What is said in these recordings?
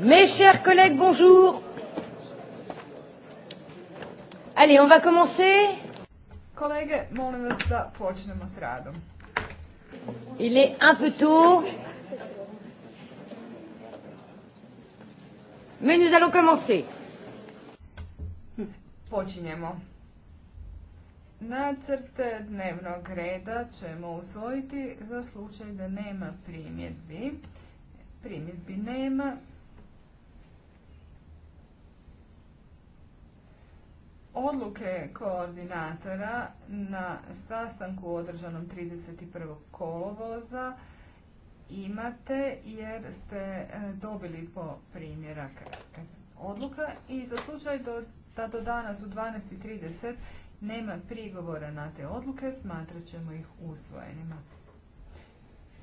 Mes chers collègues, bonjour. Allez, on va commencer. Kolege, molim vas da počnemo s radom. Il est un peu tôt. Mais nous allons commencer. Počinjemo. Nacrte dnevnog reda ćemo usvojiti za slučaj da nema primjedbi. Primjedbi nema. Odluke koordinatora na sastanku održanom 31. kolovoza imate jer ste e, dobili po primjerak odluka i za slučaj da do danas u 12.30 nema prigovora na te odluke, smatrat ćemo ih usvojenima.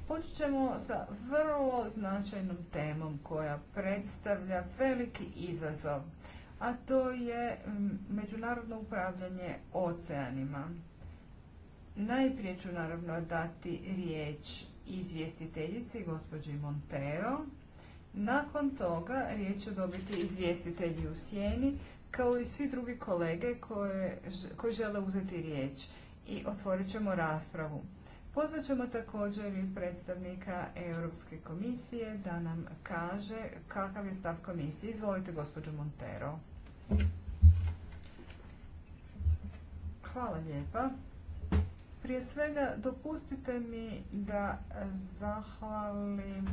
Počet ćemo sa vrlo značajnom temom koja predstavlja veliki izazov, a to je mm, međunarodno upravljanje oceanima. Najprije ću naravno dati riječ izvjestiteljici gospođi Montero. Nakon toga riječ će dobiti izvjestitelji u sjeni kao i svi drugi kolege koji žele uzeti riječ i otvorit ćemo raspravu. Pozvat ćemo također i predstavnika Europske komisije da nam kaže kakav je stav komisije. Izvolite, gospođo Montero. Hvala lijepa. Prije svega dopustite mi da zahvalim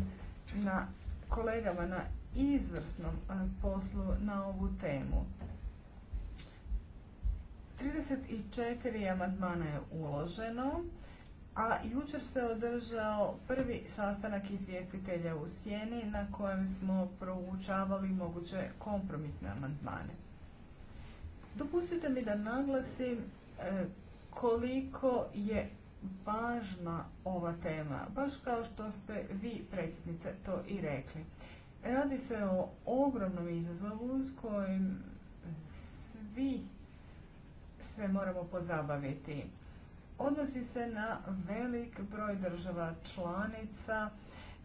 na kolegama na izvrsnom e, poslu na ovu temu. 34 amandmana je uloženo a jučer se održao prvi sastanak izvjestitelja u Sjeni na kojem smo proučavali moguće kompromisne amandmane. Dopustite mi da naglasim e, koliko je važna ova tema, baš kao što ste vi, predsjednice, to i rekli. Radi se o ogromnom izazovu s kojim svi se moramo pozabaviti odnosi se na velik broj država članica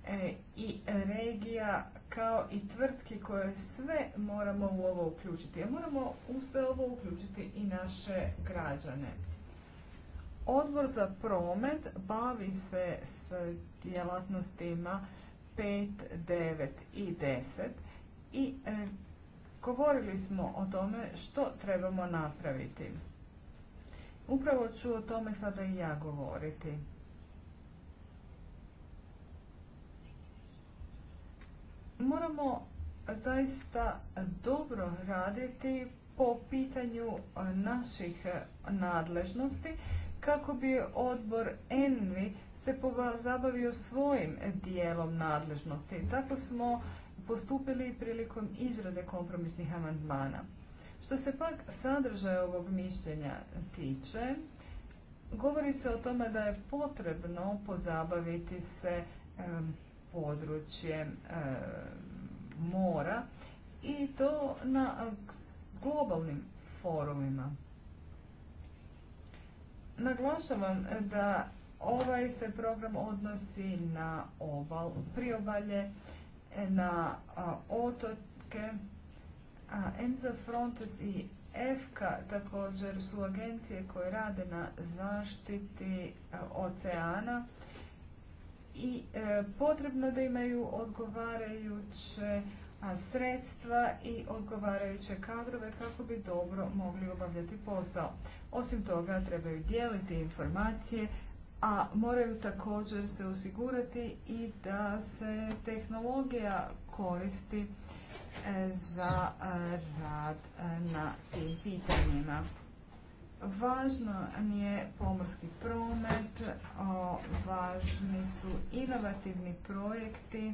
e, i regija kao i tvrtki koje sve moramo u ovo uključiti. moramo u sve ovo uključiti i naše građane. Odbor za promet bavi se s djelatnostima 5, 9 i 10 i e, govorili smo o tome što trebamo napraviti. Upravo ću o tome sada i ja govoriti. Moramo zaista dobro raditi po pitanju naših nadležnosti kako bi odbor ENVI se zabavio svojim dijelom nadležnosti. Tako smo postupili prilikom izrade kompromisnih amandmana. Što se pak sadržaja ovog mišljenja tiče, govori se o tome da je potrebno pozabaviti se područje mora i to na globalnim forumima. Naglašavam da ovaj se program odnosi na priobalje, na otoke a EMSA, Frontex i EFKA također su agencije koje rade na zaštiti e, oceana i e, potrebno da imaju odgovarajuće sredstva i odgovarajuće kadrove kako bi dobro mogli obavljati posao. Osim toga trebaju dijeliti informacije, a moraju također se osigurati i da se tehnologija koristi za eh, rad eh, na tim pitanjima. Važno je pomorski promet, važni su inovativni projekti.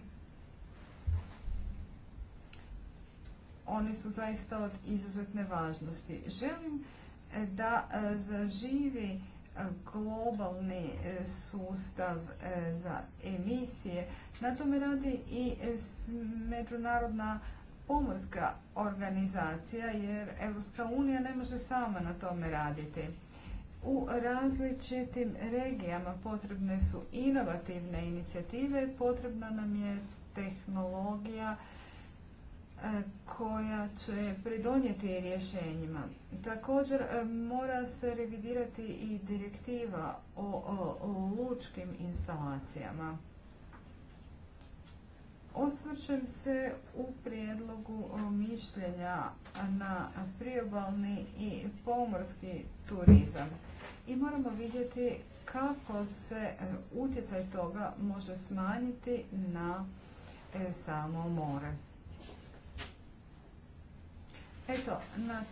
Oni su zaista od izuzetne važnosti. Želim eh, da zaživi globalni e, sustav e, za emisije. Na tome radi i e, međunarodna pomorska organizacija jer Evropska unija ne može sama na tome raditi. U različitim regijama potrebne su inovativne inicijative, potrebna nam je tehnologija E, koja će pridonijeti rješenjima. Također e, mora se revidirati i direktiva o, lučkim instalacijama. Osvrćem se u prijedlogu e, mišljenja na priobalni i pomorski turizam i moramo vidjeti kako se utjecaj toga može smanjiti na samo more. Eto, na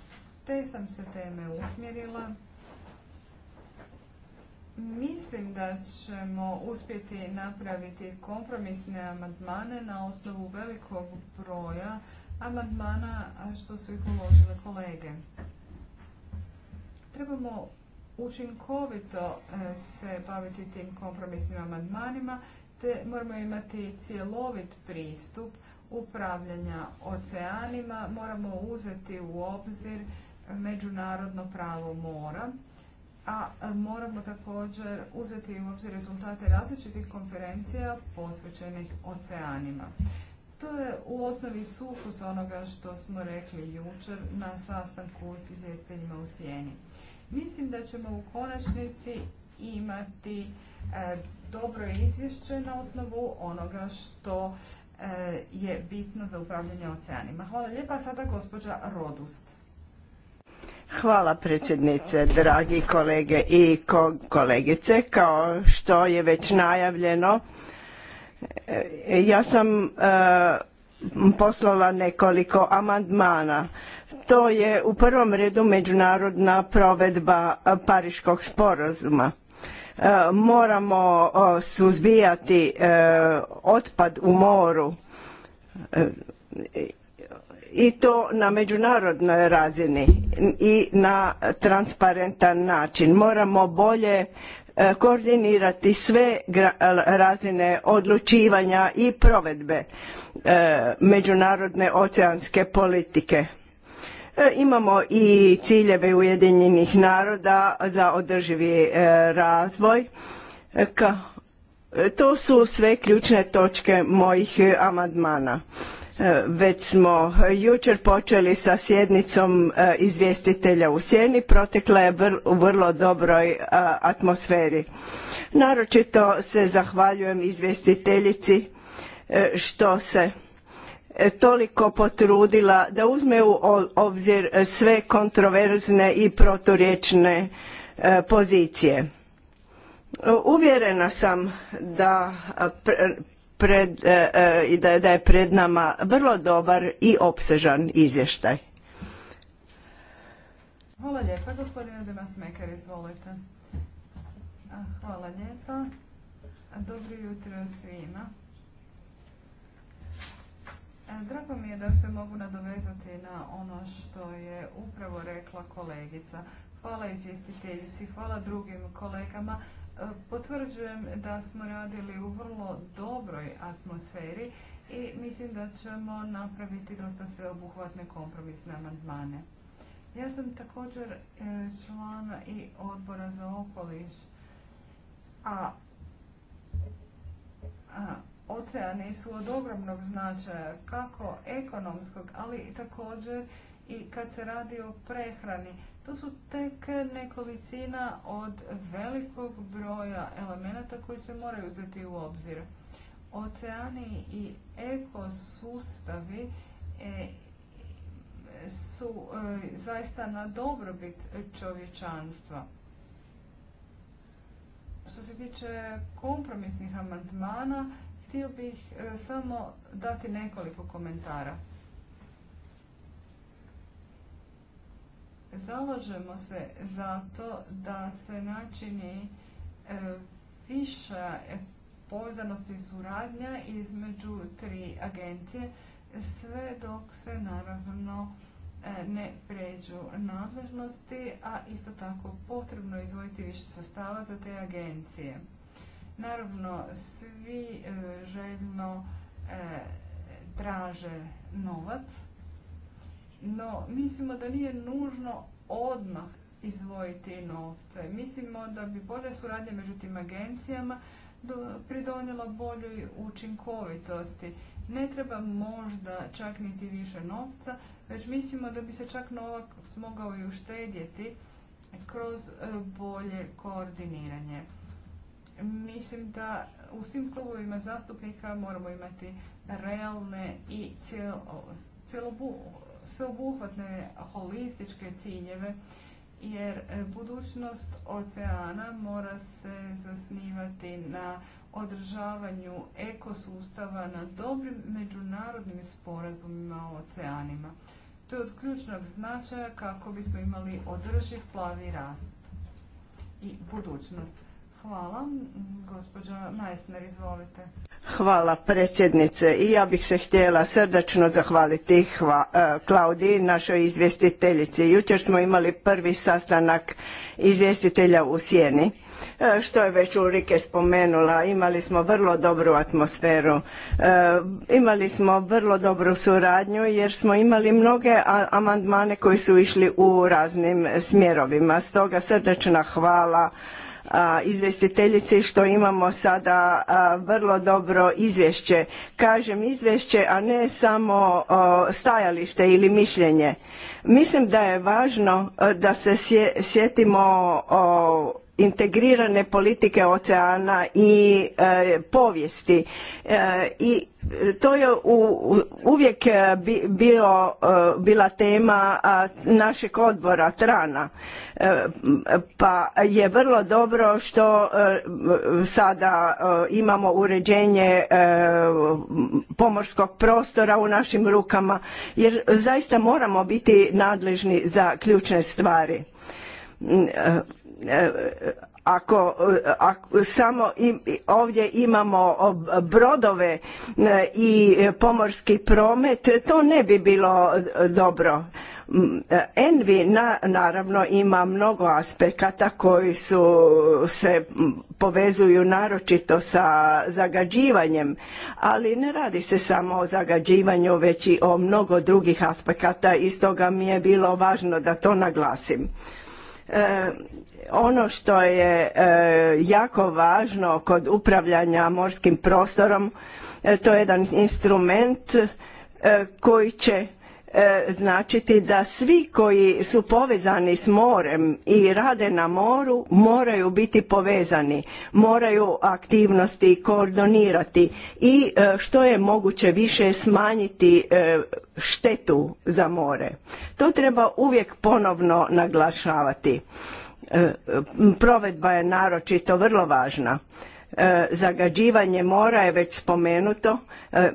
te sam se teme usmjerila. Mislim da ćemo uspjeti napraviti kompromisne amandmane na osnovu velikog broja amandmana što su ih uložile kolege. Trebamo učinkovito e, se baviti tim kompromisnim amandmanima te moramo imati cjelovit pristup upravljanja oceanima moramo uzeti u obzir međunarodno pravo mora, a moramo također uzeti u obzir rezultate različitih konferencija posvećenih oceanima. To je u osnovi sukus onoga što smo rekli jučer na sastanku s izvjestiteljima u Sijeni. Mislim da ćemo u konačnici imati e, dobro izvješće na osnovu onoga što E, je bitno za upravljanje oceanima. Hvala lijepa. Sada gospođa Rodust. Hvala predsjednice, dragi kolege i kolegice. Kao što je već najavljeno, e, ja sam e, poslala nekoliko amandmana. To je u prvom redu međunarodna provedba Pariškog sporazuma. E, moramo suzbijati e, otpad u moru e, i to na međunarodnoj razini i na transparentan način. Moramo bolje koordinirati sve razine odlučivanja i provedbe međunarodne oceanske politike E, imamo i ciljeve Ujedinjenih naroda za održivi e, razvoj. E, to su sve ključne točke mojih amandmana. Već smo jučer počeli sa sjednicom izvjestitelja u sjeni, protekla je u vrlo dobroj atmosferi. Naročito se zahvaljujem izvjestiteljici što se E, toliko potrudila da uzme u obzir e, sve kontroverzne i proturječne e, pozicije. Uvjerena sam da pred, da je pred nama vrlo dobar i opsežan izvještaj. Hvala lijepa, gospodine Demas Mekar, izvolite. Hvala lijepa. Dobro jutro svima. E, drago mi je da se mogu nadovezati na ono što je upravo rekla kolegica. Hvala izvjestiteljici, hvala drugim kolegama. E, potvrđujem da smo radili u vrlo dobroj atmosferi i mislim da ćemo napraviti dosta sveobuhvatne kompromisne amandmane. Ja sam također e, član i odbora za okoliš, a Oceani su od ogromnog značaja, kako ekonomskog, ali također i kad se radi o prehrani. To su tek nekolicina od velikog broja elemenata koji se moraju uzeti u obzir. Oceani i ekosustavi e, su e, zaista na dobrobit čovječanstva. Što se tiče kompromisnih amandmana, Htio bih e, samo dati nekoliko komentara. Založemo se za to da se načini e, viša povezanost i suradnja između tri agencije sve dok se naravno e, ne pređu nadležnosti, a isto tako potrebno izvojiti više sastava za te agencije. Naravno, svi e, željno e, traže novac, no mislimo da nije nužno odmah izvojiti novce. Mislimo da bi bolje suradnje među tim agencijama pridonjela boljoj učinkovitosti. Ne treba možda čak niti više novca, već mislimo da bi se čak novac mogao i uštedjeti kroz e, bolje koordiniranje. Mislim da u svim klubovima zastupnika moramo imati realne i sveobuhvatne holističke ciljeve jer e, budućnost oceana mora se zasnivati na održavanju ekosustava na dobrim međunarodnim sporazumima o oceanima. To je od ključnog značaja kako bismo imali održiv plavi rast i budućnost. Hvala. Gospođa Meissner, izvolite. Hvala predsjednice i ja bih se htjela srdačno zahvaliti e, klaudi našoj izvjestiteljici. Jučer smo imali prvi sastanak izvjestitelja u Sjeni. E, što je već Ulrike spomenula, imali smo vrlo dobru atmosferu, e, imali smo vrlo dobru suradnju jer smo imali mnoge amandmane koji su išli u raznim smjerovima. Stoga srdačna hvala izvjestiteljici što imamo sada vrlo dobro izvješće. Kažem izvješće, a ne samo stajalište ili mišljenje. Mislim da je važno da se sjetimo integrirane politike oceana i e, povijesti e, i to je uvijek e, e, bila tema našeg odbora Trana, e, pa je vrlo dobro što sada imamo uređenje pomorskog prostora u našim rukama, jer zaista moramo biti nadležni za ključne stvari Eh, ako, samo ovdje imamo brodove eh, i pomorski promet, to ne bi bilo eh, dobro. Mm, Envi naravno ima mnogo aspekata koji su se mm, povezuju naročito sa zagađivanjem, ali ne radi se samo o zagađivanju već i o mnogo drugih aspekata i stoga mi je bilo važno da to naglasim ono što je e, jako važno kod upravljanja morskim prostorom, e, to je jedan instrument e, koji će značiti da svi koji su povezani s morem i rade na moru moraju biti povezani, moraju aktivnosti koordinirati i što je moguće više smanjiti štetu za more. To treba uvijek ponovno naglašavati. E, provedba je naročito vrlo važna. E, zagađivanje mora je već spomenuto. E,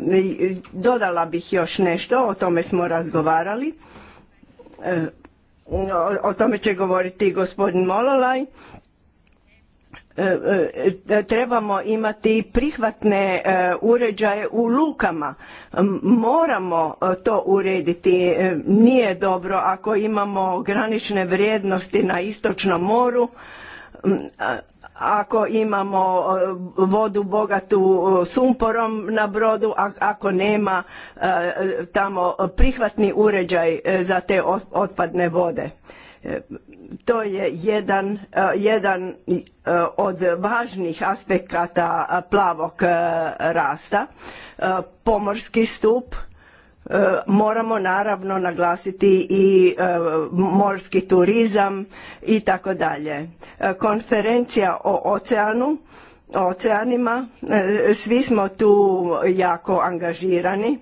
dodala bih još nešto, o tome smo razgovarali. O tome će govoriti i gospodin Mololaj. E, e, trebamo imati prihvatne e, uređaje u lukama. Moramo to urediti. Nije dobro ako imamo granične vrijednosti na istočnom moru, ako imamo vodu bogatu sumporom na brodu, ako nema tamo prihvatni uređaj za te otpadne vode to je jedan, e, jedan e, od važnih aspekata e, plavog rasta. Pomorski stup, moramo naravno naglasiti i morski turizam i tako dalje. Konferencija o oceanu, o oceanima, svi smo tu jako angažirani.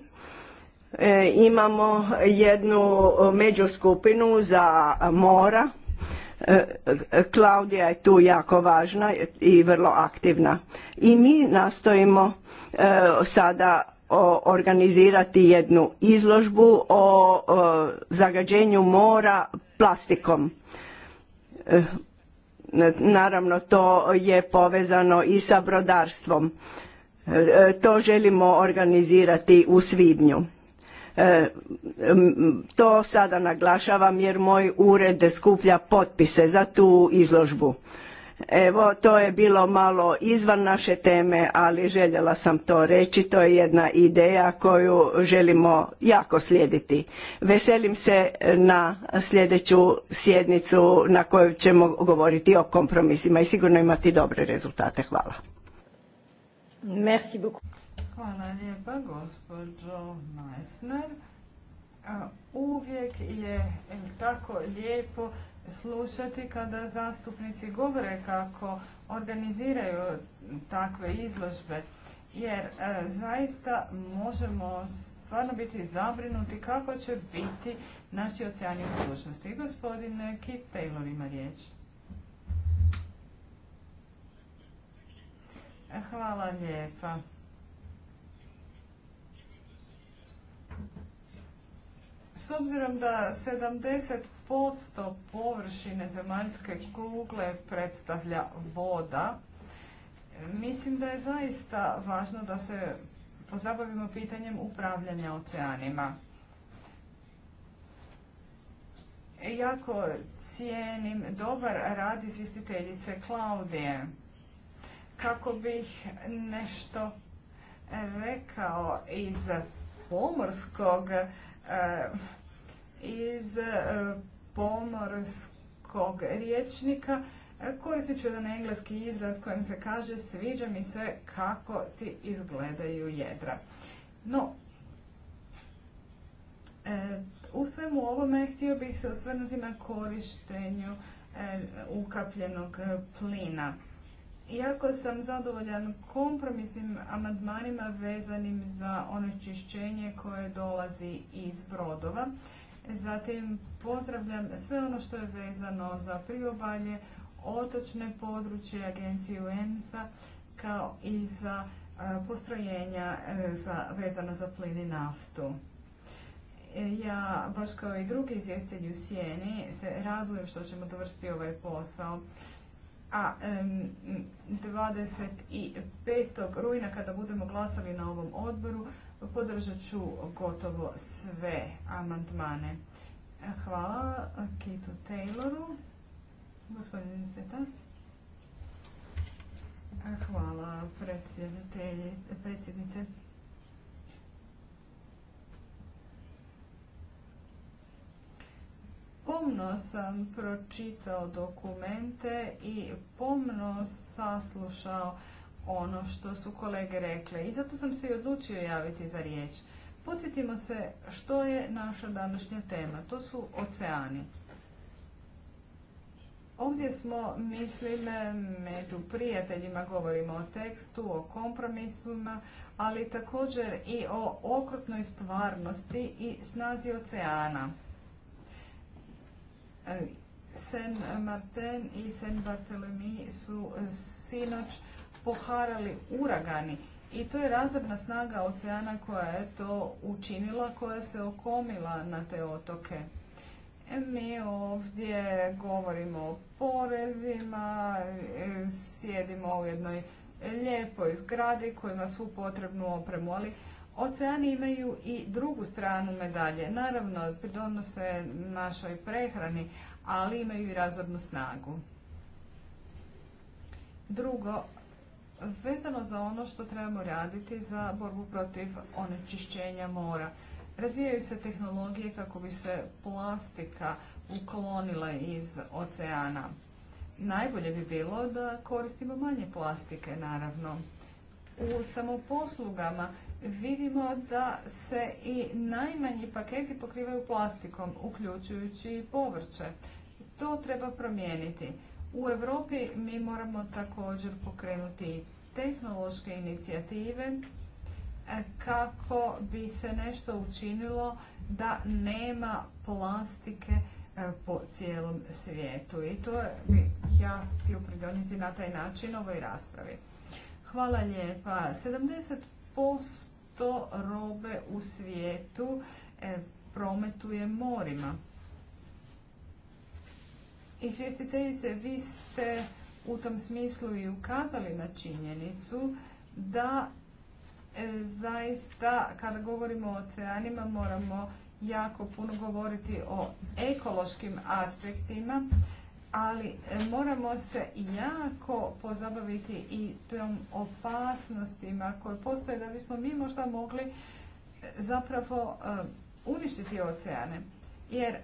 Imamo jednu međuskupinu za mora E, Klaudija je tu jako važna i vrlo aktivna. I mi nastojimo e, sada organizirati jednu izložbu o zagađenju mora plastikom. E, naravno to je povezano i sa brodarstvom. To želimo organizirati u svibnju E, to sada naglašavam jer moj ured skuplja potpise za tu izložbu. Evo, to je bilo malo izvan naše teme, ali željela sam to reći. To je jedna ideja koju želimo jako slijediti. Veselim se na sljedeću sjednicu na kojoj ćemo govoriti o kompromisima i sigurno imati dobre rezultate. Hvala. Hvala lijepa, gospođo Meissner. Uvijek je tako lijepo slušati kada zastupnici govore kako organiziraju takve izložbe, jer e, zaista možemo stvarno biti zabrinuti kako će biti naši oceani u budućnosti. Gospodin Keith Taylor ima riječ. Hvala lijepa. S obzirom da 70% površine zemaljske kugle predstavlja voda, mislim da je zaista važno da se pozabavimo pitanjem upravljanja oceanima. Jako cijenim dobar rad izvjestiteljice Klaudije. Kako bih nešto rekao iz pomorskog E, iz e, pomorskog riječnika e, koristit ću jedan engleski izraz kojim se kaže sviđa mi se kako ti izgledaju jedra. No, u svemu ovome htio bih se osvrnuti na korištenju ukapljenog plina. Iako sam zadovoljan kompromisnim amandmanima vezanim za onečišćenje koje dolazi iz brodova, zatim pozdravljam sve ono što je vezano za priobalje, otočne područje, Agencije UNSA kao i za e, postrojenja e, za, vezana za plin i naftu. E, ja, baš kao i drugi izvjestelji u Sijeni, se radujem što ćemo dovršiti ovaj posao a 25. rujna kada budemo glasali na ovom odboru podržat ću gotovo sve amandmane. Hvala Kitu Tayloru. Gospodin Hvala predsjednice. Pomno sam pročitao dokumente i pomno saslušao ono što su kolege rekle i zato sam se i odlučio javiti za riječ. Podsjetimo se što je naša današnja tema. To su oceani. Ovdje smo, mislim, među prijateljima govorimo o tekstu, o kompromisima, ali također i o okrutnoj stvarnosti i snazi oceana. E, Sen Martin i Sen Barthelemy su e, sinoć poharali uragani i to je razredna snaga oceana koja je to učinila, koja se okomila na te otoke. E, mi ovdje govorimo o porezima, sjedimo u jednoj lijepoj zgradi kojima su potrebnu opremu, ali Oceani imaju i drugu stranu medalje. Naravno, pridonose našoj prehrani, ali imaju i razornu snagu. Drugo, vezano za ono što trebamo raditi za borbu protiv onečišćenja mora. Razvijaju se tehnologije kako bi se plastika uklonila iz oceana. Najbolje bi bilo da koristimo manje plastike, naravno. U samoposlugama vidimo da se i najmanji paketi pokrivaju plastikom, uključujući i povrće. To treba promijeniti. U Europi mi moramo također pokrenuti tehnološke inicijative e, kako bi se nešto učinilo da nema plastike e, po cijelom svijetu. I to bih ja htio pridoniti na taj način ovoj raspravi. Hvala lijepa. 70 sto robe u svijetu e, prometuje morima. Izvjestiteljice, vi ste u tom smislu i ukazali na činjenicu da e, zaista kada govorimo o oceanima moramo jako puno govoriti o ekološkim aspektima ali e, moramo se jako pozabaviti i tom opasnostima koje postoje da bismo mi možda mogli e, zapravo e, uništiti oceane. Jer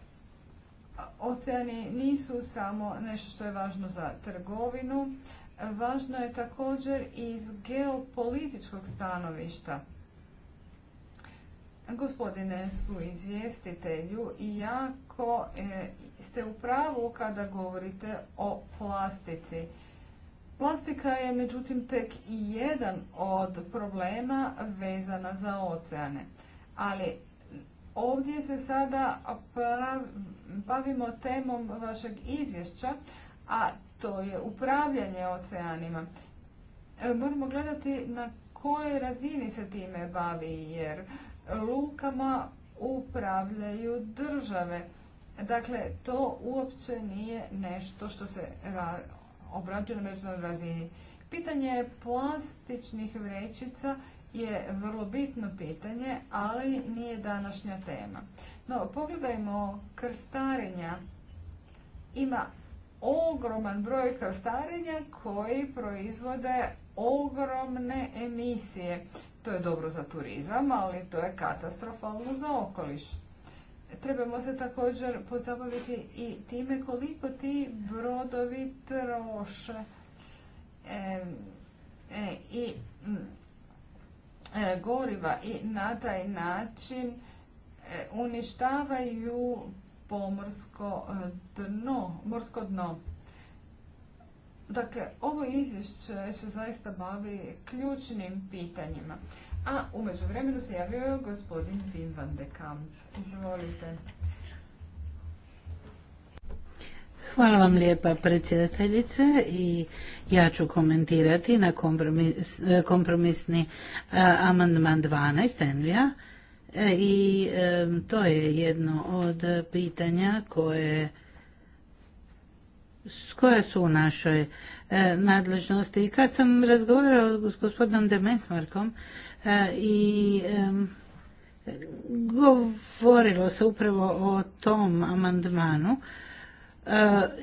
oceani nisu samo nešto što je važno za trgovinu, važno je također i iz geopolitičkog stanovišta. Gospodine su izvjestitelju i jako e, ste u pravu kada govorite o plastici. Plastika je međutim tek i jedan od problema vezana za oceane. Ali ovdje se sada bavimo temom vašeg izvješća, a to je upravljanje oceanima. E, moramo gledati na kojoj razini se time bavi jer lukama upravljaju države. Dakle, to uopće nije nešto što se obrađuje na međunarodnoj razini. Pitanje plastičnih vrećica je vrlo bitno pitanje, ali nije današnja tema. No, pogledajmo krstarenja. Ima ogroman broj krstarenja koji proizvode ogromne emisije. To je dobro za turizam, ali to je katastrofalno za okoliš. Trebamo se također pozabaviti i time koliko ti brodovi troše. E, e, I e, goriva i na taj način uništavaju pomorsko dno, morsko dno. Dakle, ovo izvješće se zaista bavi ključnim pitanjima. A umeđu vremenu se javio gospodin Wim van de Kamp. Izvolite. Hvala vam lijepa predsjedateljice i ja ću komentirati na kompromisni e, amandman 12 Envija e, i e, to je jedno od pitanja koje koje su u našoj e, nadležnosti. I kad sam razgovarao s gospodinom Demensmarkom e, i govorilo se upravo o tom amandmanu e,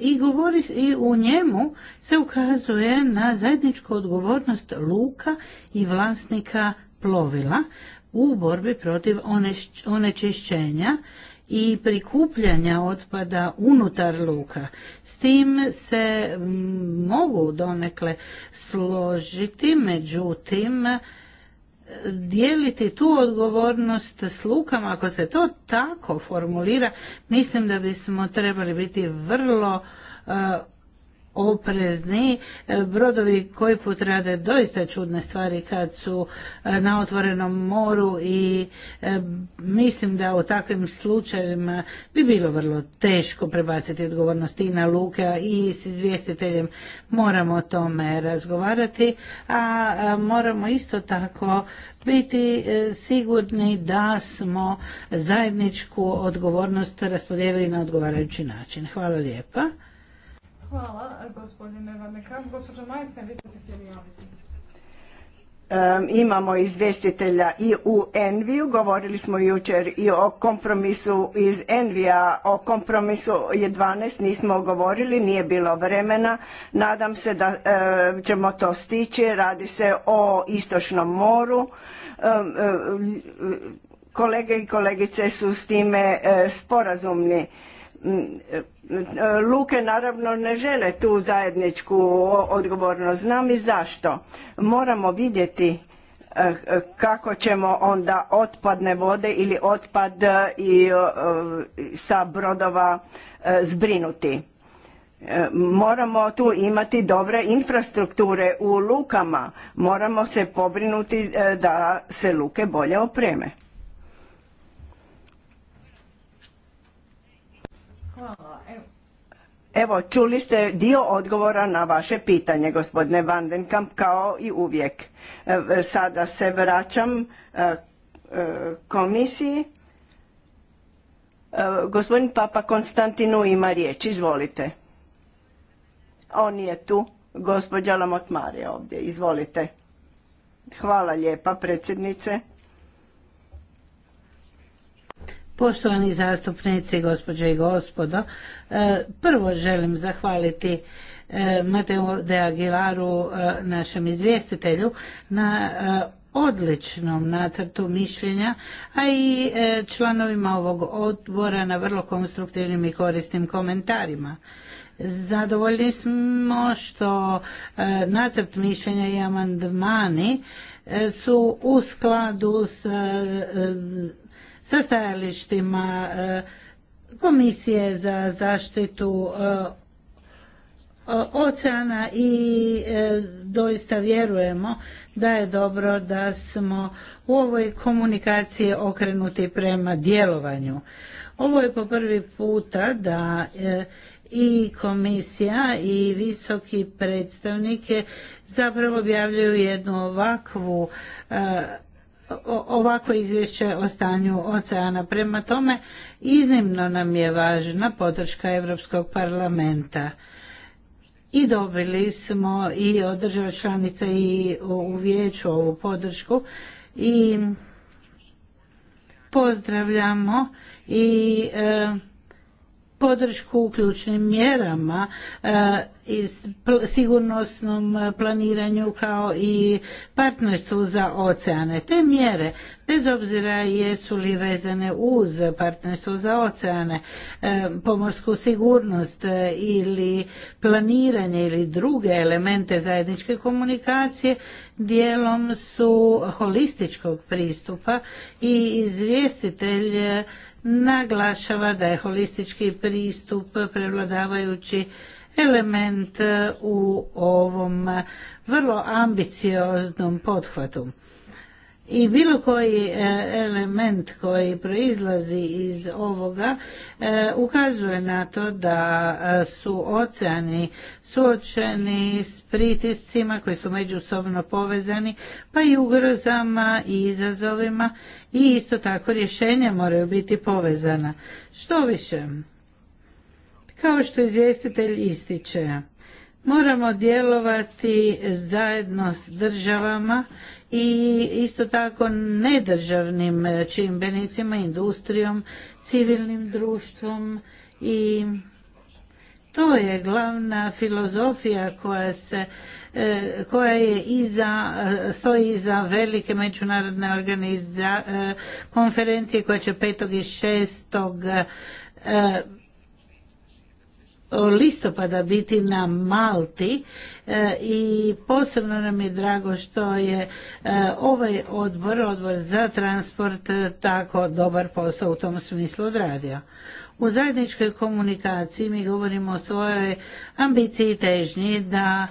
i govori i u njemu se ukazuje na zajedničku odgovornost luka i vlasnika plovila u borbi protiv onečišćenja i prikupljanja otpada unutar luka. S tim se mogu donekle složiti, međutim, e, dijeliti tu odgovornost s lukama, ako se to tako formulira, mislim da bismo trebali biti vrlo e, oprezni. E, brodovi koji put rade doista čudne stvari kad su e, na otvorenom moru i e, mislim da u takvim slučajevima bi bilo vrlo teško prebaciti odgovornost i na Luka i s izvjestiteljem moramo o tome razgovarati, a moramo isto tako biti sigurni da smo zajedničku odgovornost raspodijelili na odgovarajući način. Hvala lijepa. Hvala, gospodine vi htjeli javiti. imamo izvjestitelja i u Enviju, govorili smo jučer i o kompromisu iz Envija, o kompromisu je 12, nismo govorili, nije bilo vremena, nadam se da e, ćemo to stići, radi se o Istočnom moru, e, kolege i kolegice su s time e, sporazumni Luke naravno ne žele tu zajedničku odgovornost. Znam i zašto. Moramo vidjeti eh, kako ćemo onda otpadne vode ili otpad eh, i eh, sa brodova zbrinuti. Moramo tu imati dobre infrastrukture u lukama. Moramo se pobrinuti da se luke bolje opreme. Hvala. Evo, čuli ste dio odgovora na vaše pitanje, gospodine Vandenkamp, kao i uvijek. E, sada se vraćam e, e, komisiji. Gospodin Papa Konstantinu ima riječ, izvolite. On je tu, gospođa Lamotmar je ovdje, izvolite. Hvala lijepa, predsjednice. Poštovani zastupnici, gospođe i gospodo, e, prvo želim zahvaliti e, Mateo de Aguilaru, e, našem izvjestitelju, na odličnom nacrtu mišljenja, a i članovima ovog odbora na vrlo konstruktivnim i korisnim komentarima. Zadovoljni smo što nacrt mišljenja i amandmani su u skladu s sa stajalištima e, Komisije za zaštitu e, oceana i e, doista vjerujemo da je dobro da smo u ovoj komunikaciji okrenuti prema djelovanju. Ovo je po prvi puta da i komisija i visoki predstavnike zapravo objavljuju jednu ovakvu ovako izvješće o stanju oceana. Prema tome, iznimno nam je važna podrška Europskog parlamenta. I dobili smo i od država članica i u vijeću ovu podršku i pozdravljamo i e, podršku u ključnim mjerama e, i sigurnosnom e, planiranju kao i partnerstvu za oceane. Te mjere, bez obzira jesu li vezane uz partnerstvo za oceane, e, pomorsku sigurnost ili planiranje ili druge elemente zajedničke komunikacije, dijelom su holističkog pristupa i izvjestitelj naglašava da je holistički pristup prevladavajući element u ovom vrlo ambicioznom pothvatu i bilo koji e, element koji proizlazi iz ovoga e, ukazuje na to da e, su oceani suočeni s pritiscima koji su međusobno povezani pa i ugrozama i izazovima i isto tako rješenja moraju biti povezana što više kao što izvjestitelj ističe Moramo djelovati zajedno s državama i isto tako nedržavnim čimbenicima, industrijom, civilnim društvom i to je glavna filozofija koja se e, koja je iza, stoji iza velike međunarodne organizacije konferencije koja će 5. i 6 listopada biti na Malti e, i posebno nam je drago što je e, ovaj odbor, odbor za transport, e, tako dobar posao u tom smislu odradio. U zajedničkoj komunikaciji mi govorimo o svojoj ambiciji i težnji da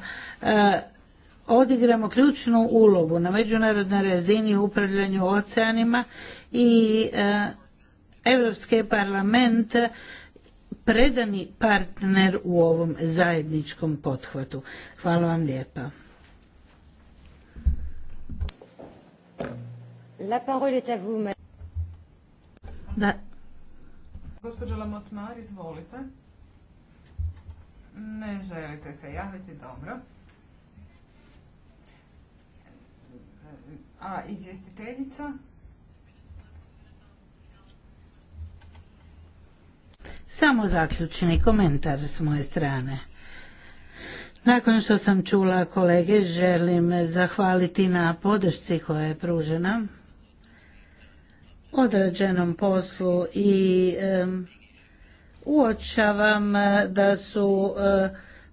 odigramo ključnu ulogu na međunarodnoj razini u upravljanju oceanima i Europske parlament predani partner u ovom zajedničkom pothvatu. Hvala vam lijepa. La parole est à vous, Da. Gospođo Lamotmar, izvolite. Ne želite se javiti, dobro. A izvjestiteljica? Samo zaključni komentar s moje strane. Nakon što sam čula kolege, želim zahvaliti na podršci koja je pružena odrađenom poslu i uočavam eh, da su eh,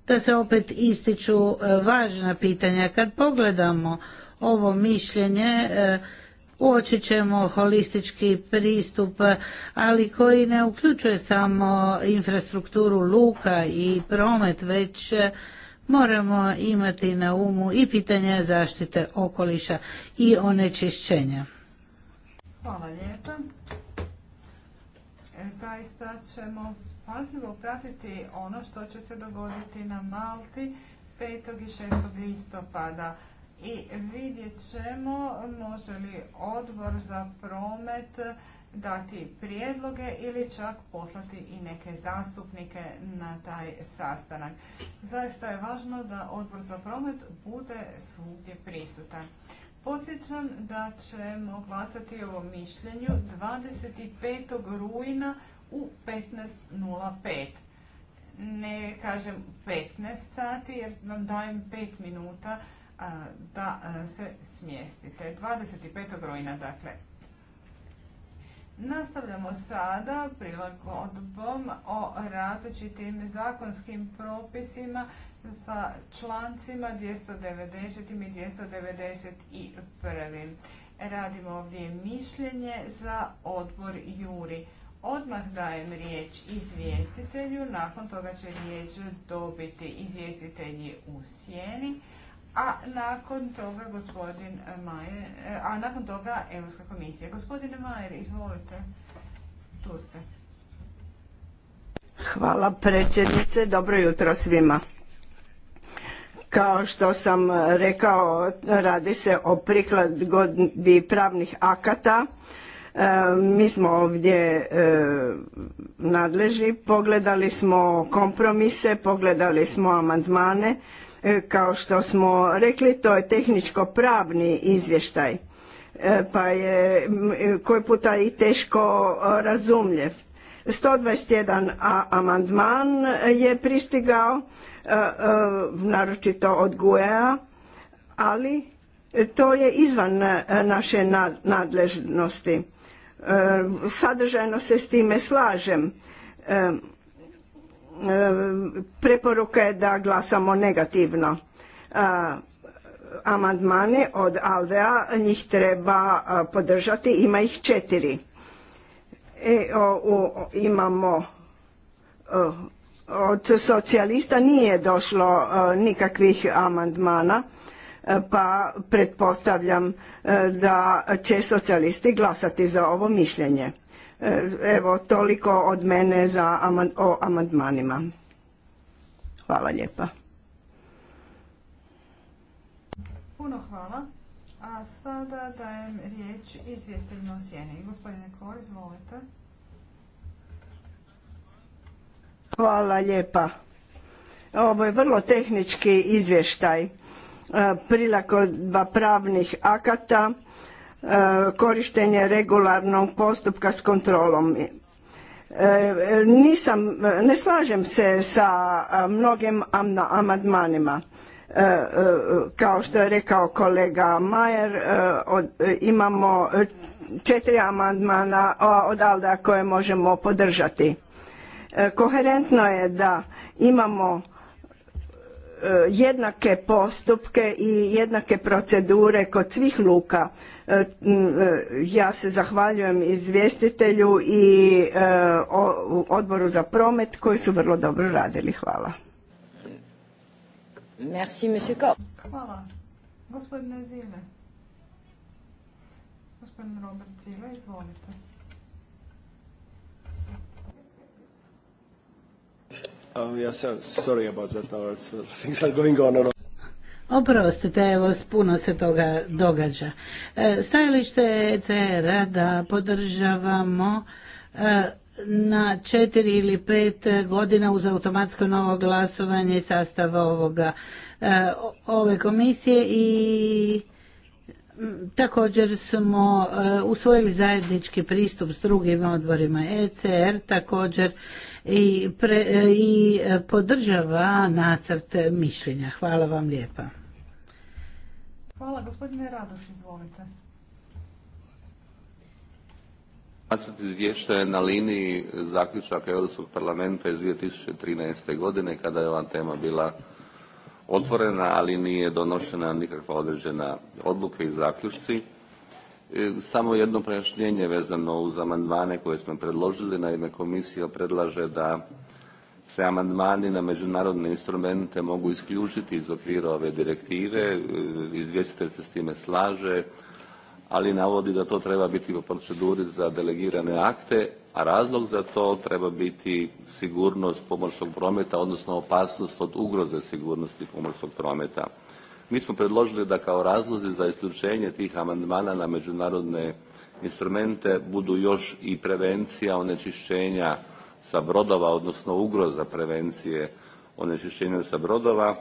da se opet ističu eh, važna pitanja. Kad pogledamo ovo mišljenje, uočit ćemo holistički pristup, ali koji ne uključuje samo infrastrukturu luka i promet, već moramo imati na umu i pitanje zaštite okoliša i onečišćenja. Hvala lijepa. E, zaista ćemo pažljivo pratiti ono što će se dogoditi na Malti 5. i 6. listopada i vidjet ćemo može li odbor za promet dati prijedloge ili čak poslati i neke zastupnike na taj sastanak. Zaista je važno da odbor za promet bude svugdje prisutan. Podsjećam da ćemo glasati o ovom mišljenju 25. rujna u 15.05. Ne kažem 15 sati jer nam dajem 5 minuta da se smjestite. 25. rujna, dakle. Nastavljamo sada prilagodbom o različitim zakonskim propisima sa člancima 290. i 291. Radimo ovdje mišljenje za odbor Juri. Odmah dajem riječ izvjestitelju, nakon toga će riječ dobiti izvjestitelji u sjeni a nakon toga gospodin Majer, e, a nakon toga Europska komisija. Gospodine Majer, izvolite. Tu ste. Hvala predsjednice, dobro jutro svima. Kao što sam rekao, radi se o prikladbi pravnih akata. E, mi smo ovdje nadleži, nadležni, pogledali smo kompromise, pogledali smo amandmane E, kao što smo rekli, to je tehničko-pravni izvještaj, e, pa je e, koji puta i teško razumljiv. 121 a, amandman je pristigao, naročito od GUEA, ali to je izvan naše nadležnosti. Sadržajno se s time slažem. E, preporuka je da glasamo negativno. E, amandmane od Alvea njih treba e, podržati, ima ih četiri. E, imamo o, od socijalista nije došlo nikakvih amandmana pa pretpostavljam da će socijalisti glasati za ovo mišljenje. E, evo, toliko od mene za, o amandmanima. Hvala lijepa. Puno hvala. A sada dajem riječ izvjestiteljima o sjeni. Gospodine Kor, izvolite. Hvala lijepa. Ovo je vrlo tehnički izvještaj e, prilagodba pravnih akata korištenje regularnog postupka s kontrolom. E, nisam, ne slažem se sa mnogim amandmanima. E, e, kao što je rekao kolega Majer, imamo četiri amandmana od Alda koje možemo podržati. Koherentno je da imamo jednake postupke i jednake procedure kod svih luka E, e, ja se zahvaljujem izvjestitelju i e, odboru za promet koji su vrlo dobro radili. Hvala. Merci, monsieur Hvala. Gospodine Zile. Gospodin Robert Zile, izvolite. Um, oh, yes, so, sorry about that. Now things are going on. Oprostite, evo, puno se toga događa. E, stajalište ECR-a da podržavamo e, na četiri ili pet godina uz automatsko novo glasovanje sastava ovoga, e, ove komisije i također smo usvojili zajednički pristup s drugim odborima ECR također i, i podržava nacrt mišljenja. Hvala vam lijepa. Hvala. Gospodine Radoš, izvolite. Nacrt izvješća je na liniji zaključaka Europskog parlamenta iz 2013. godine kada je ova tema bila otvorena, ali nije donošena nikakva određena odluka i zaključci. E, samo jedno pojašnjenje vezano uz amandmane koje smo predložili. ime komisija predlaže da se amandmani na međunarodne instrumente mogu isključiti iz okvira ove direktive, e, izvjestitelj se s time slaže, ali navodi da to treba biti po proceduri za delegirane akte, a razlog za to treba biti sigurnost pomorskog prometa, odnosno opasnost od ugroze sigurnosti pomorskog prometa. Mi smo predložili da kao razlozi za isključenje tih amandmana na međunarodne instrumente budu još i prevencija onečišćenja sa brodova, odnosno ugroza prevencije onečišćenja sa brodova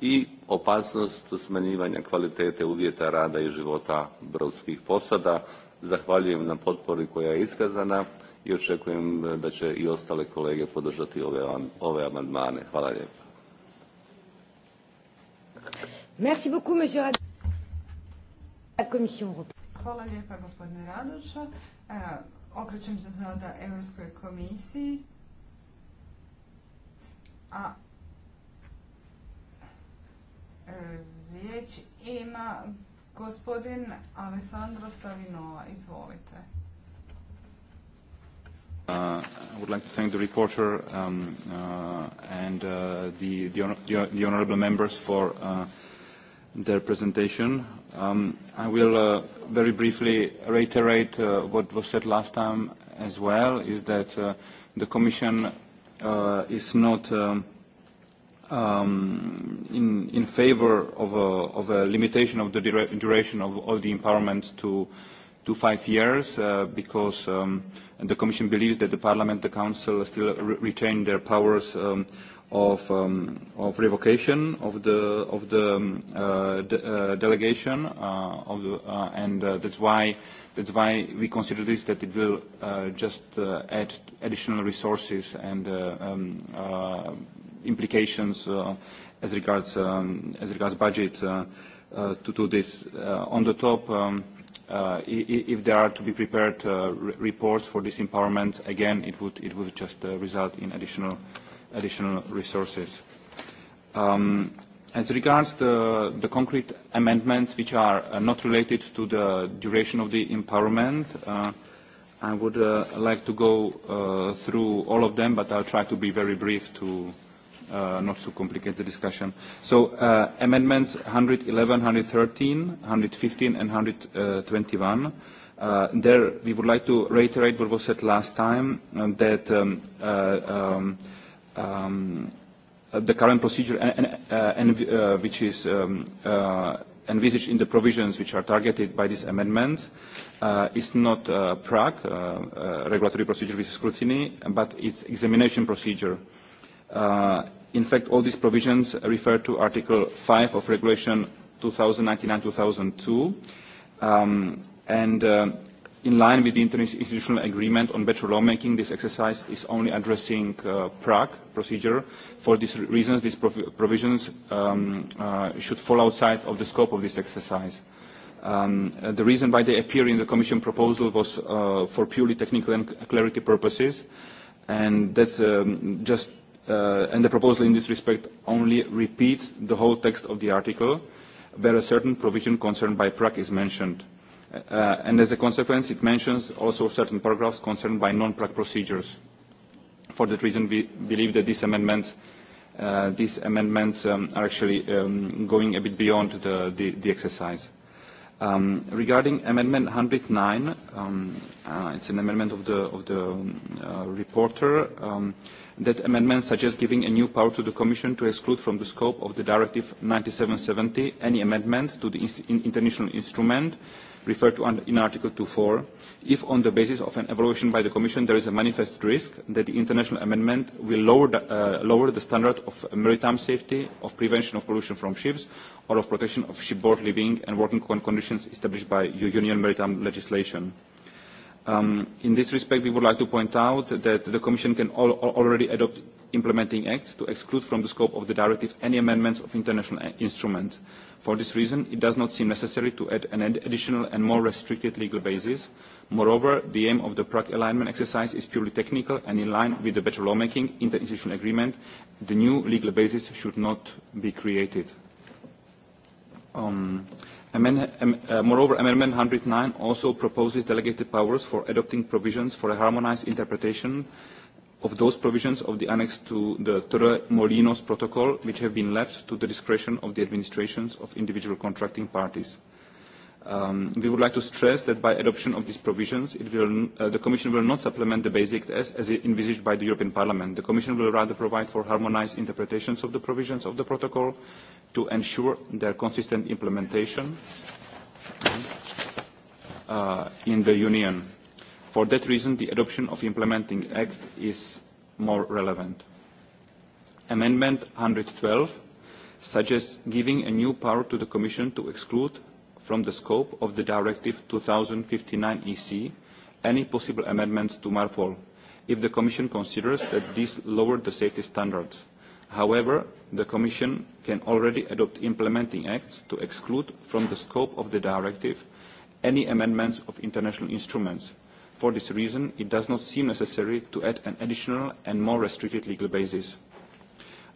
i opasnost smanjivanja kvalitete uvjeta rada i života brodskih posada. Zahvaljujem na potpori koja je iskazana i očekujem e, da će i ostale kolege podržati ove, amandmane. Hvala lijepa. beaucoup, Hvala lijepa, gospodine Radoša. Okrećem se sada Europskoj komisiji. A e, riječ ima gospodin Alessandro Stavinova. Izvolite. Uh, I would like to thank the reporter um, uh, and uh, the, the, the, the honorable members for uh, their presentation. Um, I will uh, very briefly reiterate uh, what was said last time as well, is that uh, the Commission is not um, um, in, in favor of a, limitation of the duration of all the empowerments to, five years, because the Commission believes that the Parliament, the Council still retain their powers of um, of revocation of the of the um, uh, uh, delegation uh, of the, uh, and uh, that's why that's why we consider this that it will uh, just uh, add additional resources and uh, um, uh, implications uh, as regards um, as regards budget uh, uh, to do this uh, on the top um, uh, if there are to be prepared uh, reports for this empowerment again it would it would just uh, result in additional additional resources. Um, as regards the, the concrete amendments which are uh, not related to the duration of the empowerment, uh, I would uh, like to go through all of them, but I'll try to be very brief to not to complicate the discussion. So uh, amendments 111, 113, 115, and 121. Uh, there we would like to reiterate what was said last time, that um, um um, the current procedure and, uh, uh, which is um, uh, envisaged in the provisions which are targeted by this amendment is not uh, PRAC, regulatory procedure with scrutiny, but its examination procedure. in fact, all these provisions refer to Article 5 of Regulation 2099-2002, um, and in line with the interinstitutional agreement on better lawmaking, this exercise is only addressing uh, Prague procedure. For these reasons, these prov provisions um, uh, should fall outside of the scope of this exercise. Um, uh, the reason why they appear in the Commission proposal was uh, for purely technical and clarity purposes, and that's um, just uh, and the proposal in this respect only repeats the whole text of the article, where a certain provision concerned by Prague is mentioned. Uh, and as a consequence, it mentions also certain paragraphs concerned by non-PRAC procedures. For that reason, we believe that these amendments, uh, these amendments um, are actually um, going a bit beyond the, exercise. Um, regarding Amendment 109, uh, it's an amendment of the, reporter. that amendment suggests giving a new power to the Commission to exclude from the scope of the Directive 9770 any amendment to the international instrument referred to in Article 2.4, if on the basis of an evaluation by the Commission there is a manifest risk that the international amendment will lower the, uh, lower the standard of maritime safety, of prevention of pollution from ships, or of protection of shipboard living and working conditions established by Union maritime legislation. Um, in this respect, we would like to point out that the Commission can already adopt implementing acts to exclude from the scope of the directive any amendments of international uh, instruments. For this reason, it does not seem necessary to add an additional and more restricted legal basis. Moreover, the aim of the Prague alignment exercise is purely technical and in line with the better lawmaking interinstitutional agreement. The new legal basis should not be created. Um, amend, um, uh, moreover, Amendment 109 also proposes delegated powers for adopting provisions for a harmonized interpretation of those provisions of the annex to the Torre-Molinos Protocol which have been left to the discretion of the administrations of individual contracting parties. Um, we would like to stress that by adoption of these provisions, it will, uh, the Commission will not supplement the Basic Test as envisaged by the European Parliament. The Commission will rather provide for harmonized interpretations of the provisions of the protocol to ensure their consistent implementation uh, in the Union. For that reason, the adoption of implementing act is more relevant. Amendment 112 suggests giving a new power to the Commission to exclude from the scope of the Directive nine ec any possible amendments to MARPOL if the Commission considers that these lower the safety standards. However, the Commission can already adopt implementing acts to exclude from the scope of the Directive any amendments of international instruments For this reason, it does not seem necessary to add an additional and more restricted legal basis.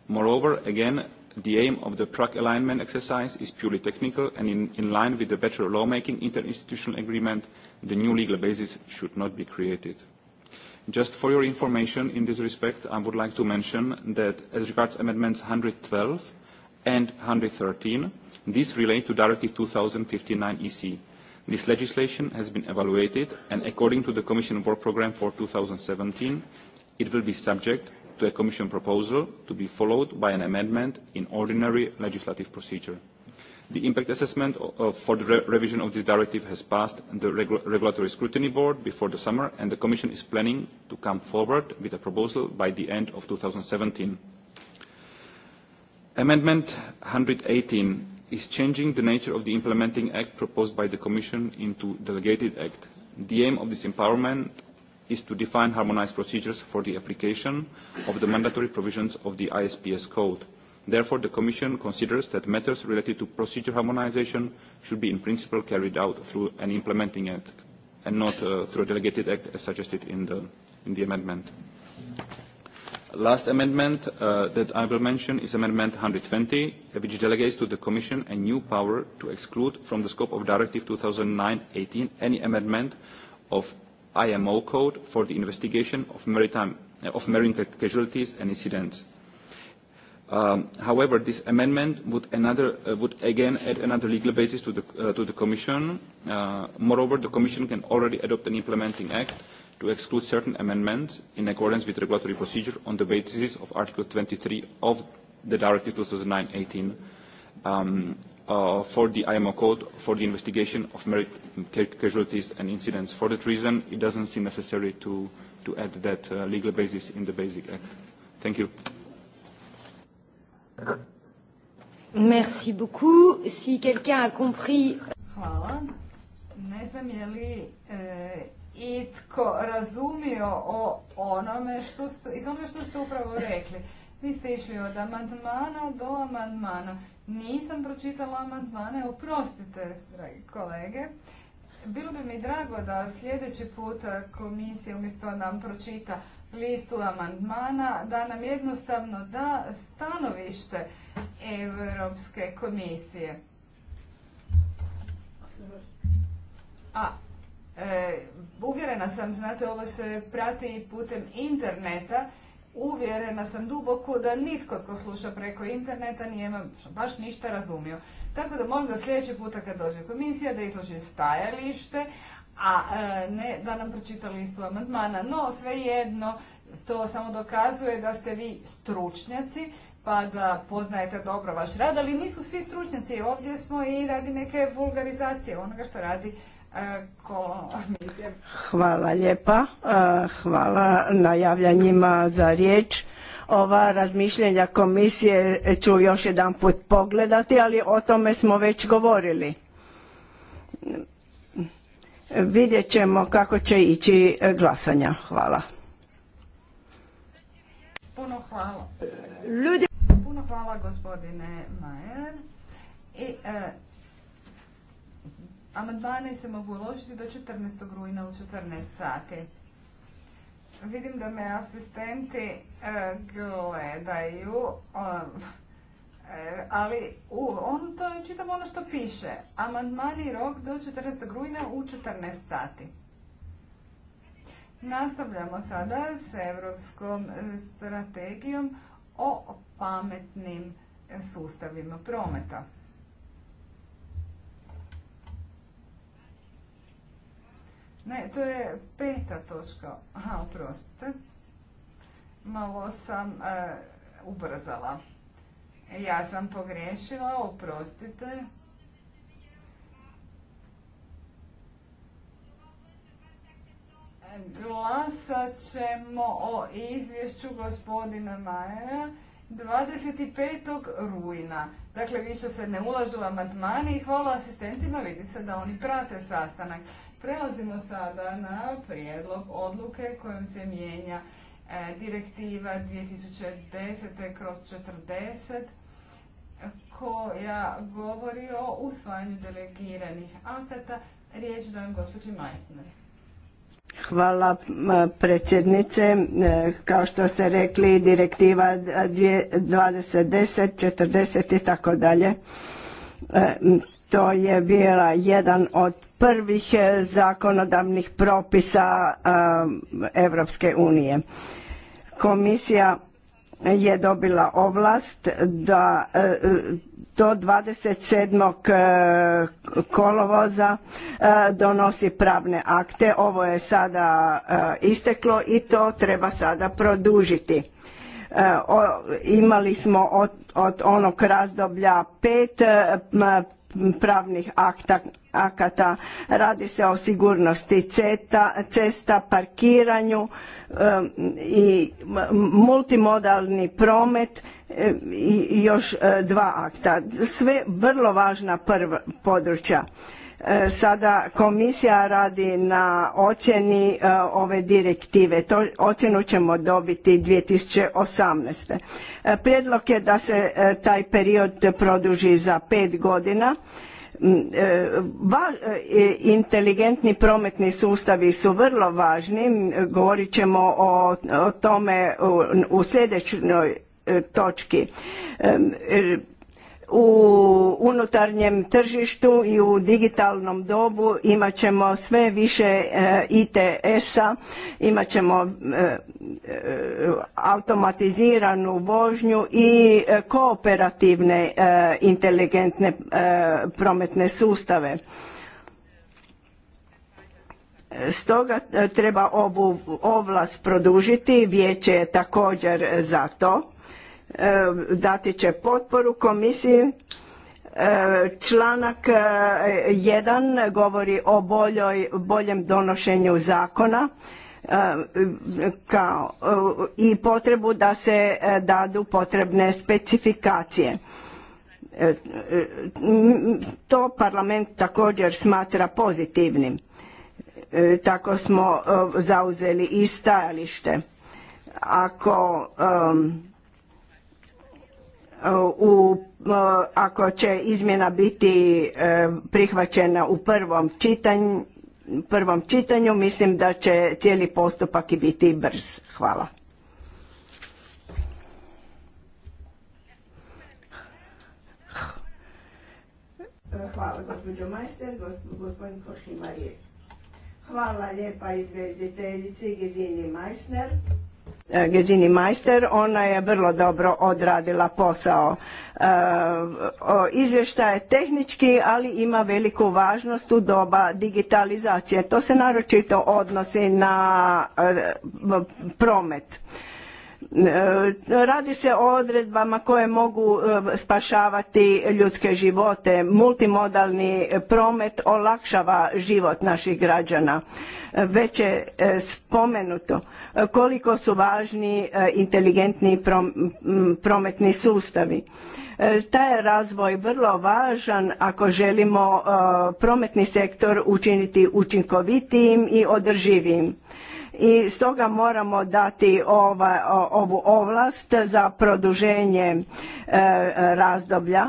Moreover, again, the aim of the Prague alignment exercise is purely technical and in, line with the better lawmaking interinstitutional agreement, the new legal basis should not be created. Just for your information in this respect, I would like to mention that as regards amendments 112 and 113, these relate to Directive 2059 EC This legislation has been evaluated and according to the Commission work programme for 2017, it will be subject to a Commission proposal to be followed by an amendment in ordinary legislative procedure. The impact assessment for the revision of this directive has passed the Regulatory Scrutiny Board before the summer, and the Commission is planning to come forward with a proposal by the end of 2017. Amendment 118 is changing the nature of the implementing act proposed by the Commission into delegated act. The aim of this empowerment is to define harmonized procedures for the application of the mandatory provisions of the ISPS Code. Therefore, the Commission considers that matters related to procedure harmonization should be in principle carried out through an implementing act and not uh, through a delegated act as suggested in the, in the amendment. Last amendment uh, that I will mention is Amendment 120, which delegates to the Commission a new power to exclude from the scope of Directive 2009/18 any amendment of IMO code for the investigation of maritime uh, of marine casualties and incidents. Um, however, this amendment would, another, uh, would again add another legal basis to the, to the Commission. moreover, the Commission can already adopt an implementing act to exclude certain amendments in accordance with regulatory procedure on the basis of Article 23 of the Directive 2009-18 um, uh, for the IMO Code for the investigation of merit casualties and incidents. For that reason, it doesn't seem necessary to, to add that uh, legal basis in the Basic Act. Thank you. Merci beaucoup. Si quelqu'un a compris... Hvala. Ne znam je li e, itko razumio o onome što ste, što ste upravo rekli. Vi ste išli od amandmana do amandmana. Nisam pročitala amandmane, oprostite, dragi kolege. Bilo bi mi drago da sljedeći put komisija umjesto nam pročita listu amandmana, da nam jednostavno da stanovište Europske komisije. A E, uvjerena sam, znate, ovo se prati i putem interneta, uvjerena sam duboko da nitko tko sluša preko interneta nije baš ništa razumio. Tako da molim da sljedeći puta kad dođe komisija da izloži stajalište, a e, ne da nam pročita listu amandmana. No, svejedno, to samo dokazuje da ste vi stručnjaci, pa da poznajete dobro vaš rad, ali nisu svi stručnjaci. Ovdje smo i radi neke vulgarizacije onoga što radi Hvala lijepa. E, hvala na javljanjima za riječ. Ova razmišljenja komisije ću još jedan put pogledati, ali o tome smo već govorili. Vidjet ćemo kako će ići glasanja. Hvala. Puno hvala. Puno hvala gospodine Majer. I, e, Amandmani se mogu uložiti do 14. rujna u 14 sati. Vidim da me asistenti e, gledaju, e, ali on to je ono što piše. Amandmani rok do 14. rujna u 14 sati. Nastavljamo sada s Europskom strategijom o pametnim sustavima prometa. Ne, to je peta točka. Aha, oprostite. Malo sam e, ubrzala. Ja sam pogrešila, oprostite. Glasat ćemo o izvješću gospodina Majera 25. rujna. Dakle, više se ne ulažu amandmani i hvala asistentima, vidi se da oni prate sastanak. Prelazimo sada na prijedlog odluke kojom se mijenja e, direktiva 2010. kroz 40 koja govori o usvajanju delegiranih akata. Riječ dajem gospođi Majtner. Hvala predsjednice. E, kao što ste rekli, direktiva 2010, 40 i tako dalje. E, to je bila jedan od prvih eh, zakonodavnih propisa Europske eh, unije. Komisija je dobila ovlast da eh, do 27. kolovoza donosi pravne akte. Ovo je sada isteklo i to treba sada produžiti. Imali smo od, od onog razdoblja pet pravnih akta akata, radi se o sigurnosti cesta, parkiranju i multimodalni promet i još e, dva akta. Sve vrlo važna prva područja. E, sada komisija radi na ocjeni e, ove direktive. To ocjenu ćemo dobiti 2018. Prijedlog je da se taj period produži za pet godina Mm, e, va, e, e, inteligentni prometni sustavi su vrlo važni, govorit ćemo o, tome u, u sljedećoj točki u unutarnjem tržištu i u digitalnom dobu imat ćemo sve više e, ITS-a, imat ćemo e, e, automatiziranu vožnju i kooperativne inteligentne prometne sustave. Stoga treba ovu ovlast produžiti, vijeće je također za to E, dati će potporu komisiji. E, članak 1 e, govori o boljem donošenju zakona kao i potrebu da se dadu potrebne specifikacije. To parlament također smatra pozitivnim. Tako smo zauzeli i stajalište. Ako u, ako će izmjena biti e, prihvaćena u prvom čitanju, prvom čitanju, mislim da će cijeli postupak i biti brz. Hvala. Hvala, gospođo Majster, gospodin Košimarije. Hvala lijepa izvjestiteljici Gizini Majsner. E, Gezini Majster, ona je vrlo dobro odradila posao. E, Izvješta je tehnički, ali ima veliku važnost u doba digitalizacije. To se naročito odnosi na e, promet. Radi se o odredbama koje mogu spašavati ljudske živote. Multimodalni promet olakšava život naših građana. Već je spomenuto koliko su važni e, inteligentni prometni sustavi. E, taj je razvoj vrlo važan ako želimo e, prometni sektor učiniti učinkovitijim i održivijim. I stoga moramo dati ovu ovlast za produženje razdoblja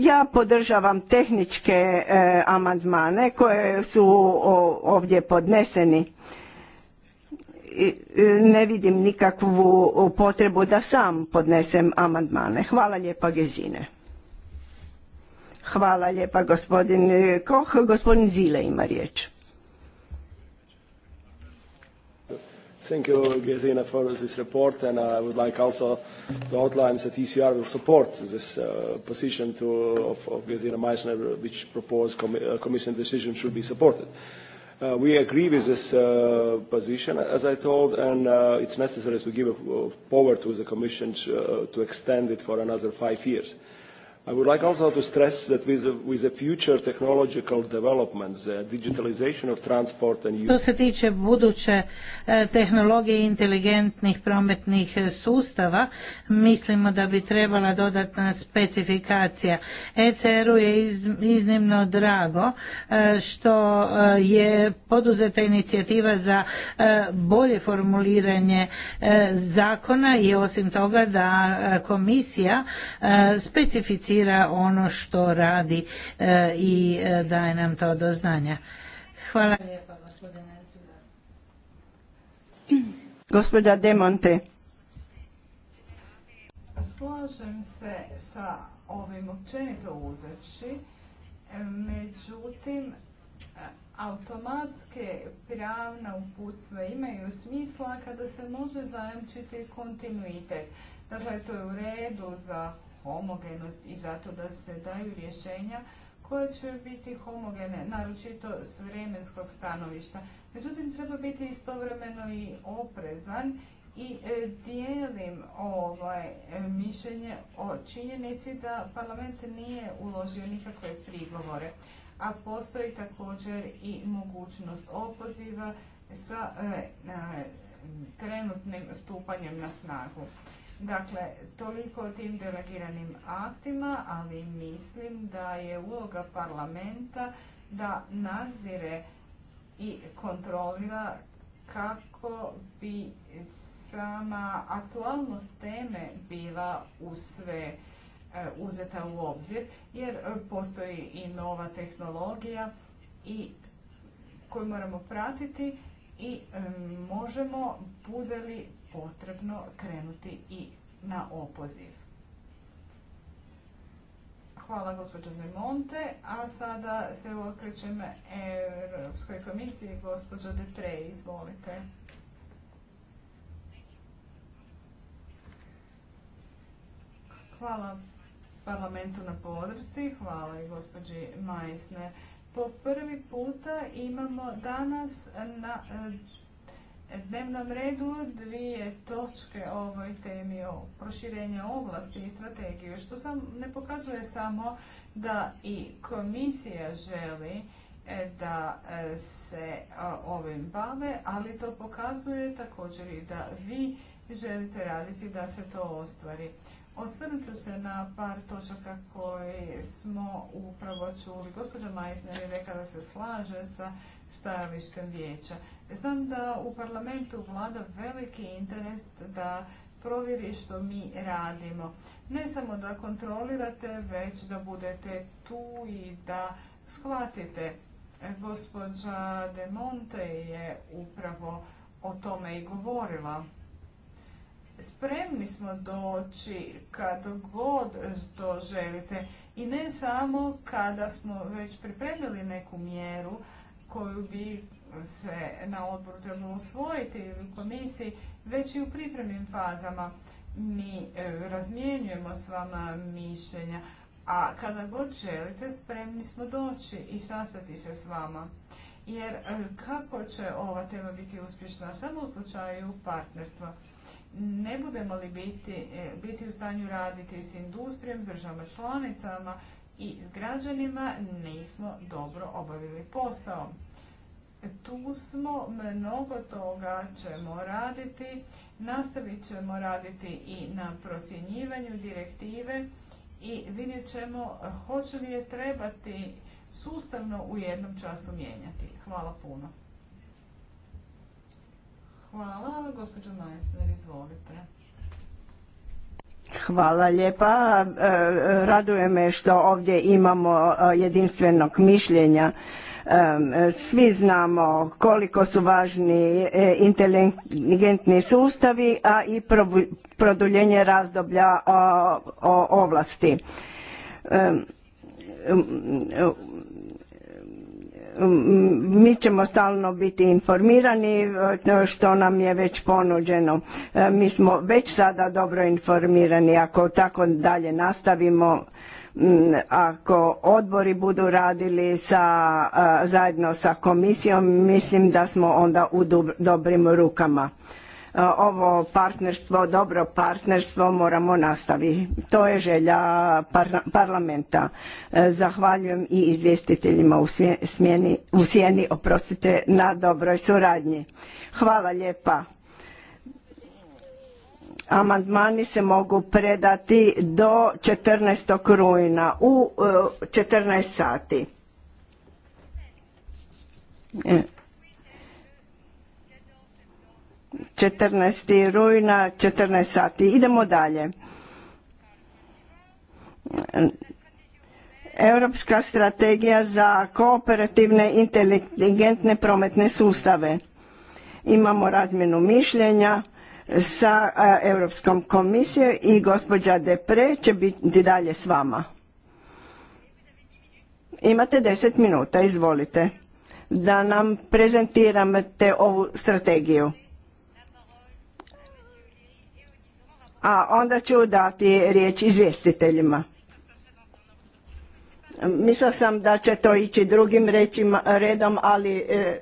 ja podržavam tehničke e, amandmane koje su ovdje podneseni e, ne vidim nikakvu potrebu da sam podnesem amandmane. Hvala lijepa Gezine. Hvala lijepa gospodin Koh. Gospodin Zile ima riječ. Thank you, Gesine, for this report, and I would like also to outline that ECR will support this uh, position to, of, of Gesine Meissner, which proposed uh, Commission decision should be supported. Uh, we agree with this position, as I told, and it's necessary to give power to the Commission to, to extend it for another five years. I would like also to stress that with, with future technological developments, the uh, digitalization of transport and... Što se tiče buduće e, tehnologije inteligentnih prometnih e, sustava, mislimo da bi trebala dodatna specifikacija. ECR-u je iznimno drago e, što je poduzeta inicijativa za bolje formuliranje zakona i osim toga da komisija specificira ono što radi e, i e, daje nam to do znanja. Hvala lijepa gospodine. Demonte. Slažem se sa ovim općenito uzeći. E, međutim, automatske pravna uputstva imaju smisla kada se može zajamčiti kontinuitet. Dakle, to je u redu za homogenost i zato da se daju rješenja koje će biti homogene, naročito s vremenskog stanovišta. Međutim, treba biti istovremeno i oprezan i e, dijelim ovaj e, mišljenje o činjenici da parlament nije uložio nikakve prigovore, a postoji također i mogućnost opoziva sa e, trenutnim stupanjem na snagu. Dakle, toliko o tim delegiranim aktima, ali mislim da je uloga parlamenta da nadzire i kontrolira kako bi sama aktualnost teme bila u sve e, uzeta u obzir, jer postoji i nova tehnologija i koju moramo pratiti i e, možemo bude li potrebno krenuti i na opoziv. Hvala gospođo Monte, a sada se okrećem Europskoj komisiji, gospođo Depre, izvolite. Hvala parlamentu na podršci, hvala i gospođi Majsne. Po prvi puta imamo danas na E, dnevnom redu dvije točke ovoj temi o proširenju ovlasti i strategije, što sam ne pokazuje samo da i komisija želi e, da e, se ovim bave, ali to pokazuje također i da vi želite raditi da se to ostvari. Osvrnut ću se na par točaka koje smo upravo čuli. Gospođa Majsner je rekla da se slaže sa stajalištem vijeća. Znam da u parlamentu vlada veliki interes da provjeri što mi radimo. Ne samo da kontrolirate, već da budete tu i da shvatite. Gospođa De Monte je upravo o tome i govorila. Spremni smo doći kad god to želite i ne samo kada smo već pripremili neku mjeru, koju bi se na odboru trebalo usvojiti ili u komisiji, već i u pripremnim fazama. Mi e, razmjenjujemo s vama mišljenja, a kada god želite spremni smo doći i sastati se s vama. Jer e, kako će ova tema biti uspješna samo u slučaju partnerstva? Ne budemo li biti, e, biti u stanju raditi s industrijom, državama članicama, i s građanima nismo dobro obavili posao. Tu smo, mnogo toga ćemo raditi, nastavit ćemo raditi i na procjenjivanju direktive i vidjet ćemo hoće li je trebati sustavno u jednom času mijenjati. Hvala puno. Hvala, gospođo Majsner, izvolite. Hvala lijepa. E, raduje me što ovdje imamo e, jedinstvenog mišljenja. E, svi znamo koliko su važni inteligentni sustavi, a i produljenje razdoblja ovlasti Mm, mi ćemo stalno biti informirani e, što nam je već ponuđeno. E, mi smo već sada dobro informirani. Ako tako dalje nastavimo, mm, ako odbori budu radili sa, e, zajedno sa komisijom, mislim da smo onda u dobrim rukama. E, ovo partnerstvo, dobro partnerstvo moramo nastaviti. To je želja parlamenta. E, zahvaljujem i izvjestiteljima u, smjeni, sjeni oprostite, na dobroj suradnji. Hvala lijepa. Amandmani se mogu predati do 14. rujna u 14 e, sati. 14. rujna, 14 sati. Idemo dalje. Europska strategija za kooperativne inteligentne prometne sustave. Imamo razmjenu mišljenja sa Europskom komisijom i gospođa Depre će biti dalje s vama. Imate deset minuta, izvolite, da nam prezentirate ovu strategiju. a onda ću dati riječ izvjestiteljima. Mislio sam da će to ići drugim rečima, redom, ali e,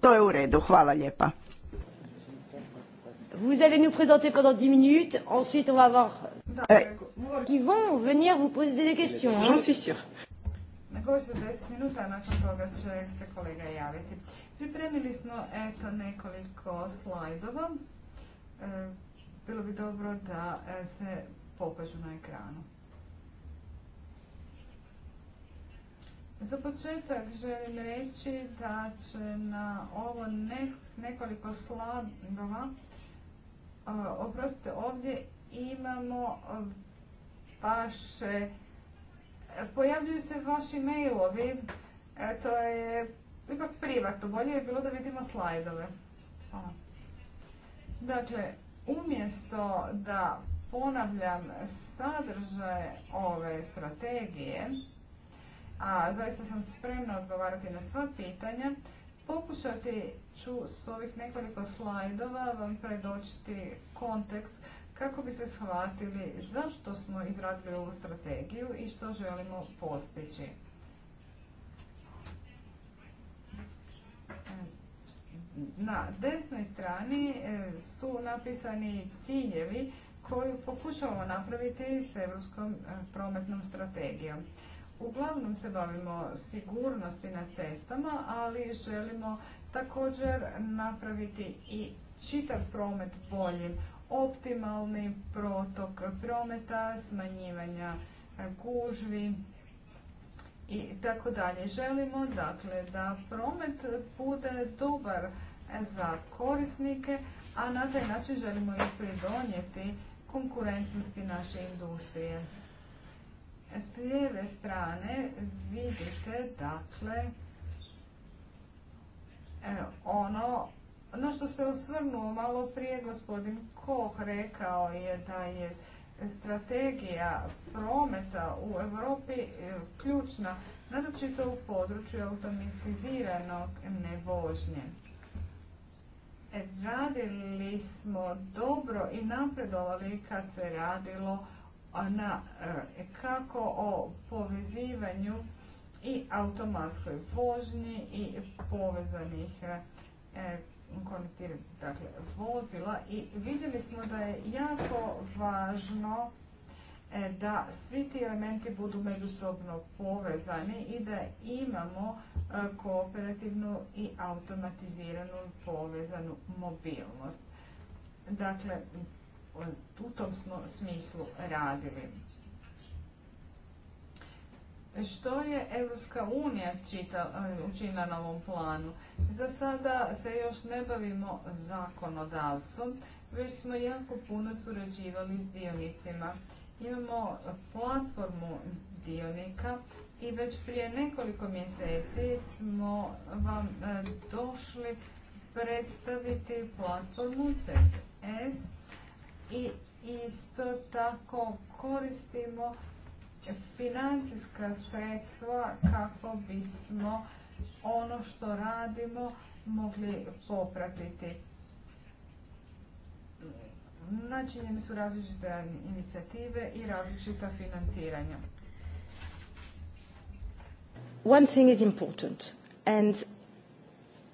to je u redu. Hvala lijepa. Vous allez nous présenter pendant 10 minutes, ensuite on va avoir e, qui vont venir vous poser des questions. J'en suis sûr. 10 minuta nakon toga će se kolega javiti. Pripremili smo eto nekoliko slajdova. E, bilo bi dobro da e, se pokažu na ekranu. Za početak želim reći da će na ovo nekoliko slagova, e, oprostite, ovdje imamo vaše, pojavljuju se vaši mailovi, e, to je ipak privatno, bolje je bilo da vidimo slajdove. Dakle, Umjesto da ponavljam sadržaj ove strategije, a zaista sam spremna odgovarati na sva pitanja, pokušati ću s ovih nekoliko slajdova vam predočiti kontekst kako bi shvatili zašto smo izradili ovu strategiju i što želimo postići na desnoj strani e, su napisani ciljevi koju pokušavamo napraviti s Europskom e, prometnom strategijom. Uglavnom se bavimo sigurnosti na cestama, ali želimo također napraviti i čitav promet boljim, optimalni protok prometa, smanjivanja e, gužvi i tako dalje. Želimo dakle da promet bude dobar e, za korisnike, a na taj način želimo i pridonijeti konkurentnosti naše industrije. E, s lijeve strane vidite dakle e, ono na što se osvrnuo malo prije gospodin Koh rekao je da je strategija prometa u Europi e, ključna, naročito u području automatiziranog nevožnje. E, radili smo dobro i napredovali kad se radilo na, e, kako o povezivanju i automatskoj vožnji i povezanih dakle, vozila i vidjeli smo da je jako važno e, da svi ti elementi budu međusobno povezani i da imamo e, kooperativnu i automatiziranu povezanu mobilnost. Dakle, u tom smo smislu radili. Što je Europska unija e, učinila na ovom planu? Za sada se još ne bavimo zakonodavstvom, već smo jako puno surađivali s dionicima. Imamo platformu dionika i već prije nekoliko mjeseci smo vam e, došli predstaviti platformu CES i isto tako koristimo financijska sredstva kako bismo ono što radimo mogli popratiti. Načinjene su različite inicijative i različita financiranja. One thing is important and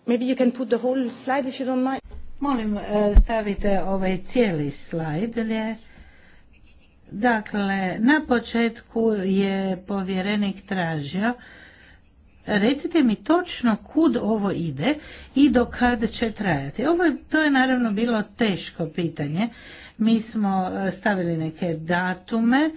maybe you can put the whole slide if you don't mind. Molim, eh, stavite ovaj cijeli slajd, Dakle, na početku je povjerenik tražio recite mi točno kud ovo ide i do kada će trajati. Ovo to je naravno bilo teško pitanje. Mi smo eh, stavili neke datume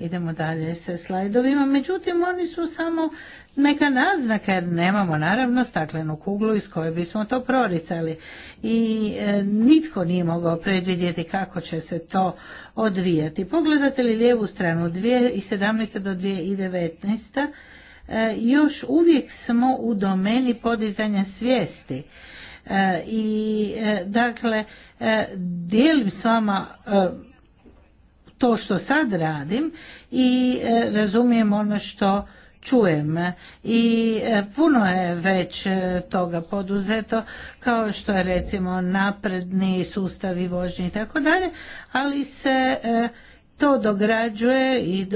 Idemo dalje sa slajdovima, međutim oni su samo neka naznaka jer nemamo naravno staklenu kuglu iz koje bismo to proricali i e, nitko nije mogao predvidjeti kako će se to odvijati. Pogledate li lijevu stranu 2017. do 2019. E, još uvijek smo u domeni podizanja svijesti e, i e, dakle dijelim s vama to što sad radim i e, razumijem ono što čujem i e, puno je već e, toga poduzeto kao što je recimo napredni sustavi vožnje i tako dalje ali se to dograđuje i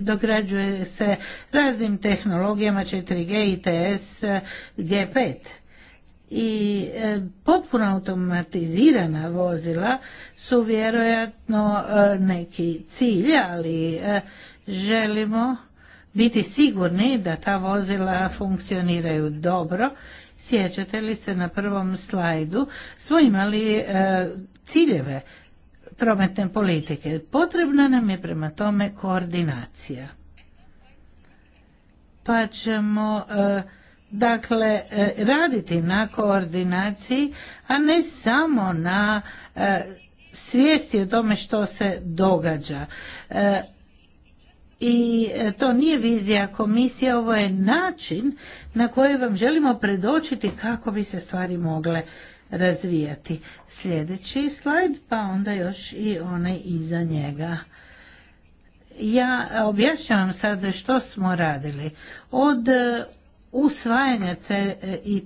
dograđuje se raznim tehnologijama 4G, ITS, G5 i e, potpuno automatizirana vozila su vjerojatno e, neki cilj, ali e, želimo biti sigurni da ta vozila funkcioniraju dobro. Sjećate li se na prvom slajdu, smo imali ciljeve prometne politike. Potrebna nam je prema tome koordinacija. Pa ćemo dakle e, raditi na koordinaciji a ne samo na e, svijesti o tome što se događa e, i to nije vizija komisije ovo je način na koji vam želimo predočiti kako bi se stvari mogle razvijati sljedeći slajd pa onda još i onaj iza njega ja objašnjavam sad što smo radili od usvajanja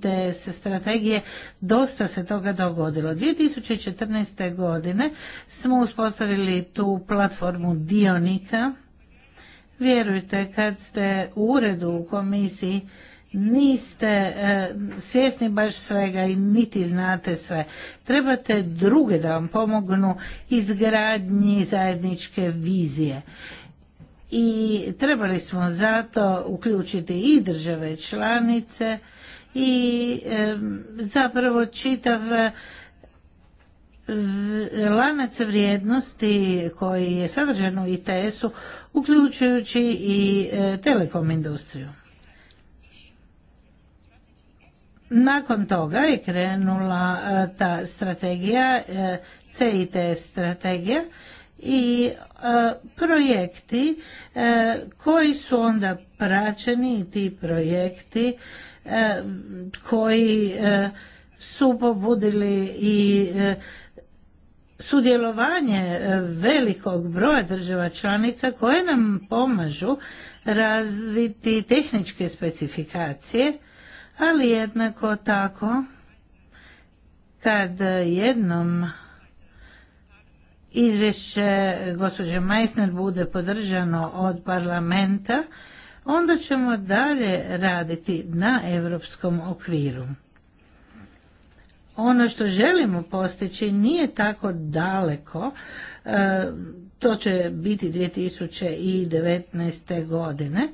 te strategije dosta se toga dogodilo. 2014. godine smo uspostavili tu platformu dionika. Vjerujte, kad ste u uredu u komisiji, niste e, svjesni baš svega i niti znate sve. Trebate druge da vam pomognu izgradnji zajedničke vizije i trebali smo zato uključiti i države članice i zapravo čitav lanac vrijednosti koji je sadržan u ITS-u uključujući i e, telekom industriju. Nakon toga je krenula e, ta strategija, e, CIT strategija i e, projekti e, koji su onda praćeni ti projekti e, koji su pobudili i sudjelovanje velikog broja država članica koje nam pomažu razviti tehničke specifikacije, ali jednako tako kad jednom izvješće gospođe Meissner bude podržano od parlamenta, onda ćemo dalje raditi na europskom okviru. Ono što želimo postići nije tako daleko, e, to će biti 2019. godine,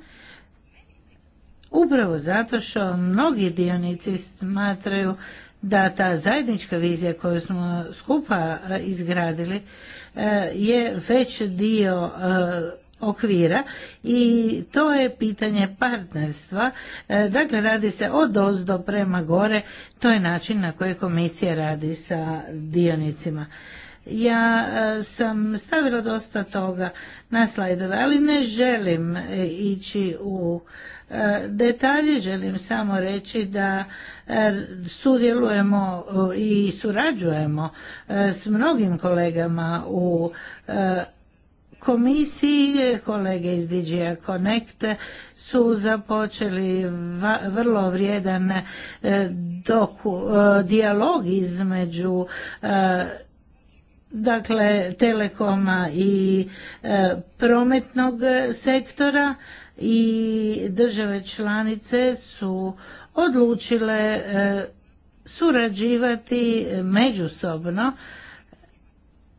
upravo zato što mnogi dionici smatraju da ta zajednička vizija koju smo skupa e, izgradili e, je već dio e, okvira i to je pitanje partnerstva. Dakle, radi se od ozdo prema gore, to je način na koji komisija radi sa dionicima. Ja sam stavila dosta toga na slajdove, ali ne želim ići u E, detalje Želim samo reći da e, sudjelujemo e, i surađujemo s mnogim kolegama u komisiji, kolege iz DJ Connect su započeli vrlo vrijedan dijalog dialog između dakle telekoma i prometnog sektora i države članice su odlučile e, surađivati međusobno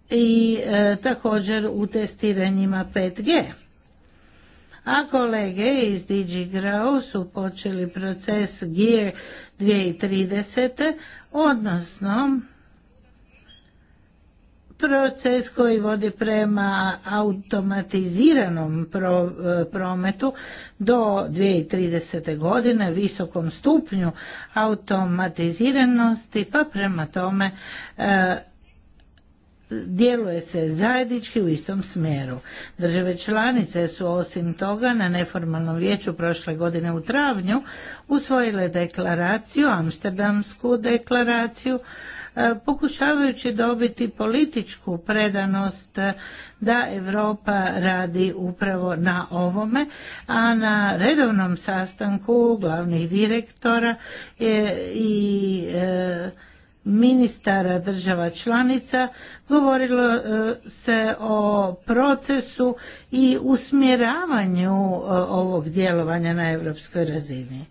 i e, također u testiranjima 5G. A kolege iz DigiGrow su počeli proces Gear 2030. odnosno proces koji vodi prema automatiziranom e, prometu do 2030. godine visokom stupnju automatiziranosti pa prema tome e, djeluje se zajednički u istom smjeru. Države članice su osim toga na neformalnom vijeću prošle godine u travnju usvojile deklaraciju, Amsterdamsku deklaraciju E, pokušavajući dobiti političku predanost da Europa radi upravo na ovome, a na redovnom sastanku glavnih direktora e, i e, ministara država članica govorilo se o procesu i usmjeravanju ovog djelovanja na europskoj razini.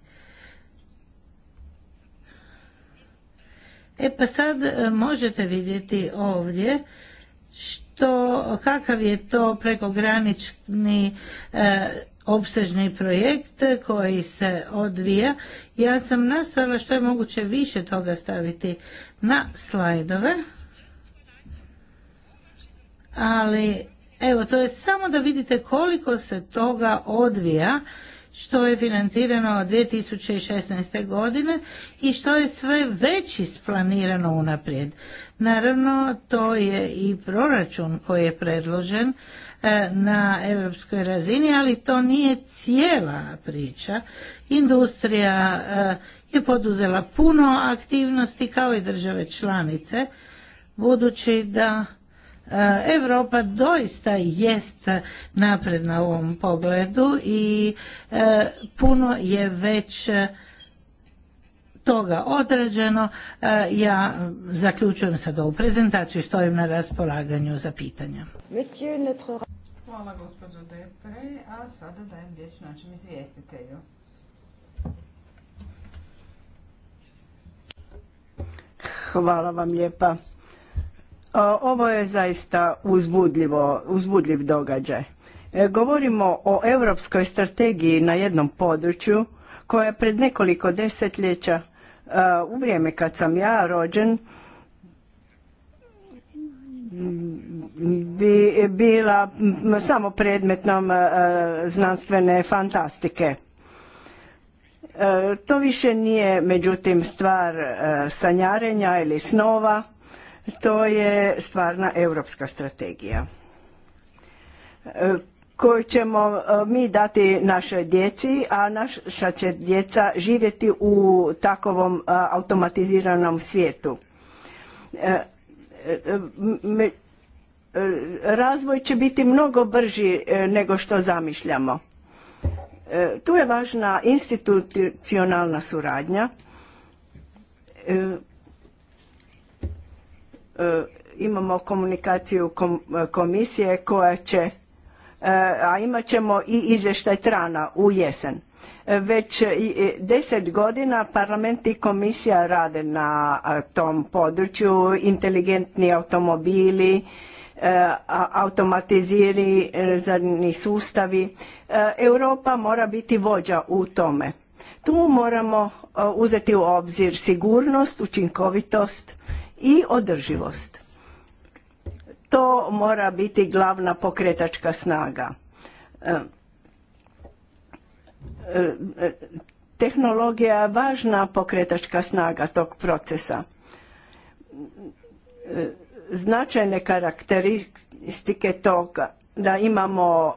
E pa sad e, možete vidjeti ovdje što, kakav je to prekogranični e, opsežni projekt koji se odvija. Ja sam nastavila što je moguće više toga staviti na slajdove. Ali evo to je samo da vidite koliko se toga odvija što je financirano od 2016. godine i što je sve već isplanirano unaprijed. Naravno, to je i proračun koji je predložen e, na europskoj razini, ali to nije cijela priča. Industrija e, je poduzela puno aktivnosti kao i države članice, budući da Europa doista jest napredna u ovom pogledu i e, puno je već e, toga određeno. E, ja zaključujem sad ovu prezentaciju i stojim na raspolaganju za pitanja. Hvala gospođo Depre, a sada dajem riječ našem Hvala vam lijepa. Ovo je zaista uzbudljivo, uzbudljiv događaj. E, govorimo o europskoj strategiji na jednom području koja je pred nekoliko desetljeća, e, u vrijeme kad sam ja rođen, bi bila samo predmetnom e, znanstvene fantastike. To više nije međutim stvar sanjarenja ili snova, to je stvarna europska strategija e, koju ćemo e, mi dati našoj djeci, a naša će djeca živjeti u takovom e, automatiziranom svijetu. Razvoj će biti mnogo brži nego što zamišljamo. Tu je važna institucionalna suradnja E, imamo komunikaciju e, komisije koja će, e, a imat ćemo i izvještaj Trana u jesen. Već deset godina parlament i komisija rade na tom području, inteligentni automobili, automatizirani sustavi. Europa mora biti vođa u tome. Tu moramo uzeti u obzir sigurnost, učinkovitost i održivost. To mora biti glavna pokretačka snaga. E, e, e, tehnologija je važna pokretačka snaga tog procesa. Značajne karakteristike toga da imamo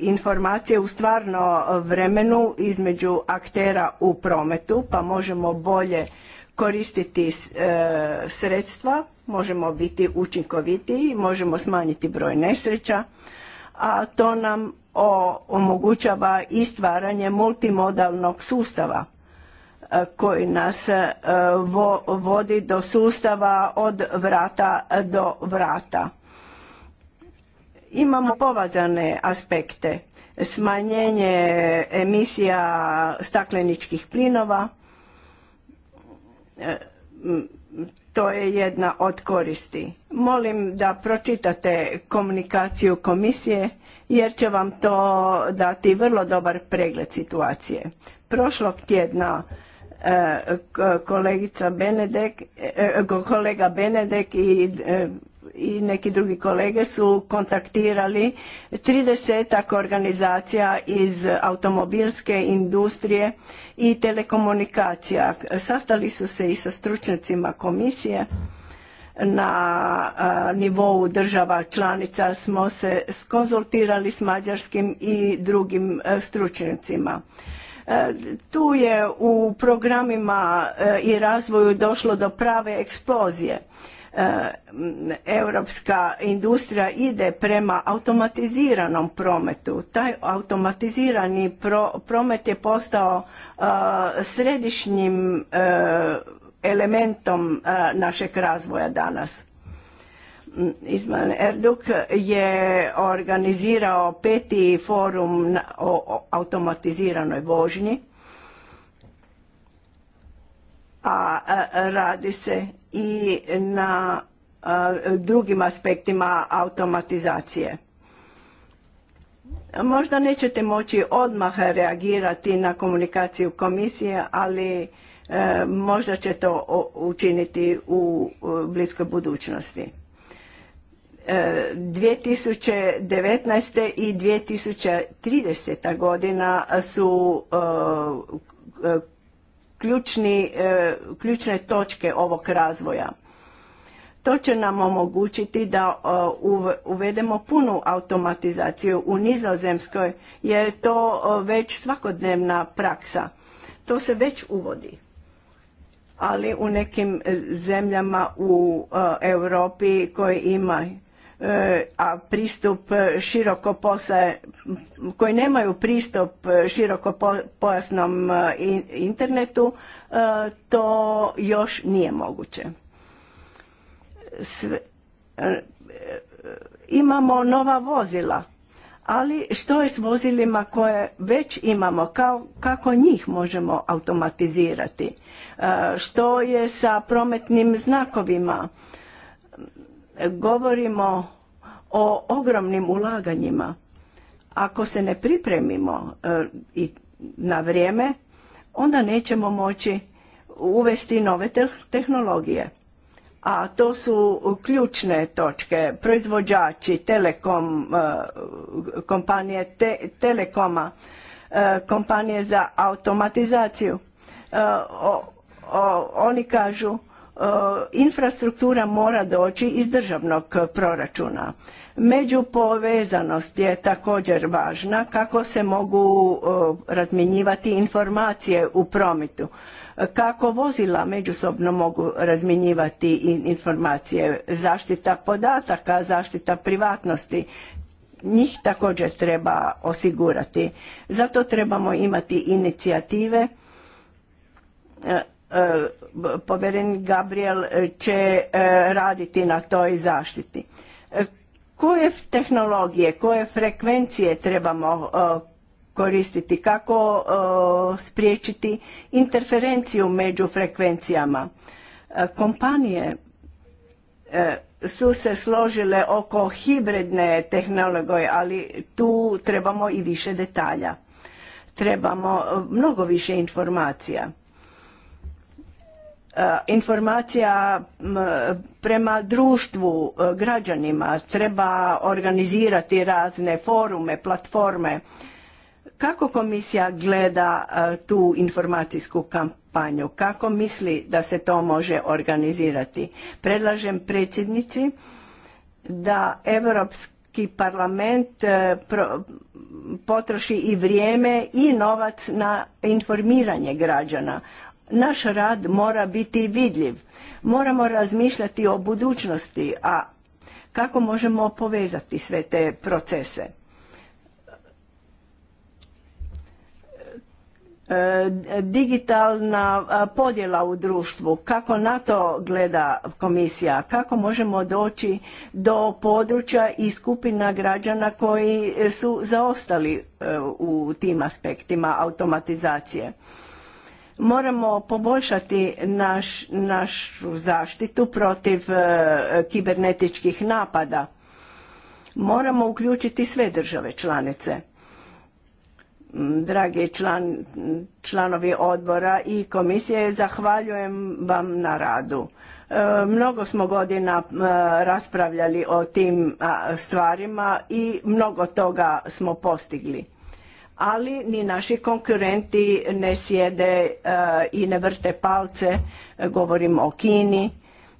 informacije u stvarno vremenu između aktera u prometu pa možemo bolje koristiti e, sredstva, možemo biti učinkovitiji, možemo smanjiti broj nesreća, a to nam omogućava i stvaranje multimodalnog sustava e, koji nas e, vodi do sustava od vrata do vrata. Imamo povazane aspekte, smanjenje emisija stakleničkih plinova, to je jedna od koristi. Molim da pročitate komunikaciju komisije jer će vam to dati vrlo dobar pregled situacije. Prošlog tjedna e, kolegica Benedek, e, e, kolega Benedek i i neki drugi kolege su kontaktirali 30 organizacija iz automobilske industrije i telekomunikacija. Sastali su se i sa stručnjacima komisije. Na nivou država članica smo se skonzultirali s mađarskim i drugim e, a, e, Tu je u programima e, i razvoju došlo do prave eksplozije. Eh, europska industrija ide prema automatiziranom prometu. Taj automatizirani promet je postao eh, središnjim eh, elementom našeg razvoja danas. Izman Erduk je organizirao peti forum o automatiziranoj vožnji a e, radi se i na e, drugim aspektima automatizacije. Možda nećete moći odmah reagirati na komunikaciju komisije, ali e, možda će to učiniti u bliskoj budućnosti. 2019. i 2030. godina su ključni, e, ključne točke ovog razvoja. To će nam omogućiti da e, uvedemo punu automatizaciju u Nizozemskoj jer je to e, već svakodnevna praksa. To se već uvodi. Ali u nekim zemljama u Europi koje imaju a pristup široko posa, koji nemaju pristup širokopojasnom e, internetu, e, to još nije moguće. Sve, e, imamo nova vozila, ali što je s vozilima koje već imamo, kako njih možemo automatizirati? Što je sa prometnim znakovima? Govorimo o ogromnim ulaganjima. Ako se ne pripremimo e, i na vrijeme, onda nećemo moći uvesti nove tehnologije. A to su ključne točke. Proizvođači, telekom, e, kompanije telekoma, e, kompanije za automatizaciju. oni kažu E, infrastruktura mora doći iz državnog proračuna. Međupovezanost je također važna kako se mogu e, razmjenjivati informacije u prometu, kako vozila međusobno mogu razmjenjivati informacije, zaštita podataka, zaštita privatnosti, njih također treba osigurati. Zato trebamo imati inicijative e, povjerenik Gabriel e, će e, raditi na toj zaštiti. E, koje tehnologije, koje frekvencije trebamo koristiti, kako spriječiti interferenciju među frekvencijama. Kompanije su se složile oko hibridne tehnologije, ali tu trebamo i više detalja. Trebamo mnogo više informacija. E, informacija prema društvu, e, građanima, treba organizirati razne forume, platforme. Kako komisija gleda e, tu informacijsku kampanju? Kako misli da se to može organizirati? Predlažem predsjednici da Europski parlament potroši i vrijeme i novac na informiranje građana naš rad mora biti vidljiv. Moramo razmišljati o budućnosti, a kako možemo povezati sve te procese. E, digitalna podjela u društvu, kako na to gleda komisija, kako možemo doći do područja i skupina građana koji su zaostali e, u tim aspektima automatizacije. Moramo poboljšati naš, našu zaštitu protiv e, kibernetičkih napada. Moramo uključiti sve države članice. Mm, dragi član, članovi odbora i komisije, zahvaljujem vam na radu. E, mnogo smo godina e, raspravljali o tim stvarima i mnogo toga smo postigli ali ni naši konkurenti ne sjede e, i ne vrte palce, e, govorim o Kini,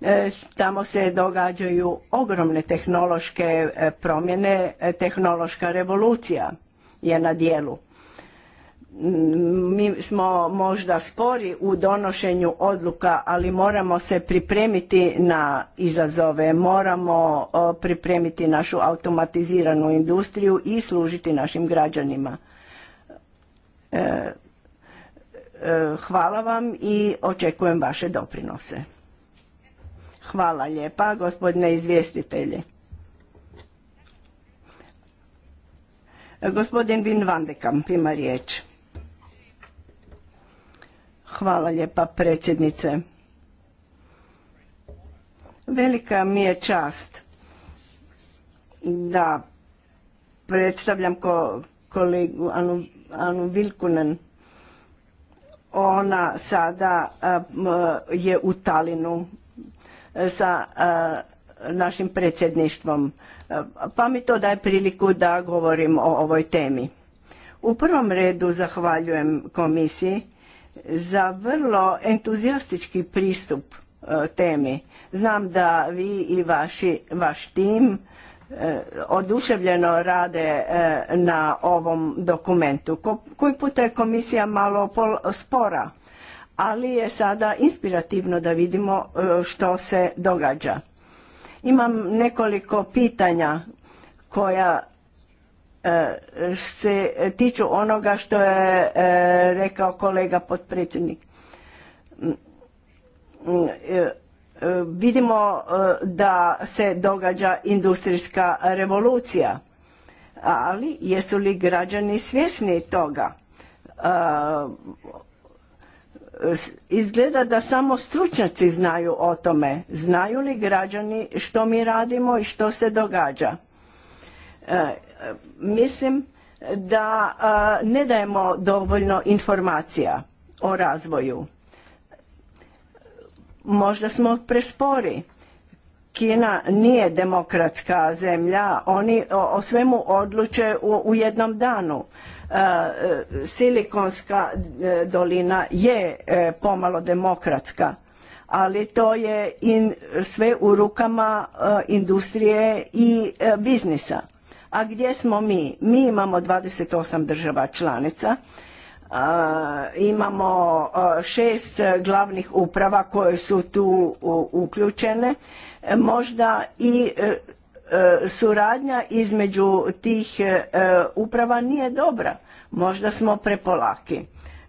e, tamo se događaju ogromne tehnološke promjene, tehnološka revolucija je na dijelu. Mi smo možda spori u donošenju odluka, ali moramo se pripremiti na izazove, moramo pripremiti našu automatiziranu industriju i služiti našim građanima. Hvala vam i očekujem vaše doprinose. Hvala lijepa, gospodine izvjestitelje. Gospodin Vin van ima riječ. Hvala lijepa predsjednice. Velika mi je čast da predstavljam ko, kolegu Anu Anu Vilkunen. Ona sada je u Talinu e, sa našim predsjedništvom, e, pa mi to daje priliku da govorim o ovoj temi. U prvom redu zahvaljujem komisiji za vrlo entuzijastički pristup e, temi. Znam da vi i vaš tim Eh, oduševljeno rade eh, na ovom dokumentu. Koji puta je komisija malo spora, ali je sada inspirativno da vidimo eh, što se događa. Imam nekoliko pitanja koja se tiču onoga što je rekao kolega potpredsjednik mm, mm, Vidimo e, da se događa industrijska revolucija, ali jesu li građani svjesni toga? E, izgleda da samo stručnjaci znaju o tome. Znaju li građani što mi radimo i što se događa? E, mislim da ne dajemo dovoljno informacija o razvoju Možda smo prespori. Kina nije demokratska zemlja, oni o svemu odluče u, jednom danu. E, Silikonska e, dolina je e, pomalo demokratska, ali to je in, sve u rukama industrije i biznisa. A gdje smo mi? Mi imamo 28 država članica Imamo šest glavnih uprava koje su tu uključene. Možda i e, e, suradnja između tih e, uprava nije dobra. Možda smo prepolaki.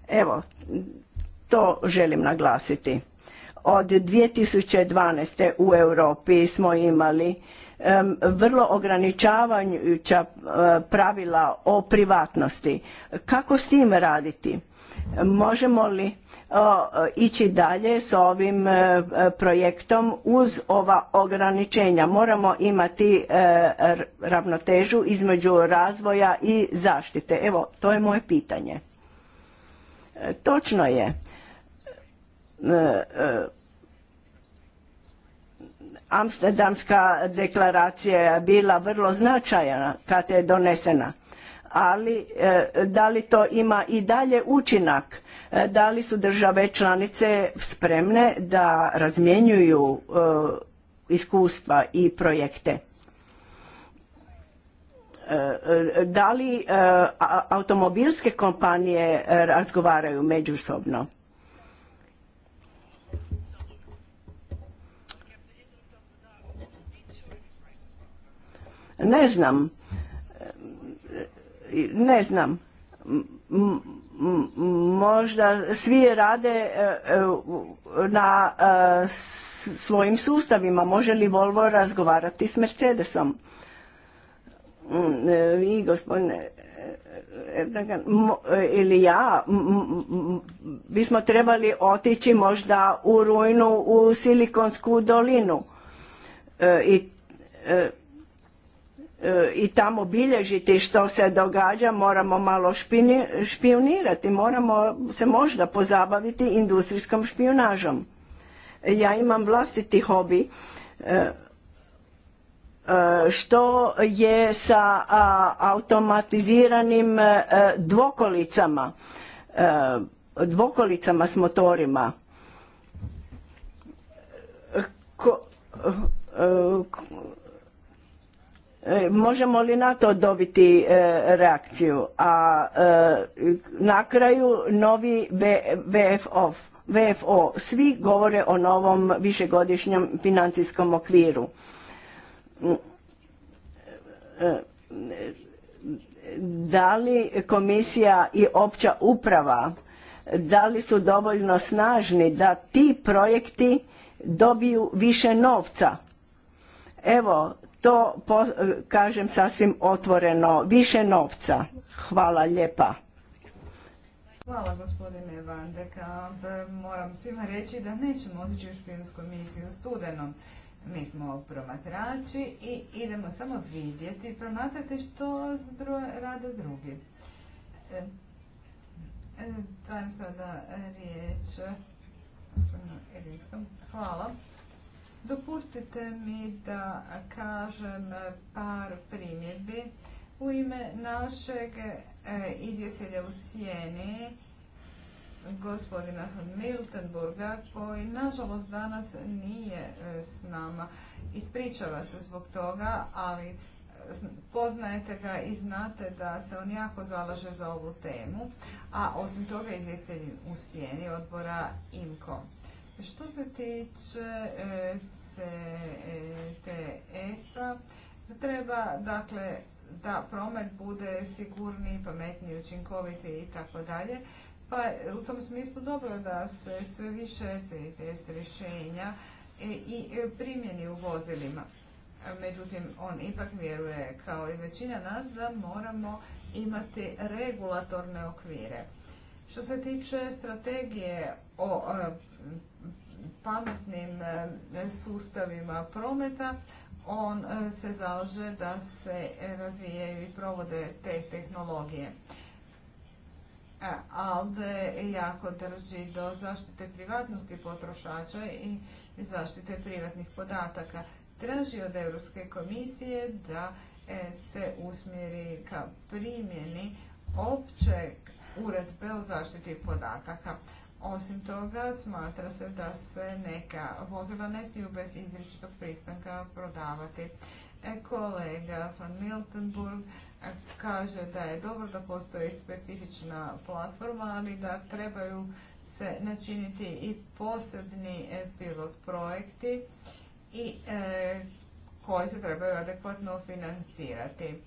Evo, to želim naglasiti. Od 2012. u Europi smo imali vrlo ograničavajuća eh, pravila o privatnosti. Kako s tim raditi? Možemo li ići dalje s ovim eh, projektom uz ova ograničenja? Moramo imati eh, ravnotežu između razvoja i zaštite. Evo, to je moje pitanje. točno je Amsterdamska deklaracija je bila vrlo značajna kad je donesena, ali e, da li to ima i dalje učinak? E, da li su države članice spremne da razmjenjuju e, iskustva i projekte? Da li automobilske kompanije razgovaraju međusobno? Ne znam. Ne znam. Možda svi rade e, e, na e, svojim sustavima. Može li Volvo razgovarati s Mercedesom? Mm, vi, gospodine ili ja bismo trebali otići možda u rujnu u Silikonsku dolinu i i tamo bilježiti što se događa, moramo malo špionirati, moramo se možda pozabaviti industrijskom špionažom. Ja imam vlastiti hobi, e, e, što je sa automatiziranim e, dvokolicama, dvokolicama s motorima. E, možemo li na to dobiti e, reakciju a e, na kraju novi VFO svi govore o novom višegodišnjem financijskom okviru mm, da li komisija i opća uprava da li su dovoljno snažni da ti projekti dobiju više novca evo to kažem sasvim otvoreno. Više novca. Hvala lijepa. Hvala gospodine Van Kamp. Moram svima reći da nećemo otići u špijunsku misiju studenom. Mi smo promatrači i idemo samo vidjeti i promatrati što rade drugi. E, e, dajem sada riječ Hvala. Dopustite mi da kažem par primjedbi u ime našeg e, izvjestelja u Sijeni, gospodina von Miltenburga, koji nažalost danas nije e, s nama. Ispričava se zbog toga, ali e, poznajete ga i znate da se on jako zalaže za ovu temu, a osim toga izvjestelj u sjeni odbora IMKO. Što se tiče e, CTS-a, e e treba dakle da promet bude sigurniji, pametniji, učinkoviti i tako dalje. Pa u tom smislu dobro da se sve više CTS rješenja i primjeni u vozilima. Međutim, on ipak vjeruje kao i većina nas da moramo imati regulatorne okvire. Što se tiče strategije o pametnim e, sustavima prometa, on e, se zalaže da se e, razvijaju i provode te tehnologije. ALDE jako drži do zaštite privatnosti potrošača i zaštite privatnih podataka. Traži od Europske komisije da se usmjeri ka primjeni opće uredbe o zaštiti podataka. Osim toga, smatra se da se neka vozila ne smiju bez izričitog pristanka prodavati. E, kolega van Miltenburg e, kaže da je dobro da postoji specifična platforma, ali da trebaju se načiniti i posebni e, pilot projekti i koji se trebaju adekvatno financirati.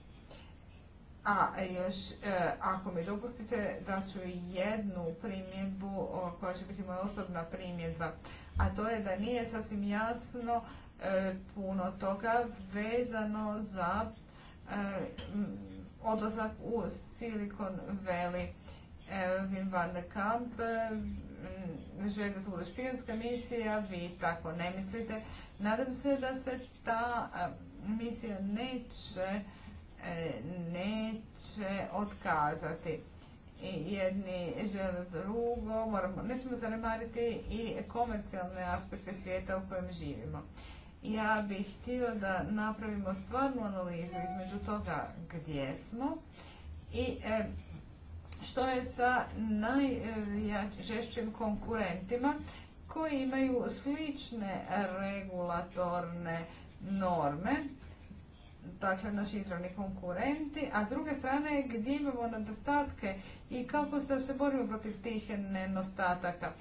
A e, još, e, ako mi dopustite, da ću jednu primjedbu, koja će biti moja osobna primjedba, a to je da nije sasvim jasno e, puno toga vezano za odlazak u Silicon Valley. Wim van de Kamp, želite da bude misija, vi tako ne mislite. Nadam se da se ta misija neće E, neće otkazati. jedni žele drugo, moramo, ne smo zanemariti i komercijalne aspekte svijeta u kojem živimo. Ja bih htio da napravimo stvarnu analizu između toga gdje smo i e, što je sa najžešćim konkurentima koji imaju slične regulatorne norme dakle naši izravni konkurenti, a s druge strane gdje imamo nedostatke i kako se se borimo protiv tih nedostataka.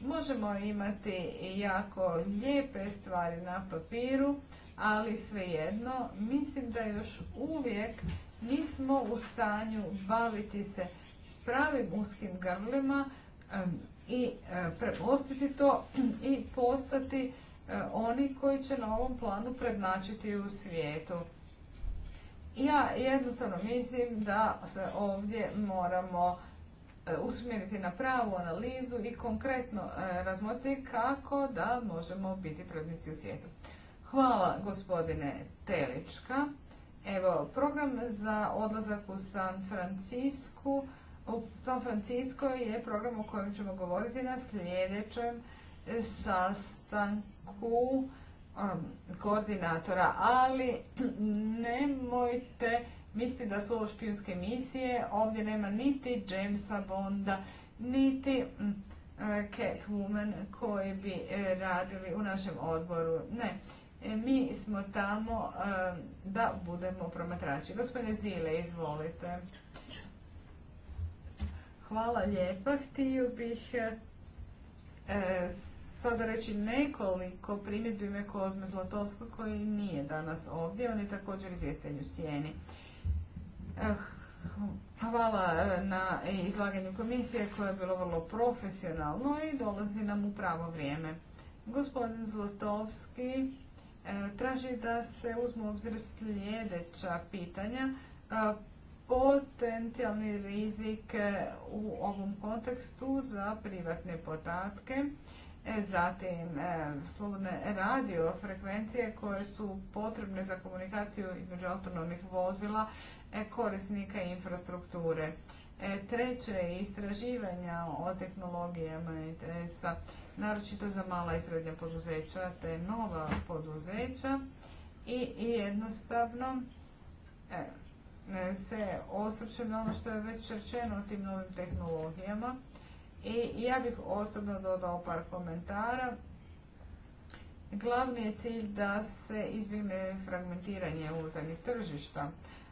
Možemo imati jako lijepe stvari na papiru, ali svejedno mislim da još uvijek nismo u stanju baviti se s pravim uskim grlima i e, premostiti to i postati e, oni koji će na ovom planu prednačiti u svijetu. Ja jednostavno mislim da se ovdje moramo e, usmjeriti na pravu analizu i konkretno e, razmotriti kako da možemo biti prednici u svijetu. Hvala gospodine Telička. Evo, program za odlazak u San Francisco San Francisco je program o kojem ćemo govoriti na sljedećem sastanku koordinatora, ali nemojte misliti da su ovo špijunske misije, ovdje nema niti Jamesa Bonda, niti mm, eh, Catwoman koji bi eh, radili u našem odboru. Ne, e, mi smo tamo eh, da budemo promatrači. Gospodine Zile, izvolite. Hvala lijepa. Htio bih sada reći nekoliko primjedbi ime Kozme Zlatovskog koji nije danas ovdje, on je također izvjestelj u Sijeni. Eh, hvala eh, na izlaganju komisije koje je bilo vrlo profesionalno i dolazi nam u pravo vrijeme. Gospodin Zlatovski eh, traži da se uzmu obzir sljedeća pitanja. Potencijalni rizik u ovom kontekstu za privatne podatke E, zatim e, slobodne radio frekvencije koje su potrebne za komunikaciju između autonomnih vozila e, korisnika infrastrukture. Treće, je istraživanja o tehnologijama interesa, naročito za mala i srednja poduzeća te nova poduzeća i jednostavno se osvrćem na ono što je već rečeno o tim novim tehnologijama i ja bih osobno dodao par komentara. Glavni je cilj da se izbjegne fragmentiranje unutarnjih tržišta.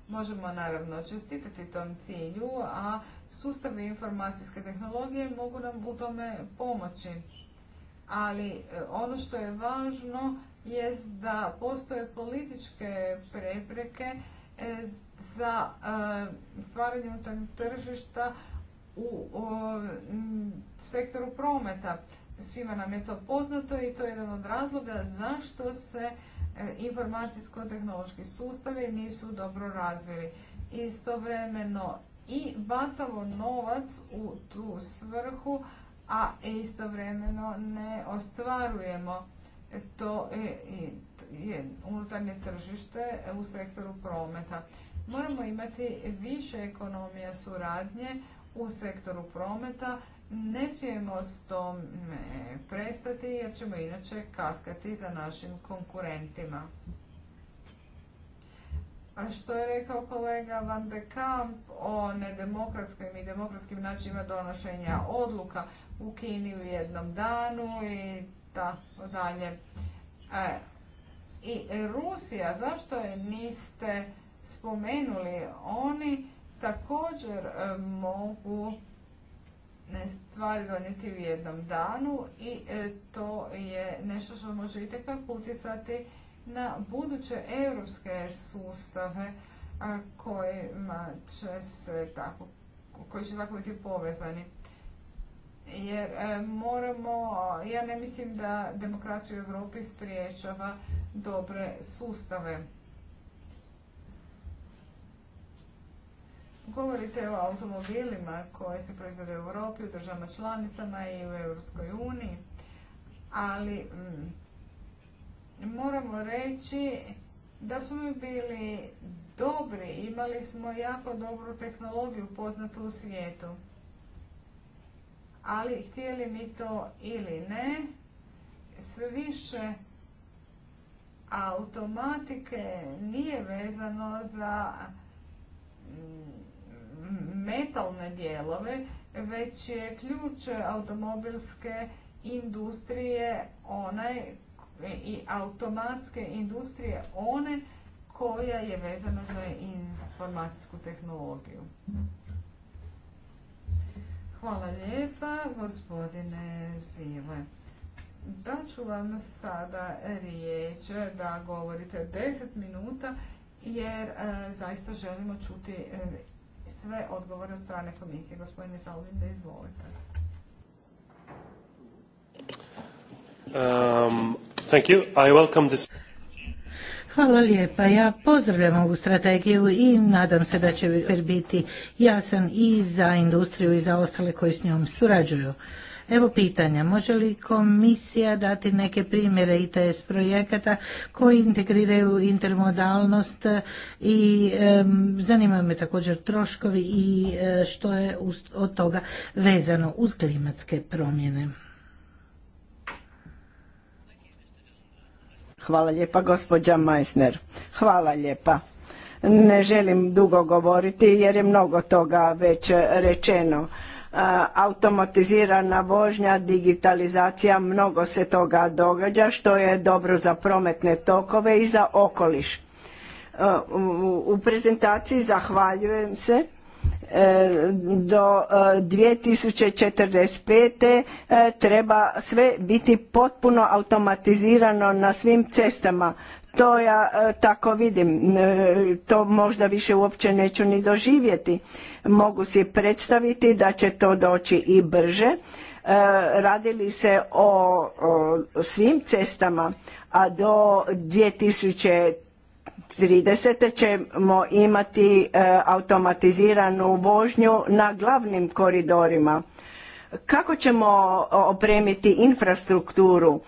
Možemo naravno čestitati tom cilju, a sustavne informacijske tehnologije mogu nam u tome pomoći. Ali e, ono što je važno jest da postoje političke prepreke e, za e, stvaranje unutarnjeg tržišta u o, mm, sektoru prometa. Svima nam je to poznato i to je jedan od razloga zašto se e, informacijsko-tehnološki sustavi nisu dobro razvili. Istovremeno i bacamo novac u tu svrhu, a istovremeno ne ostvarujemo to e, unutarnje tržište u sektoru prometa. Moramo imati više ekonomija suradnje u sektoru prometa. Ne smijemo s tom prestati jer ćemo inače kaskati za našim konkurentima. A što je rekao kolega Van de Kamp o nedemokratskim i demokratskim načinima donošenja odluka u Kini u jednom danu i tako dalje. E, I Rusija, zašto je niste spomenuli? Oni također e, mogu stvari donijeti u jednom danu i e, to je nešto što može itekako utjecati na buduće europske sustave kojima će se tako, koji će tako biti povezani. Jer e, moramo, ja ne mislim da demokraciju u Europi spriječava dobre sustave. Govorite o automobilima koje se proizvode u Europi, u državama članicama i u Europskoj uniji, ali mm, moramo reći da smo mi bili dobri, imali smo jako dobru tehnologiju poznatu u svijetu. Ali htjeli mi to ili ne, sve više automatike nije vezano za mm, metalne dijelove, već je ključ automobilske industrije onaj i automatske industrije one koja je vezana za informacijsku tehnologiju. Hvala lijepa, gospodine Zile. Daću vam sada riječ da govorite 10 minuta jer e, zaista želimo čuti e, sve odgovore od strane komisije. Gospodine Salvin, da izvolite. Um, thank you. I welcome this. Hvala lijepa. Ja pozdravljam ovu strategiju i nadam se da će biti jasan i za industriju i za ostale koji s njom surađuju. Evo pitanja, može li komisija dati neke primjere ITS projekata koji integriraju intermodalnost i e, zanimaju me također troškovi i e, što je od toga vezano uz klimatske promjene. Hvala lijepa gospođa Meissner. Hvala lijepa. Ne želim dugo govoriti jer je mnogo toga već rečeno automatizirana vožnja, digitalizacija, mnogo se toga događa što je dobro za prometne tokove i za okoliš. E, u prezentaciji zahvaljujem se e, do 2045. E, treba sve biti potpuno automatizirano na svim cestama to ja e, tako vidim. E, to možda više uopće neću ni doživjeti. Mogu si predstaviti da će to doći i brže. E, radili se o, o svim cestama, a do 2030. ćemo imati automatiziranu vožnju na glavnim koridorima. Kako ćemo opremiti infrastrukturu?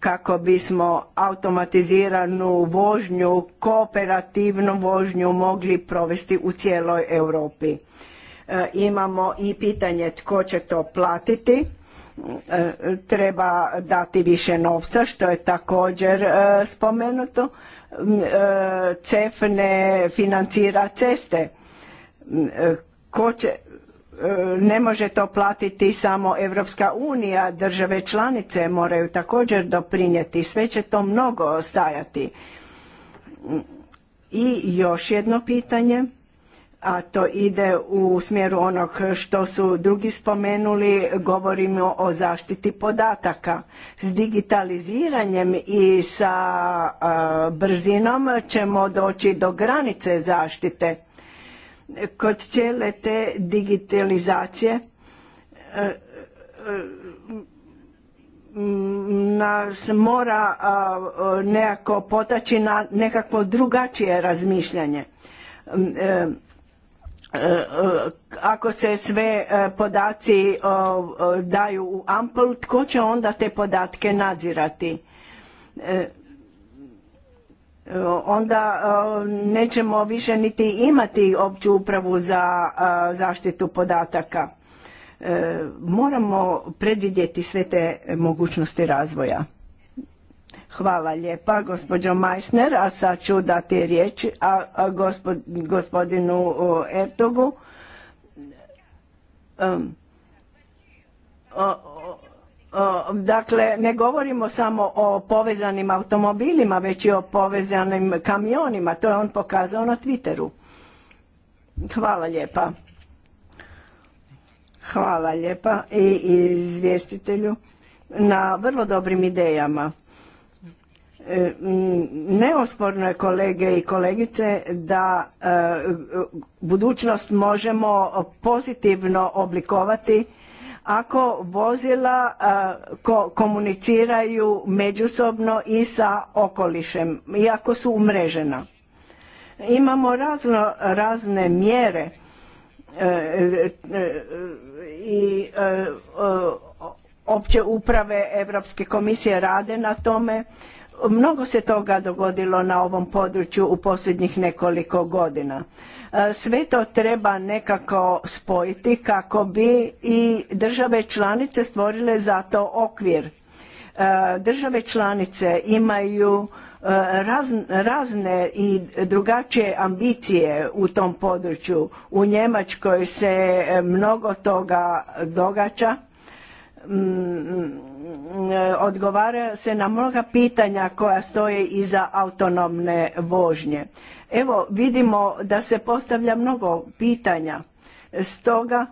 kako bismo automatiziranu vožnju, kooperativnu vožnju mogli provesti u cijeloj Europi. E, imamo i pitanje tko će to platiti. E, treba dati više novca, što je također e, spomenuto. CEF ne financira ceste. Ko će, E, ne može to platiti samo Europska unija, države članice moraju također doprinijeti, sve će to mnogo ostajati. I još jedno pitanje, a to ide u smjeru onog što su drugi spomenuli, govorimo o zaštiti podataka. S digitaliziranjem i sa e, brzinom ćemo doći do granice zaštite Kod cijele te digitalizacije e, e, nas mora nekako potaći na nekakvo drugačije razmišljanje. E, ako se sve podaci daju u ampl, tko će onda te podatke nadzirati? onda e, nećemo više niti imati opću upravu za e, zaštitu podataka. E, moramo predvidjeti sve te mogućnosti razvoja. Hvala lijepa gospođo Majsner, a sad ću dati riječ a gospodinu Ertogu. Dakle, ne govorimo samo o povezanim automobilima, već i o povezanim kamionima. To je on pokazao na Twitteru. Hvala lijepa. Hvala lijepa i izvjestitelju na vrlo dobrim idejama. E, neosporno je kolege i kolegice da e, budućnost možemo pozitivno oblikovati ako vozila komuniciraju međusobno i sa okolišem, iako su umrežena. Imamo razno, razne mjere e, e, e, i opće uprave Europske komisije rade na tome. Mnogo se toga dogodilo na ovom području u posljednjih nekoliko godina. E, sve to treba nekako spojiti kako bi i države članice stvorile za to okvir. E, države članice imaju e, razne i drugačije ambicije u tom području. U Njemačkoj se mnogo toga događa. Mm, odgovara se na mnoga pitanja koja stoje iza autonomne vožnje. Evo vidimo da se postavlja mnogo pitanja. Stoga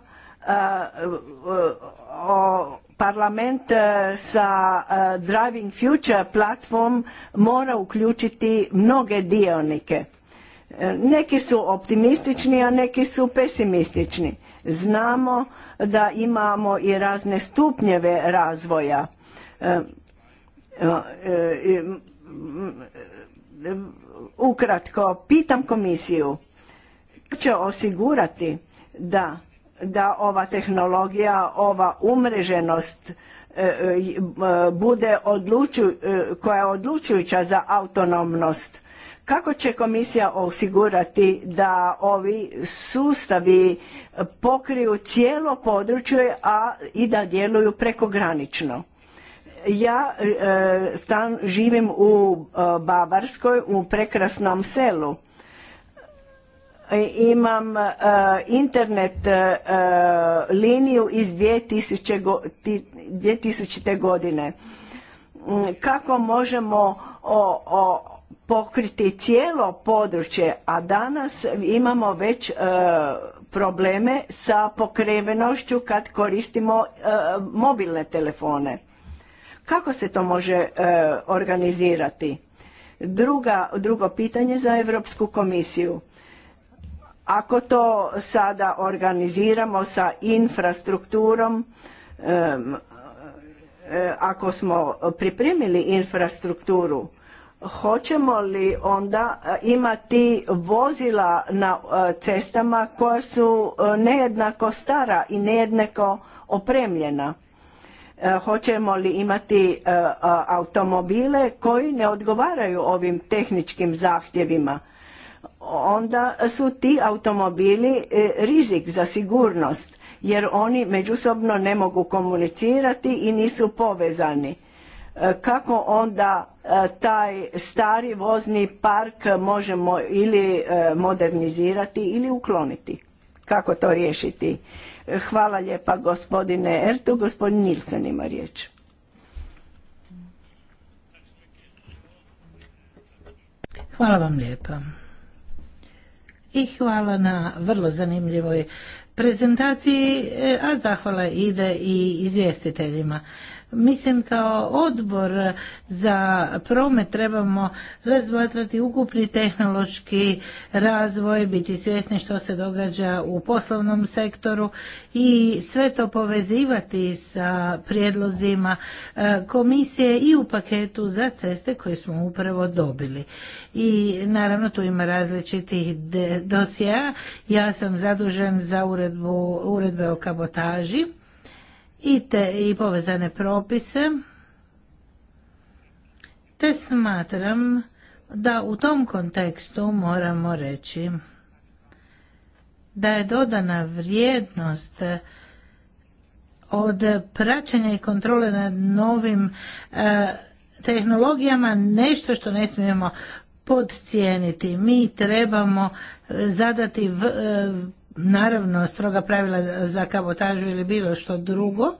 parlament e, sa Driving Future platform mora uključiti mnoge dionike. E, neki su optimistični, a neki su pesimistični. Znamo da imamo i razne stupnjeve razvoja. E, e, e, ukratko, pitam komisiju će osigurati da, ova tehnologija, ova umreženost bude koja je odlučujuća za autonomnost kako će komisija osigurati da ovi sustavi pokriju cijelo područje, a i da djeluju prekogranično? Ja e, stan, živim u e, Babarskoj, u prekrasnom selu. E, imam internet liniju iz 2000, go, godine. Mm, kako možemo o, pokriti cijelo područje, a danas imamo već e, probleme sa pokrevenošću kad koristimo e, mobilne telefone. Kako se to može e, organizirati? Druga, drugo pitanje za Europsku komisiju. Ako to sada organiziramo sa infrastrukturom, ako smo pripremili infrastrukturu, hoćemo li onda e, imati vozila na e, cestama koja su e, nejednako stara i nejednako opremljena? Hoćemo li imati automobile koji ne odgovaraju ovim tehničkim zahtjevima? Onda su ti automobili rizik za sigurnost jer oni međusobno ne mogu komunicirati i nisu povezani kako onda e, taj stari vozni park možemo ili e, modernizirati ili ukloniti. Kako to riješiti? Hvala lijepa gospodine Ertu. Gospodin Nilsen ima riječ. Hvala vam lijepa. I hvala na vrlo zanimljivoj prezentaciji, e, a zahvala ide i izvjestiteljima. Mislim kao odbor za promet trebamo razmatrati ukupni tehnološki razvoj, biti svjesni što se događa u poslovnom sektoru i sve to povezivati sa prijedlozima e, komisije i u paketu za ceste koje smo upravo dobili. I naravno tu ima različitih dosija. Ja sam zadužen za uredbu, uredbe o kabotaži i te i povezane propise te smatram da u tom kontekstu moramo reći da je dodana vrijednost od praćenja i kontrole nad novim e, tehnologijama nešto što ne smijemo podcijeniti. Mi trebamo zadati e, naravno stroga pravila za kabotažu ili bilo što drugo,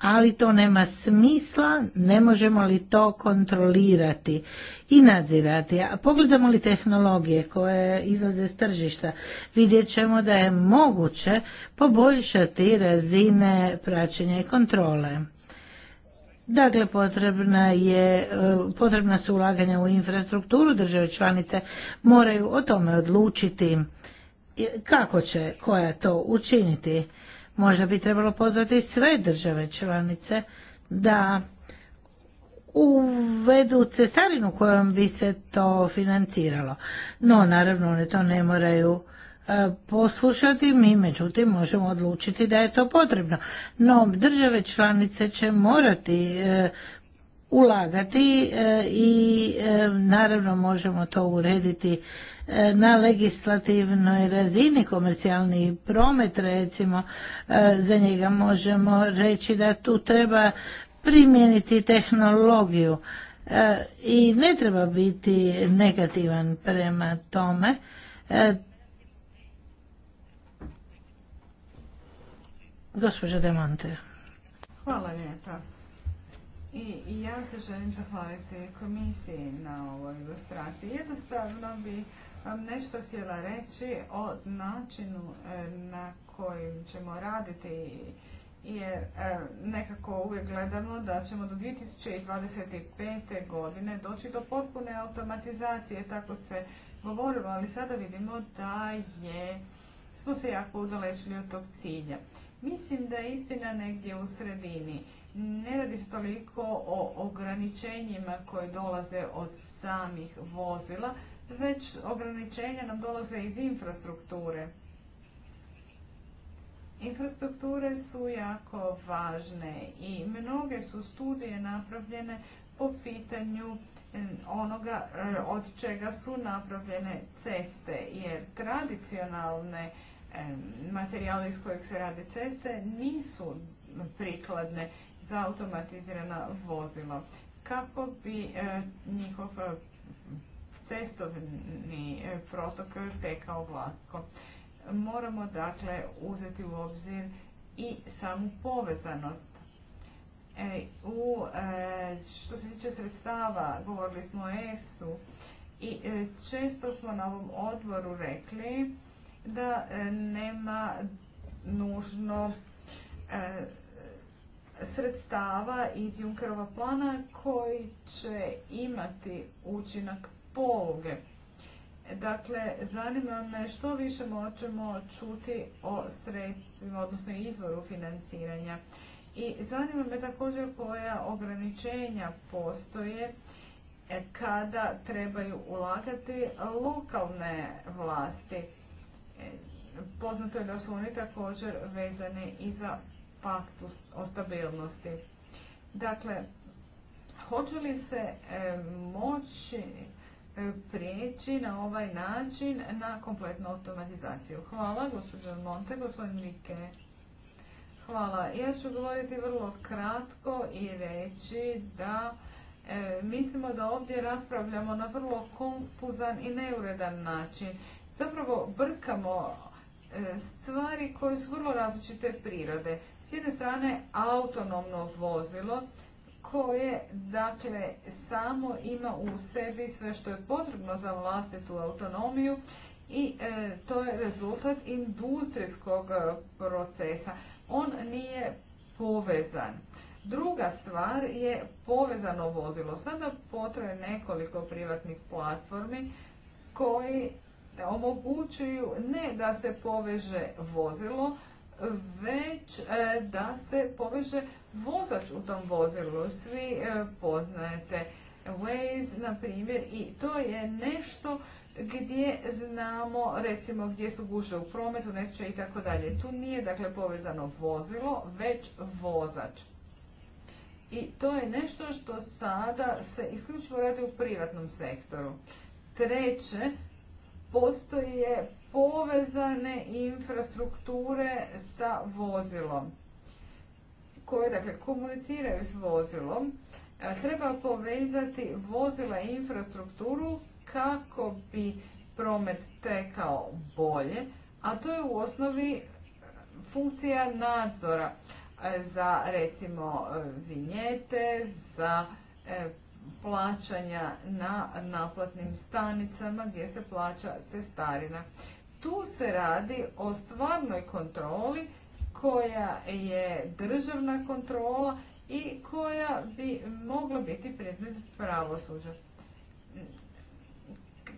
ali to nema smisla, ne možemo li to kontrolirati i nadzirati. A pogledamo li tehnologije koje izlaze s tržišta, vidjet ćemo da je moguće poboljšati razine praćenja i kontrole. Dakle, potrebna, je, potrebna su ulaganja u infrastrukturu, države članice moraju o tome odlučiti kako će koja to učiniti. Možda bi trebalo pozvati sve države članice da uvedu cestarinu kojom bi se to financiralo. No, naravno, one to ne moraju e, poslušati, mi međutim možemo odlučiti da je to potrebno. No, države članice će morati e, ulagati e, i e, naravno možemo to urediti e, na legislativnoj razini komercijalni promet recimo za njega možemo reći da tu treba primijeniti tehnologiju i ne treba biti negativan prema tome gospođo Demonte hvala lijepa i ja se želim zahvaliti komisiji na ovoj ilustraciji. Jednostavno bi vam nešto htjela reći o načinu e, na kojim ćemo raditi jer e, nekako uvijek gledamo da ćemo do 2025. godine doći do potpune automatizacije, tako se govorilo, ali sada vidimo da je, smo se jako udalečili od tog cilja. Mislim da je istina negdje u sredini ne radi se toliko o ograničenjima koje dolaze od samih vozila, već ograničenja nam dolaze iz infrastrukture. Infrastrukture su jako važne i mnoge su studije napravljene po pitanju e, onoga e, od čega su napravljene ceste, jer tradicionalne e, materijale iz kojeg se rade ceste nisu prikladne za automatizirana vozila kako bi e, njihov e, cestovni e, protok tekao glatko. Moramo dakle uzeti u obzir i samu povezanost. u, što se tiče sredstava, govorili smo o EFSU i često smo na ovom odboru rekli da nema nužno sredstava iz Junkerova plana koji će imati učinak poluge. Dakle, zanima me što više moćemo čuti o sredstvima, odnosno izvoru financiranja. I zanima me također koja ograničenja postoje e, kada trebaju ulagati lokalne vlasti. E, poznato je da su oni također vezani i za paktu o stabilnosti. Dakle, hoće li se e, moći e, prijeći na ovaj način na kompletnu automatizaciju? Hvala, gospođo Monte, gospodin Mike. Hvala. Ja ću govoriti vrlo kratko i reći da e, mislimo da ovdje raspravljamo na vrlo konfuzan i neuredan način. Zapravo brkamo E, stvari koje su vrlo različite prirode. S jedne strane autonomno vozilo koje dakle samo ima u sebi sve što je potrebno za vlastitu autonomiju i e, to je rezultat industrijskog e, procesa. On nije povezan. Druga stvar je povezano vozilo. Sada potraje nekoliko privatnih platformi koji omogućuju ne da se poveže vozilo, već e, da se poveže vozač u tom vozilu. Svi e, poznajete Waze, na primjer, i to je nešto gdje znamo, recimo gdje su guše u prometu, nešto i tako dalje. Tu nije dakle povezano vozilo, već vozač. I to je nešto što sada se isključivo radi u privatnom sektoru. Treće, postoje povezane infrastrukture sa vozilom koje dakle, komuniciraju s vozilom. E, treba povezati vozila i infrastrukturu kako bi promet tekao bolje, a to je u osnovi e, funkcija nadzora e, za recimo vinjete, za plaćanja na naplatnim stanicama gdje se plaća cestarina. Tu se radi o stvarnoj kontroli koja je državna kontrola i koja bi mogla biti predmet pravosuđa.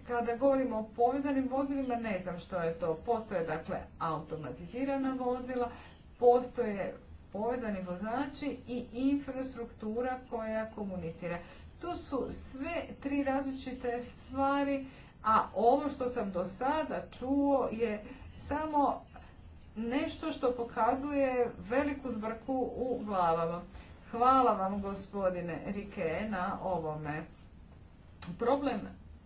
Kada govorimo o povezanim vozilima, ne znam što je to. Postoje dakle automatizirana vozila, postoje povezani vozači i infrastruktura koja komunicira. To su sve tri različite stvari, a ovo što sam do sada čuo je samo nešto što pokazuje veliku zbrku u glavama. Hvala vam gospodine Rike na ovome. Problem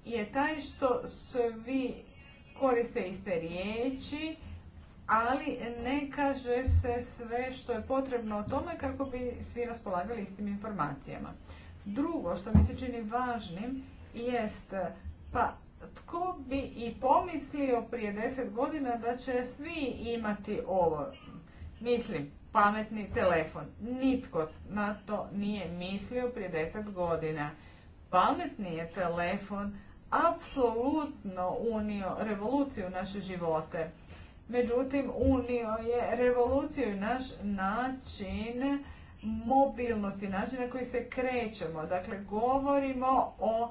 je taj što svi koriste iste riječi, ali ne kaže se sve što je potrebno o tome kako bi svi raspolagali istim informacijama. Drugo što mi se čini važnim jest pa tko bi i pomislio prije deset godina da će svi imati ovo. Mislim, pametni telefon. Nitko na to nije mislio prije deset godina. Pametni je telefon apsolutno unio revoluciju naše živote. Međutim, unio je revoluciju naš način mobilnosti, način na koji se krećemo. Dakle, govorimo o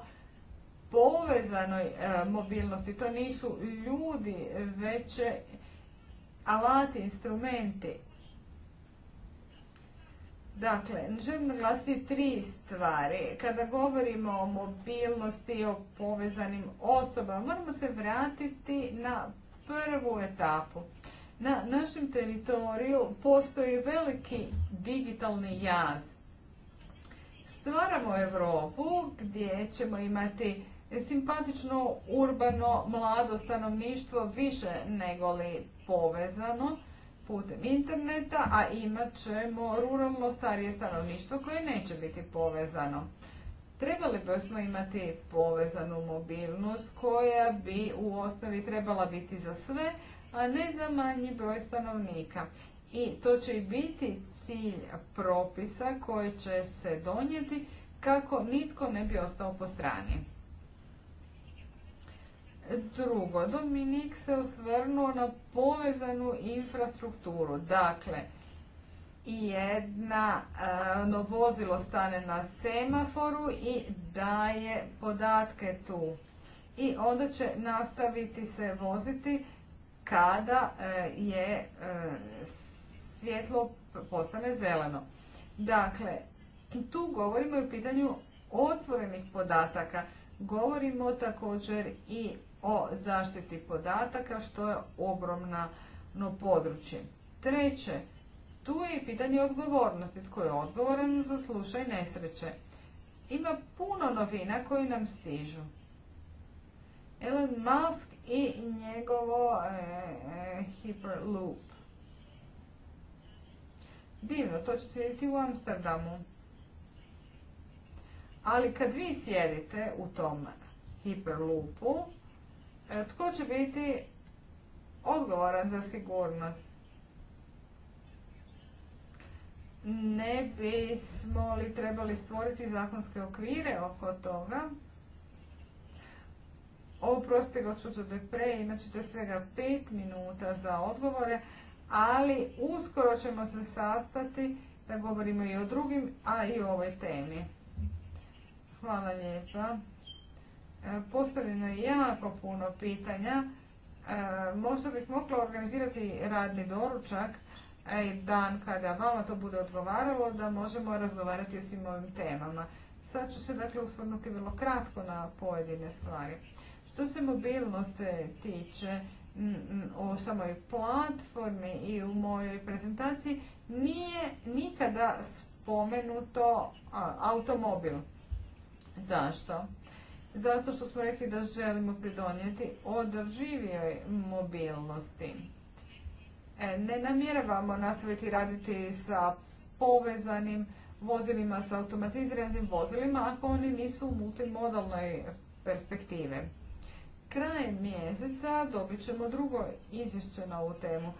povezanoj e, mobilnosti. To nisu ljudi, već e, alati, instrumenti. Dakle, želim naglasiti tri stvari. Kada govorimo o mobilnosti i o povezanim osobama, moramo se vratiti na prvu etapu. Na našem teritoriju postoji veliki digitalni jaz. Stvaramo Europu gdje ćemo imati simpatično, urbano, mlado stanovništvo više nego li povezano putem interneta, a imat ćemo ruralno starije stanovništvo koje neće biti povezano. Trebali smo imati povezanu mobilnost koja bi u osnovi trebala biti za sve, a ne za manji broj stanovnika. I to će i biti cilj propisa koji će se donijeti kako nitko ne bi ostao po strani. Drugo, Dominik se osvrnuo na povezanu infrastrukturu. Dakle, jedna jedno vozilo stane na semaforu i daje podatke tu. I onda će nastaviti se voziti kada e, je e, svjetlo postane zeleno. Dakle, tu govorimo i o pitanju otvorenih podataka. Govorimo također i o zaštiti podataka, što je ogromno područje. Treće, tu je i pitanje odgovornosti. Tko je odgovoran za slušaj nesreće? Ima puno novina koji nam stižu. Elon Musk i njegovo e, e, Hyperloop. Divno, to će se u Amsterdamu. Ali kad vi sjedite u tom Hyperloopu, e, tko će biti odgovoran za sigurnost? Ne bismo li trebali stvoriti zakonske okvire oko toga? Oprosti gospođo Depre, imat ćete svega pet minuta za odgovore, ali uskoro ćemo se sastati da govorimo i o drugim, a i o ovoj temi. Hvala lijepa. E, postavljeno je jako puno pitanja. E, možda bih mogla organizirati radni doručak e, dan kada vama to bude odgovaralo, da možemo razgovarati o svim ovim temama. Sad ću se dakle osvrnuti vrlo kratko na pojedine stvari. Što se mobilnost tiče, o samoj platformi i u mojoj prezentaciji nije nikada spomenuto automobil. Zašto? Zato što smo rekli da želimo pridonijeti održivijoj mobilnosti. E, ne namjeravamo nastaviti raditi sa povezanim vozilima, sa automatiziranim vozilima ako oni nisu u multimodalnoj perspektive. Krajem mjeseca dobit ćemo drugo izvješće na ovu temu.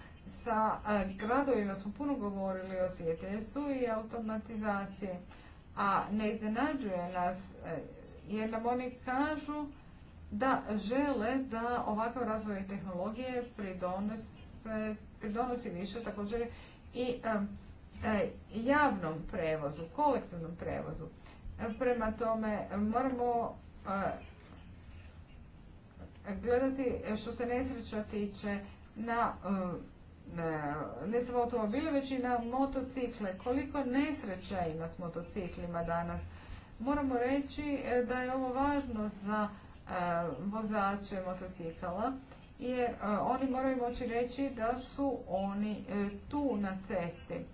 Sa e, gradovima smo puno govorili o CTS-u i automatizacije, a ne iznenađuje nas e, jer nam oni kažu da žele da ovakav razvoj tehnologije pridonosi više također i e, javnom prevozu, kolektivnom prevozu. Prema tome moramo gledati e, što se nesreća tiče e, na ne samo automobile, već i na motocikle. Koliko nesreća ima s motociklima danas? Moramo reći e, da je ovo važno za vozače motocikala, jer oni moraju moći reći da su oni tu na cesti.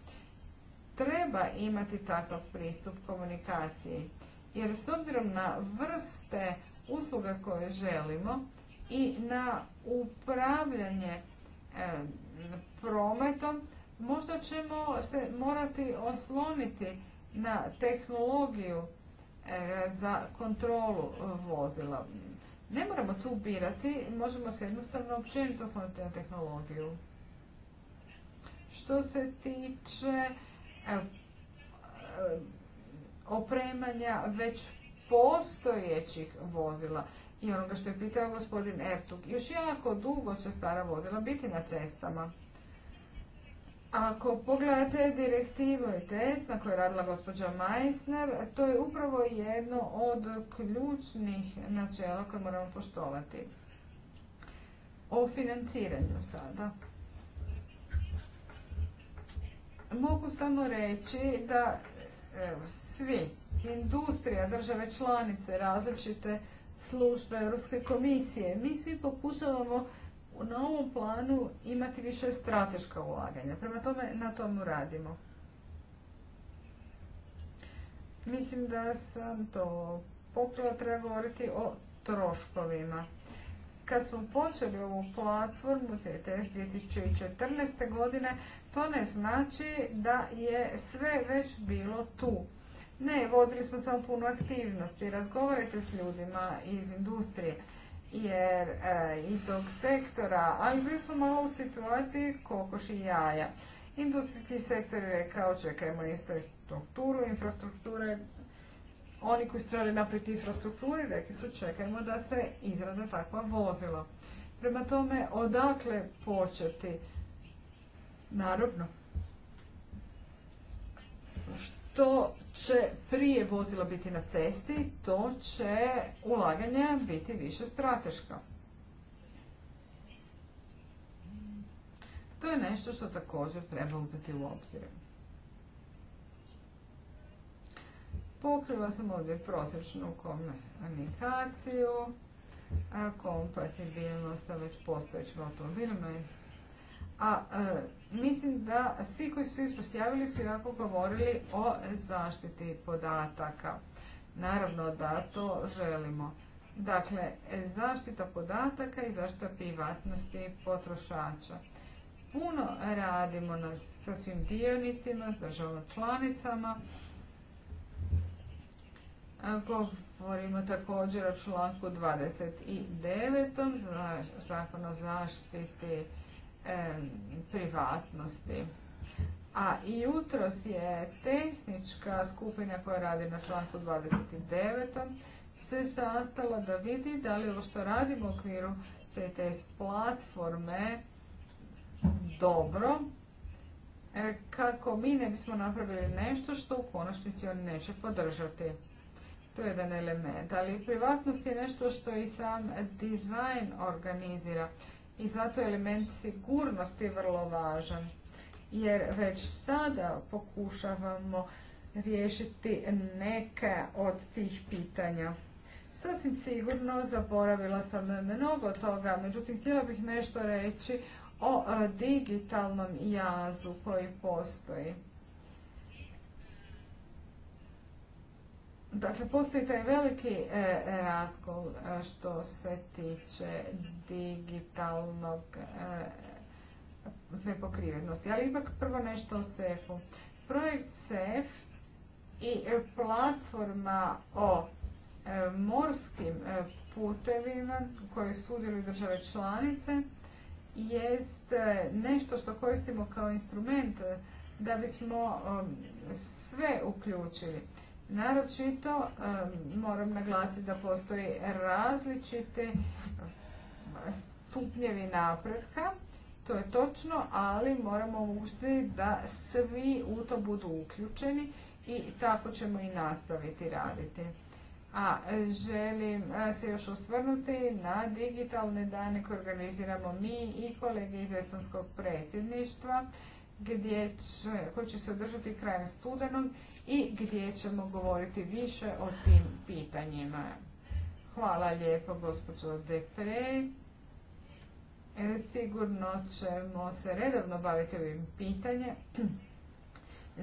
Treba imati takav pristup komunikaciji, jer s obzirom na vrste usluga koje želimo, i na upravljanje e, prometom, možda ćemo se morati osloniti na tehnologiju e, za kontrolu vozila. Ne moramo tu birati, možemo se jednostavno općenito osloniti na tehnologiju. Što se tiče e, opremanja već postojećih vozila i onoga što je pitao gospodin Ertug. Još jako dugo će stara vozila biti na cestama. Ako pogledate direktivu i test na kojoj je radila gospođa Meissner, to je upravo jedno od ključnih načela koje moramo poštovati. O financiranju sada. Mogu samo reći da svi, industrija, države članice, različite službe Europske komisije. Mi svi pokušavamo na ovom planu imati više strateška ulaganja. Prema tome, na tomu radimo. Mislim da sam to pokrila, treba govoriti o troškovima. Kad smo počeli ovu platformu CTS 2014. godine, to ne znači da je sve već bilo tu. Ne, vodili smo samo puno aktivnosti. Razgovarajte s ljudima iz industrije jer e, i tog sektora, ali bili smo malo u situaciji kokoš i jaja. Industrijski sektor je rekao čekajmo isto strukturu, infrastrukture, oni koji su trebali napraviti infrastrukturi rekli su čekajmo da se izrade takva vozila. Prema tome, odakle početi? Naravno, to će prije vozila biti na cesti, to će ulaganje biti više strateška. To je nešto što također treba uzeti u obzir. Pokrila sam ovdje prosječnu komunikaciju, kompatibilnost sa već postojećim automobilima a e, mislim da svi koji su se jutros javili su jako govorili o zaštiti podataka. Naravno da to želimo. Dakle, zaštita podataka i zaštita privatnosti potrošača. Puno radimo sa svim dionicima, s državom članicama. Govorimo također o članku 29. za zakon o zaštiti privatnosti. A i jutros je tehnička skupina koja radi na članku 29. se sastala da vidi da li ovo što radimo u okviru CTS platforme dobro e, kako mi ne bismo napravili nešto što u konačnici on neće podržati. To je jedan element, ali privatnost je nešto što i sam dizajn organizira i zato je element sigurnosti vrlo važan. Jer već sada pokušavamo riješiti neke od tih pitanja. Sasvim sigurno zaboravila sam mnogo toga, međutim htjela bih nešto reći o e, digitalnom jazu koji postoji. Dakle, postoji taj veliki e, raskol što se tiče digitalnog e, sve pokrivenosti. Ali ipak prvo nešto o SEF-u. Projekt SEF i platforma o e, morskim e, putevima koje sudjeluju države članice jest nešto što koristimo kao instrument da bismo sve uključili. Naročito moram naglasiti da postoji različite stupnjevi napretka, to je točno, ali moramo uštiti da svi u to budu uključeni i tako ćemo i nastaviti raditi. A želim se još osvrnuti na digitalne dane koje organiziramo mi i kolege iz Estonskog predsjedništva gdje će, koji će se održati krajem studenog i gdje ćemo govoriti više o tim pitanjima. Hvala lijepo gospođo Depret. E, sigurno ćemo se redovno baviti ovim pitanjem.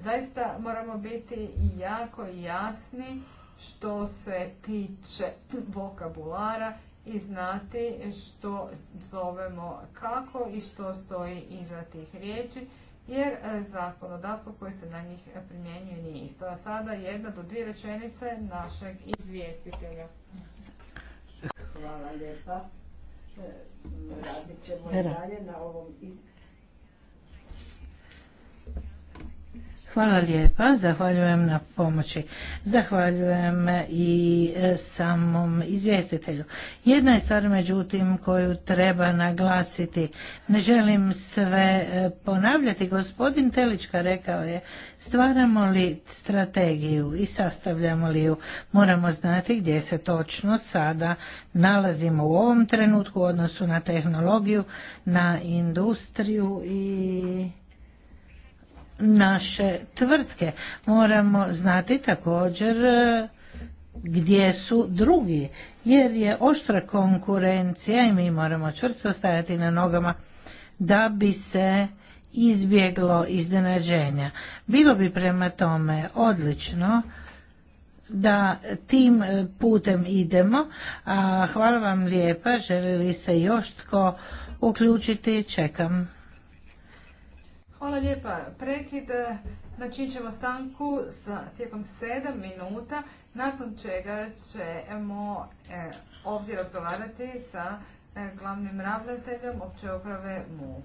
Zaista moramo biti jako jasni što se tiče vokabulara i znati što zovemo kako i što stoji iza tih riječi, jer e, zakonodavstvo koje se na njih primjenjuje nije isto. A sada jedna do dvije rečenice našeg izvjestitelja. Hvala lijepa radit ćemo dalje na ovom Hvala lijepa, zahvaljujem na pomoći. Zahvaljujem i e, samom izvjestitelju. Jedna je stvar međutim koju treba naglasiti. Ne želim sve e, ponavljati. Gospodin Telička rekao je stvaramo li strategiju i sastavljamo li ju. Moramo znati gdje se točno sada nalazimo u ovom trenutku u odnosu na tehnologiju, na industriju i naše tvrtke. Moramo znati također e, gdje su drugi, jer je oštra konkurencija i mi moramo čvrsto stajati na nogama da bi se izbjeglo iznenađenja. Bilo bi prema tome odlično da tim e, putem idemo. A hvala vam lijepa, želi li se još tko uključiti, čekam. Hvala lijepa. Prekid eh, način ćemo stanku sa tijekom 7 minuta, nakon čega ćemo eh, ovdje razgovarati sa eh, glavnim ravnateljem opće uprave MU.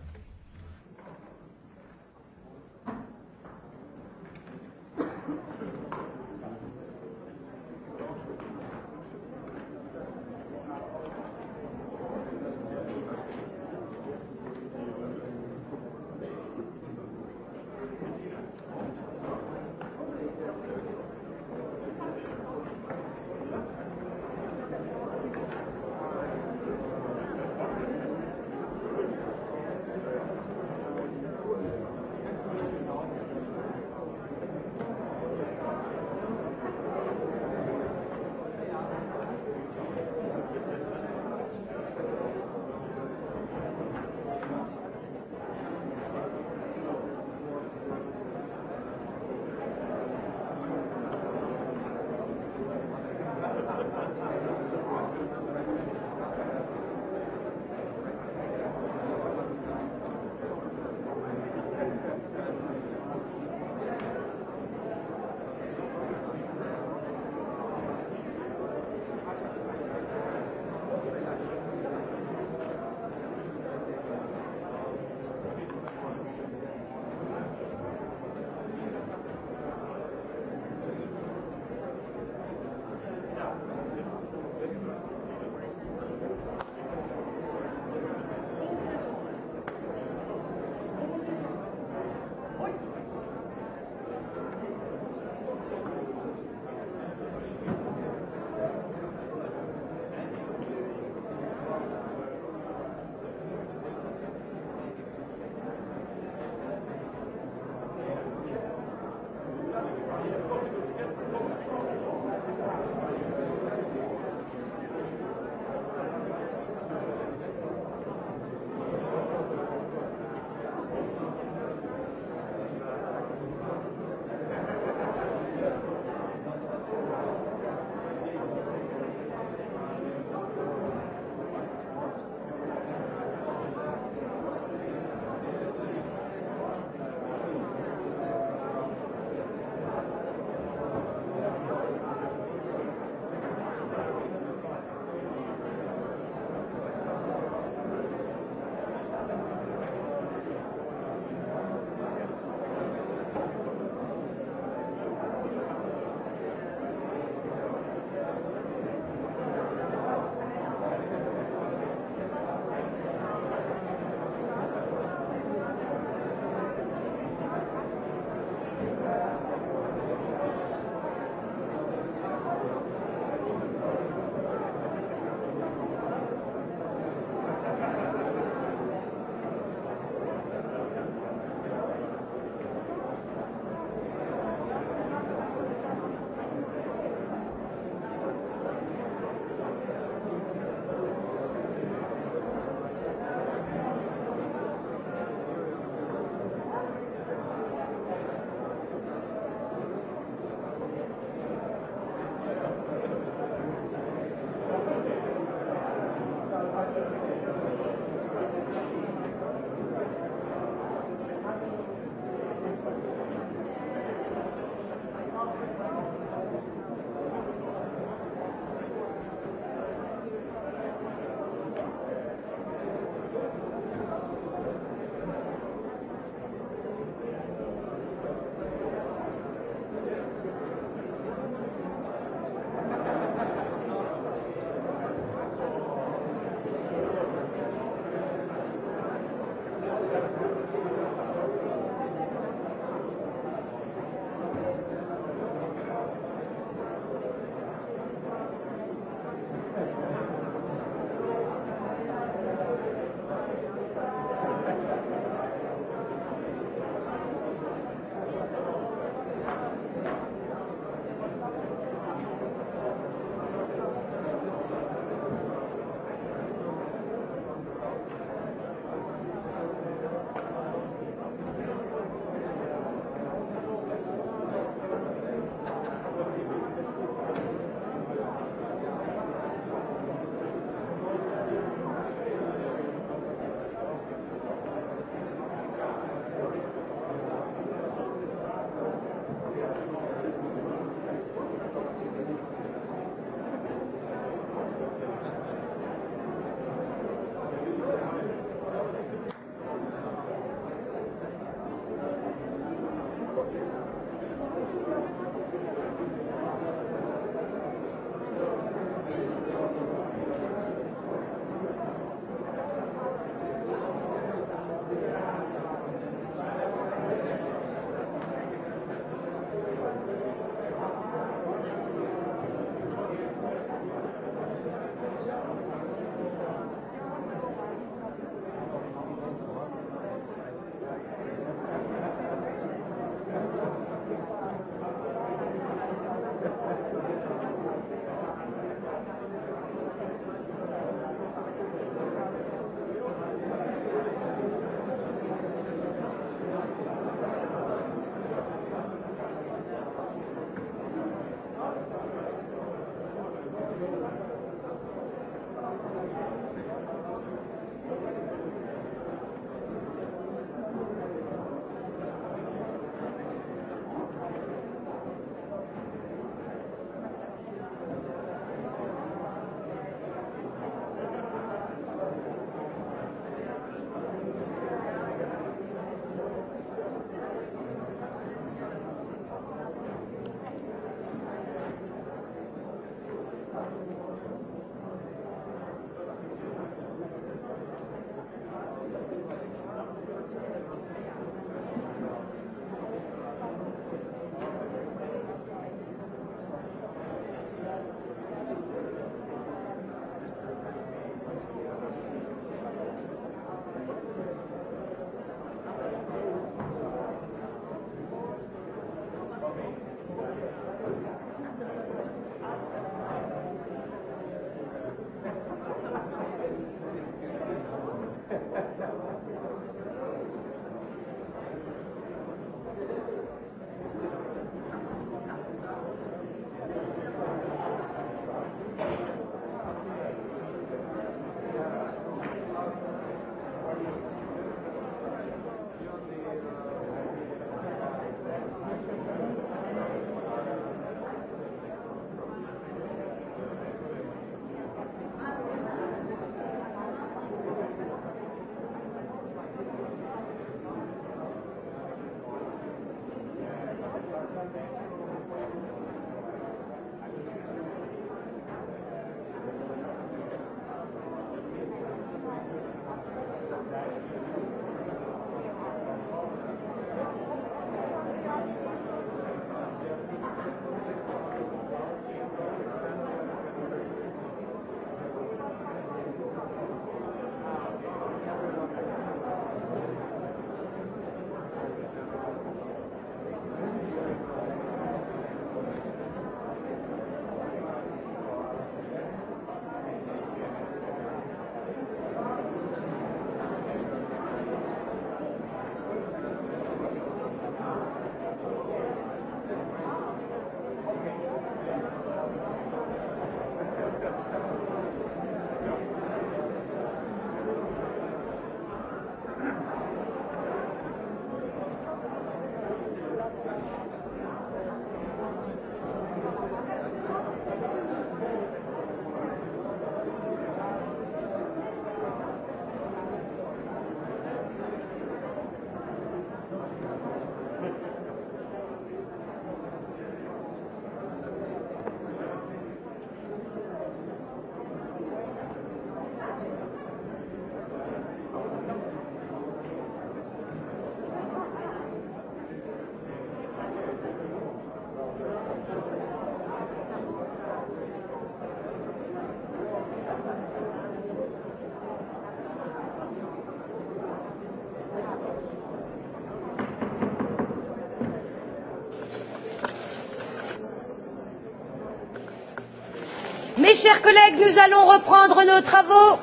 Mes chers collègues, nous allons reprendre nos travaux.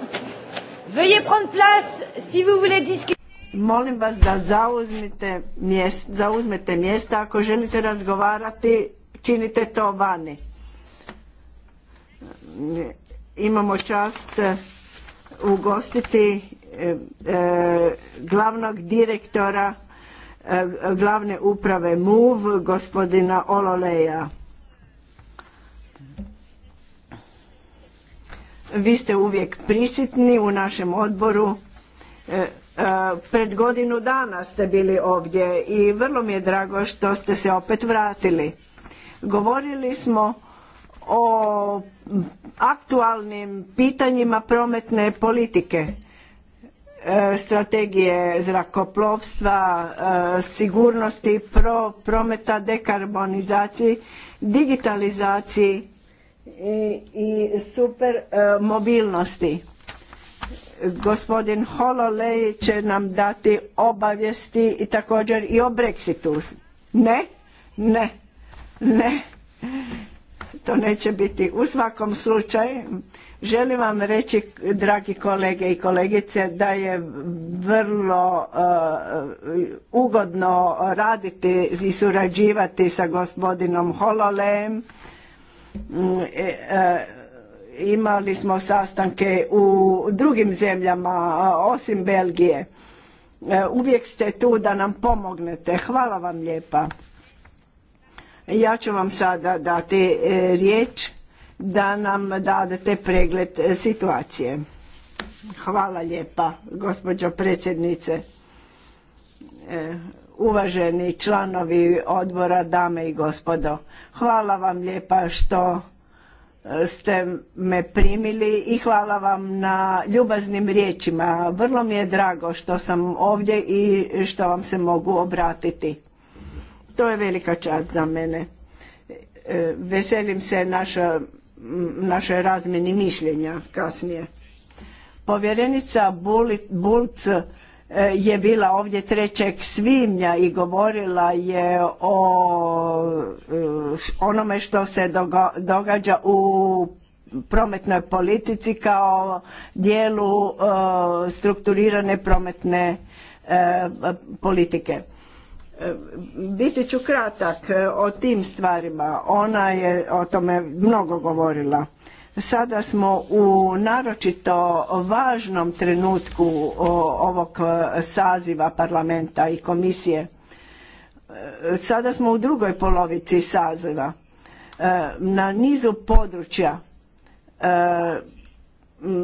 Veuillez prendre place si vous voulez discuter. Molim vas da zauzmete mjesto, zauzmete mjesta. Ako želite razgovarati, činite to vani. Imamo čast eh, ugostiti eh, eh, glavnog direktora glavne uprave MUV, gospodina Ololeja. Vi ste uvijek prisitni u našem odboru. E, e, pred godinu dana ste bili ovdje i vrlo mi je drago što ste se opet vratili. Govorili smo o aktualnim pitanjima prometne politike, e, strategije zrakoplovstva, sigurnosti, prometa, dekarbonizaciji, digitalizaciji i, super e, mobilnosti. Gospodin Hololej će nam dati obavijesti i također i o Brexitu. Ne, ne, ne, to neće biti. U svakom slučaju želim vam reći, dragi kolege i kolegice, da je vrlo e, ugodno raditi i surađivati sa gospodinom Hololejem Mm, e, e, imali smo sastanke u drugim zemljama osim Belgije. E, uvijek ste tu da nam pomognete. Hvala vam lijepa. Ja ću vam sada dati riječ da nam dadete pregled situacije. Hvala lijepa, gospođo predsjednice uvaženi članovi odbora, dame i gospodo. Hvala vam lijepa što e, ste me primili i hvala vam na ljubaznim riječima. Vrlo mi je drago što sam ovdje i što vam se mogu obratiti. To je velika čast za mene. E, veselim se naša, naše razmjeni mišljenja kasnije. Povjerenica Bulc Eh, je bila ovdje 3. svibnja i govorila je o eh, onome što se događa u prometnoj politici kao dijelu eh, strukturirane prometne politike. Biti ću kratak o tim stvarima, ona je o tome mnogo govorila. Sada smo u naročito važnom trenutku ovog e, saziva parlamenta i komisije. E, sada smo u drugoj polovici saziva. E, na nizu područja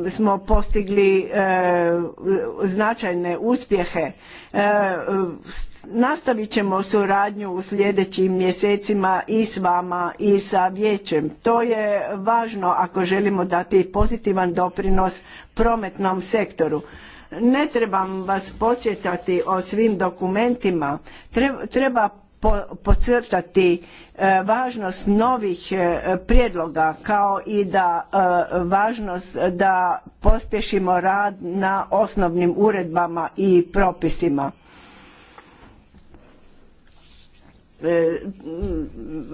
smo postigli e, značajne uspjehe. E, nastavit ćemo suradnju u sljedećim mjesecima i s vama i sa vijećem. To je važno ako želimo dati pozitivan doprinos prometnom sektoru. Ne trebam vas početati o svim dokumentima. Treba podcrtati e, važnost novih e, prijedloga kao i da e, važnost da pospješimo rad na osnovnim uredbama i propisima.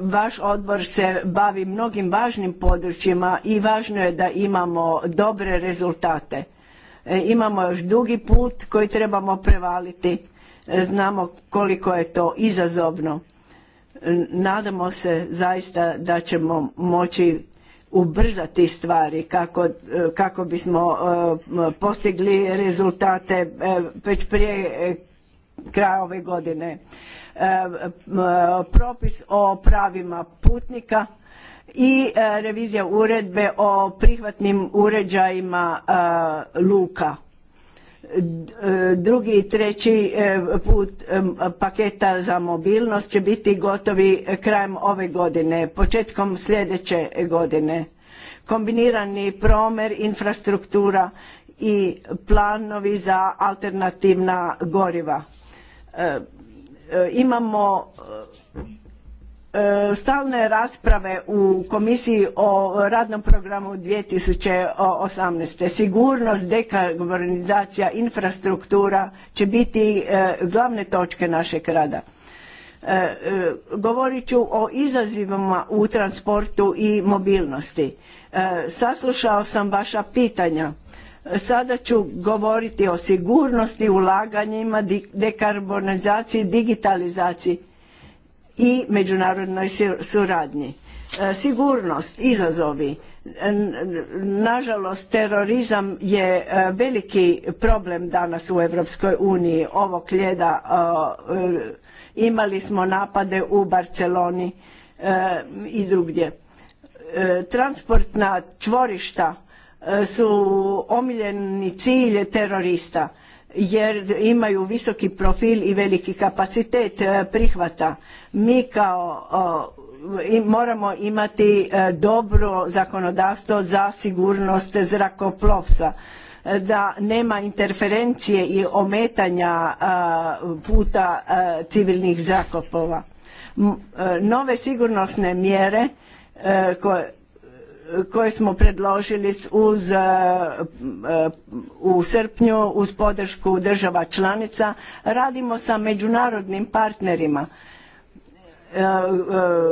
Vaš odbor se bavi mnogim važnim područjima i važno je da imamo dobre rezultate. Imamo još dugi put koji trebamo prevaliti E, znamo koliko je to izazovno. E, nadamo se zaista da ćemo moći ubrzati stvari kako, e, kako bismo postigli rezultate već prije kraja ove godine. Propis o pravima putnika i revizija uredbe o prihvatnim uređajima luka drugi i treći e, put e, paketa za mobilnost će biti gotovi e, krajem ove godine, početkom sljedeće godine. Kombinirani promer, infrastruktura i planovi za alternativna goriva. Imamo E, stalne rasprave u komisiji o radnom programu 2018. Sigurnost, dekarbonizacija, infrastruktura će biti e, glavne točke našeg rada. E, govorit ću o izazivama u transportu i mobilnosti. Saslušao sam vaša pitanja. Sada ću govoriti o sigurnosti, ulaganjima, dekarbonizaciji, digitalizaciji i međunarodnoj suradnji. E, sigurnost, izazovi. E, nažalost, terorizam je e, veliki problem danas u Europskoj uniji. Ovog ljeda imali smo napade u Barceloni i drugdje. Transportna čvorišta su omiljeni cilj terorista jer imaju visoki profil i veliki kapacitet e, prihvata. Mi kao moramo imati e, dobro zakonodavstvo za sigurnost zrakoplovstva e, da nema interferencije i ometanja puta civilnih zrakoplova. nove sigurnosne mjere koje koje smo predložili uz, e, e, u srpnju uz podršku država članica. Radimo sa međunarodnim partnerima. E,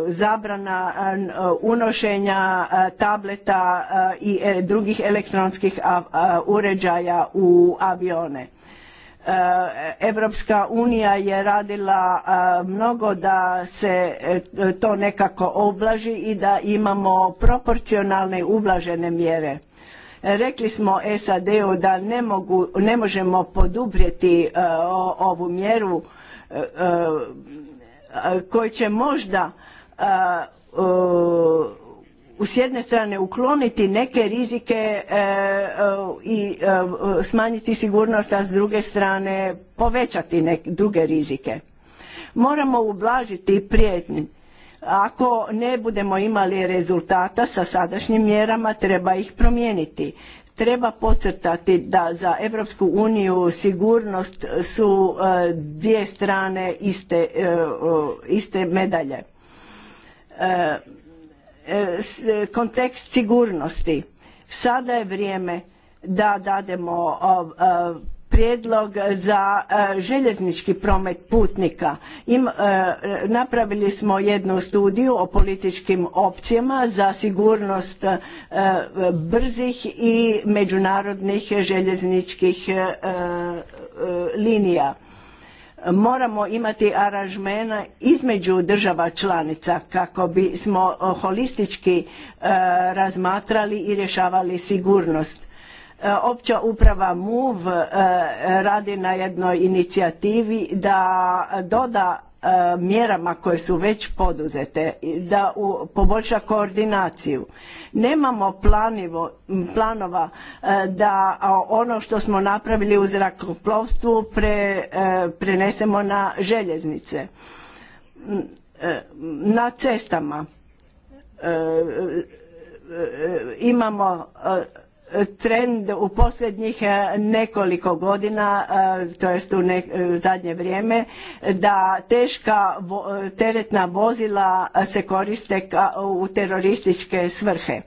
zabrana unošenja tableta i drugih elektronskih uređaja u avione Eh, Evropska unija je radila eh, mnogo da se eh, to nekako oblaži i da imamo proporcionalne ublažene mjere. Rekli smo SAD-u da ne, mogu, možemo poduprijeti ovu mjeru koja će možda s jedne strane ukloniti neke rizike e, e, i e, smanjiti sigurnost, a s druge strane povećati neke druge rizike. Moramo ublažiti prijetnje. Ako ne budemo imali rezultata sa sadašnjim mjerama, treba ih promijeniti. Treba podcrtati da za Europsku uniju sigurnost su dvije strane iste, iste medalje. E, e, kontekst sigurnosti. Sada je vrijeme da dademo e, prijedlog za željeznički promet putnika. napravili smo jednu studiju o političkim opcijama za sigurnost brzih i međunarodnih željezničkih linija moramo imati aranžmena između država članica kako bismo e, holistički e, razmatrali i rješavali sigurnost. E, opća uprava MUV radi na jednoj inicijativi da doda E, mjerama koje su već poduzete da u, poboljša koordinaciju. Nemamo planova e, da ono što smo napravili u zrakoplovstvu e, prenesemo na željeznice, na cestama. Imamo trend u posljednjih e, nekoliko godina, e, to jest u e, zadnje vrijeme, da teška teretna vozila se koriste u terorističke svrhe.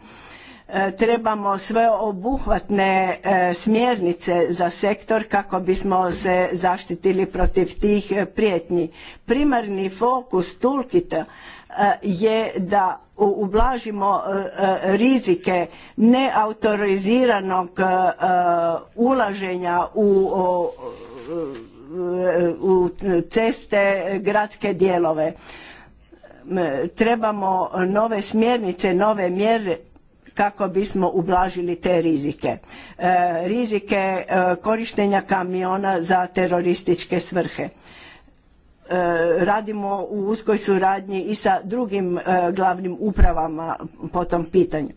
E, trebamo obuhvatne e, smjernice za sektor kako bismo se zaštitili protiv tih e, prijetnji. Primarni fokus tulkita je da ublažimo rizike neautoriziranog ulaženja u, u ceste, gradske dijelove. Trebamo nove smjernice, nove mjere kako bismo ublažili te rizike. E, rizike e, korištenja kamiona za terorističke svrhe. E, radimo u uskoj suradnji i sa drugim glavnim upravama po tom pitanju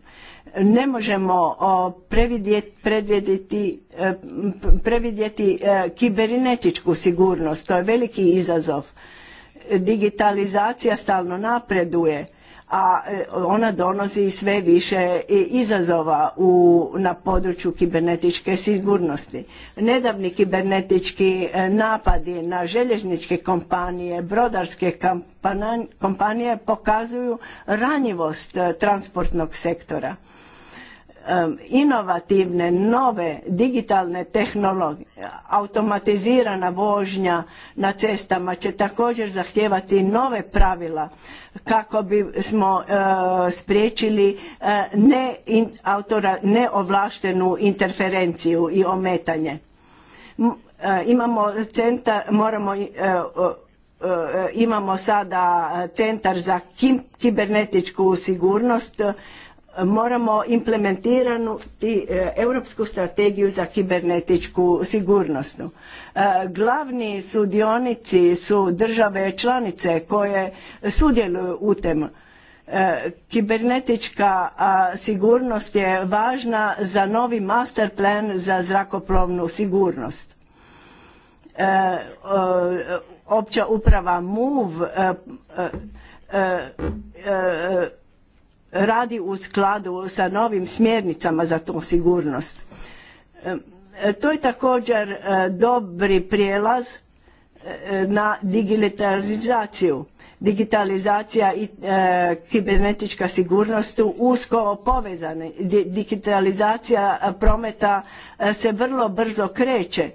ne možemo previdjeti, previdjeti kibernetičku sigurnost. To je veliki izazov. Digitalizacija stalno napreduje a e, ona donosi sve više e, izazova na području kibernetičke sigurnosti. Nedavni kibernetički e, napadi na željezničke kompanije, brodarske kompanije pokazuju ranjivost transportnog sektora inovativne, nove digitalne tehnologije, automatizirana vožnja na cestama će također zahtijevati nove pravila kako bi smo eh, spriječili eh, ne autora, neovlaštenu interferenciju i ometanje. Eh, imamo centar, moramo imamo sada centar za kibernetičku sigurnost moramo implementirati e, europsku strategiju za kibernetičku sigurnost. E, glavni sudionici su države članice koje sudjeluju u tem. E, kibernetička sigurnost je važna za novi master plan za zrakoplovnu sigurnost. Opća uprava MUV radi u skladu sa novim smjernicama za tu sigurnost. E, to je također e, dobri prijelaz e, na digitalizaciju. Digitalizacija i kibernetička sigurnost su usko povezane. Digitalizacija prometa se vrlo brzo kreće.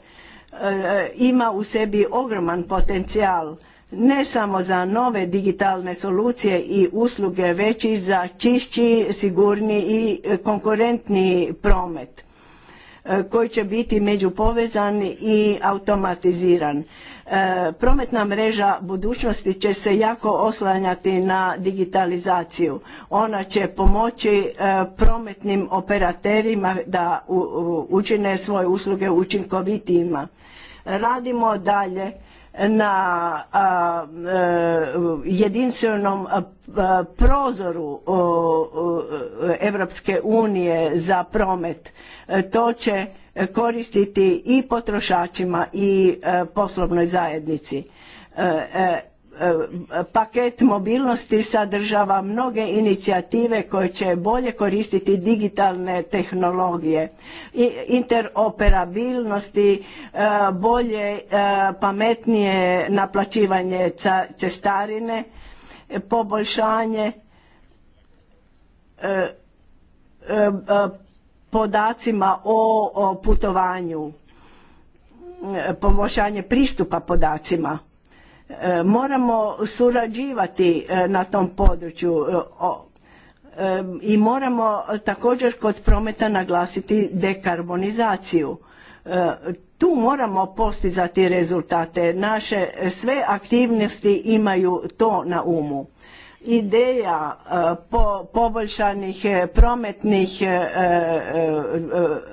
ima u sebi ogroman potencijal ne samo za nove digitalne solucije i usluge, već i za čišći, sigurni i konkurentni promet e, koji će biti međupovezan i automatiziran. E, prometna mreža budućnosti će se jako oslanjati na digitalizaciju. Ona će pomoći e, prometnim operaterima da učine svoje usluge učinkovitijima. Radimo dalje na e, jedinstvenom prozoru Europske unije za promet. E, to će koristiti i potrošačima i e, poslovnoj zajednici. E, paket mobilnosti sadržava mnoge inicijative koje će bolje koristiti digitalne tehnologije, interoperabilnosti, e, bolje, e, pametnije naplaćivanje cestarine, poboljšanje podacima o putovanju, poboljšanje pristupa podacima E, moramo surađivati e, na tom području e, i moramo također kod prometa naglasiti dekarbonizaciju. Tu moramo postizati rezultate. Naše sve aktivnosti imaju to na umu. Ideja poboljšanih prometnih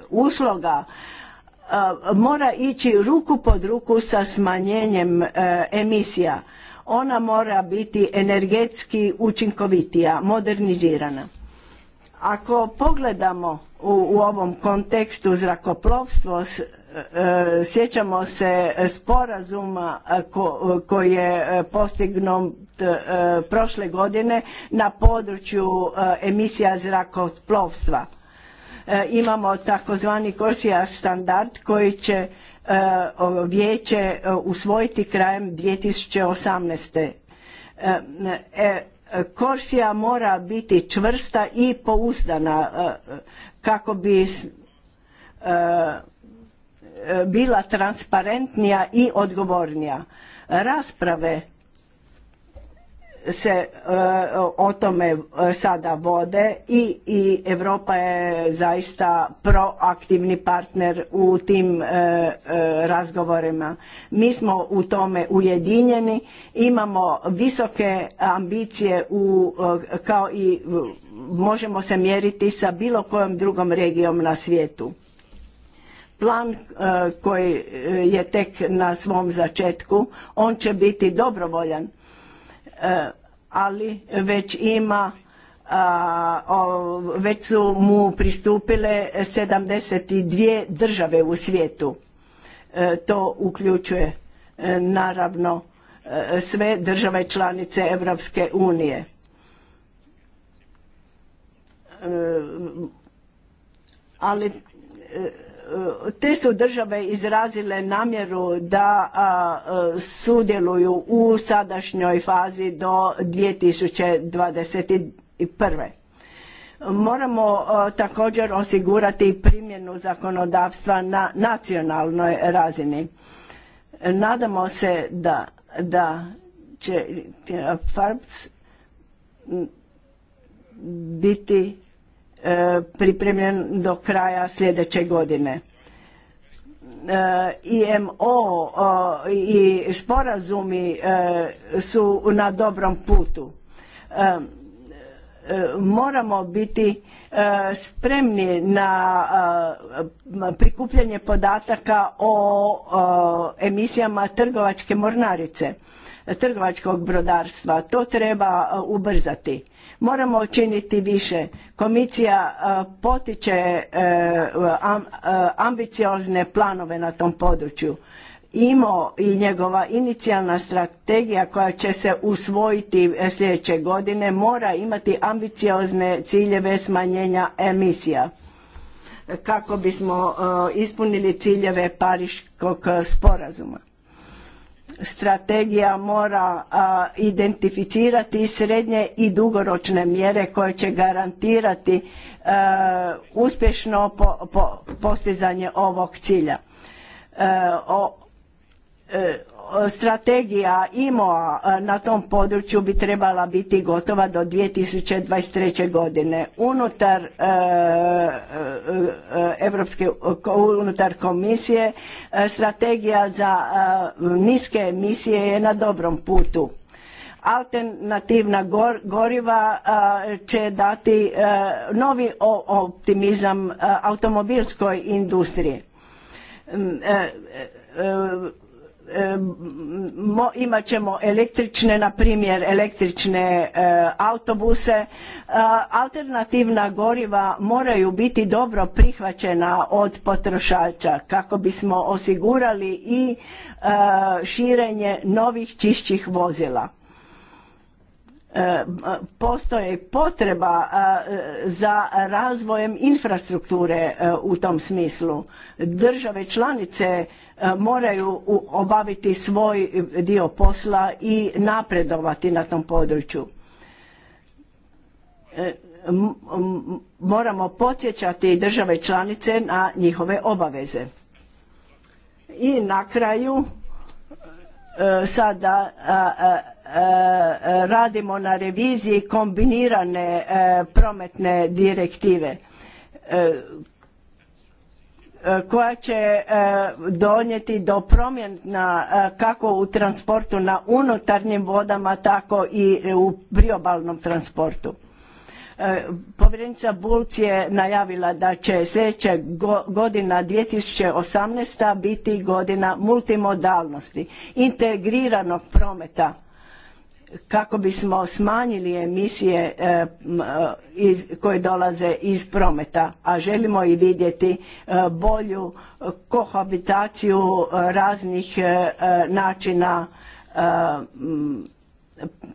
usluga mora ići ruku pod ruku sa smanjenjem e, emisija. Ona mora biti energetski učinkovitija, modernizirana. Ako pogledamo u, ovom kontekstu zrakoplovstvo, e, sjećamo se sporazuma e, koji je postignut prošle godine na području emisija zrakoplovstva E, imamo takozvani Korsija standard koji će e, vijeće e, usvojiti krajem 2018. Korsija mora biti čvrsta i pouzdana kako bi bila transparentnija i odgovornija. Rasprave se e, o tome e, sada vode i, Europa je zaista proaktivni partner u tim e, razgovorima. Mi smo u tome ujedinjeni, imamo visoke ambicije kao i možemo se mjeriti sa bilo kojom drugom regijom na svijetu. Plan koji je tek na svom začetku, on će biti dobrovoljan E, ali već ima već su mu pristupile 72 države u svijetu. E, to uključuje e, naravno sve države članice Europske unije. Ali te su države izrazile namjeru da sudjeluju u sadašnjoj fazi do 2021. Moramo također osigurati primjenu zakonodavstva na nacionalnoj razini. Nadamo se da, da će FARPS biti E, pripremljen do kraja sljedeće godine. E, IMO i sporazumi e, su na dobrom putu. Moramo biti spremni na prikupljanje podataka o emisijama trgovačke mornarice trgovačkog brodarstva. To treba uh, ubrzati. Moramo činiti više. Komisija uh, potiče uh, ambiciozne planove na tom području. IMO i njegova inicijalna strategija koja će se usvojiti sljedeće godine mora imati ambiciozne ciljeve smanjenja emisija kako bismo ispunili ciljeve Pariškog sporazuma. Strategija mora identificirati srednje i dugoročne mjere koje će garantirati e, uspješno postizanje ovog cilja. E, o, e, strategija IMO e, na tom području bi trebala biti gotova do 2023. godine. Unutar e, e, Evropske, unutar komisije strategija za niske emisije je na dobrom putu. Alternativna goriva će dati novi optimizam automobilskoj industriji mm, imat ćemo električne, na primjer električne e, autobuse. E, alternativna goriva moraju biti dobro prihvaćena od potrošača kako bismo osigurali i e, širenje novih čišćih vozila. Postoje potreba za razvojem infrastrukture u tom smislu. Države članice E, moraju obaviti svoj dio posla i napredovati na tom području. E, moramo podsjećati države članice na njihove obaveze. I na kraju e, sada radimo na reviziji kombinirane prometne direktive E, koja će e, donijeti do promjena e, kako u transportu na unutarnjim vodama tako i u priobalnom transportu. Povjerenica Bulc je najavila da će sljedeća godina 2018. biti godina multimodalnosti, integriranog prometa kako bismo smanjili emisije e, e, koje dolaze iz prometa, a želimo i vidjeti e, bolju kohabitaciju raznih načina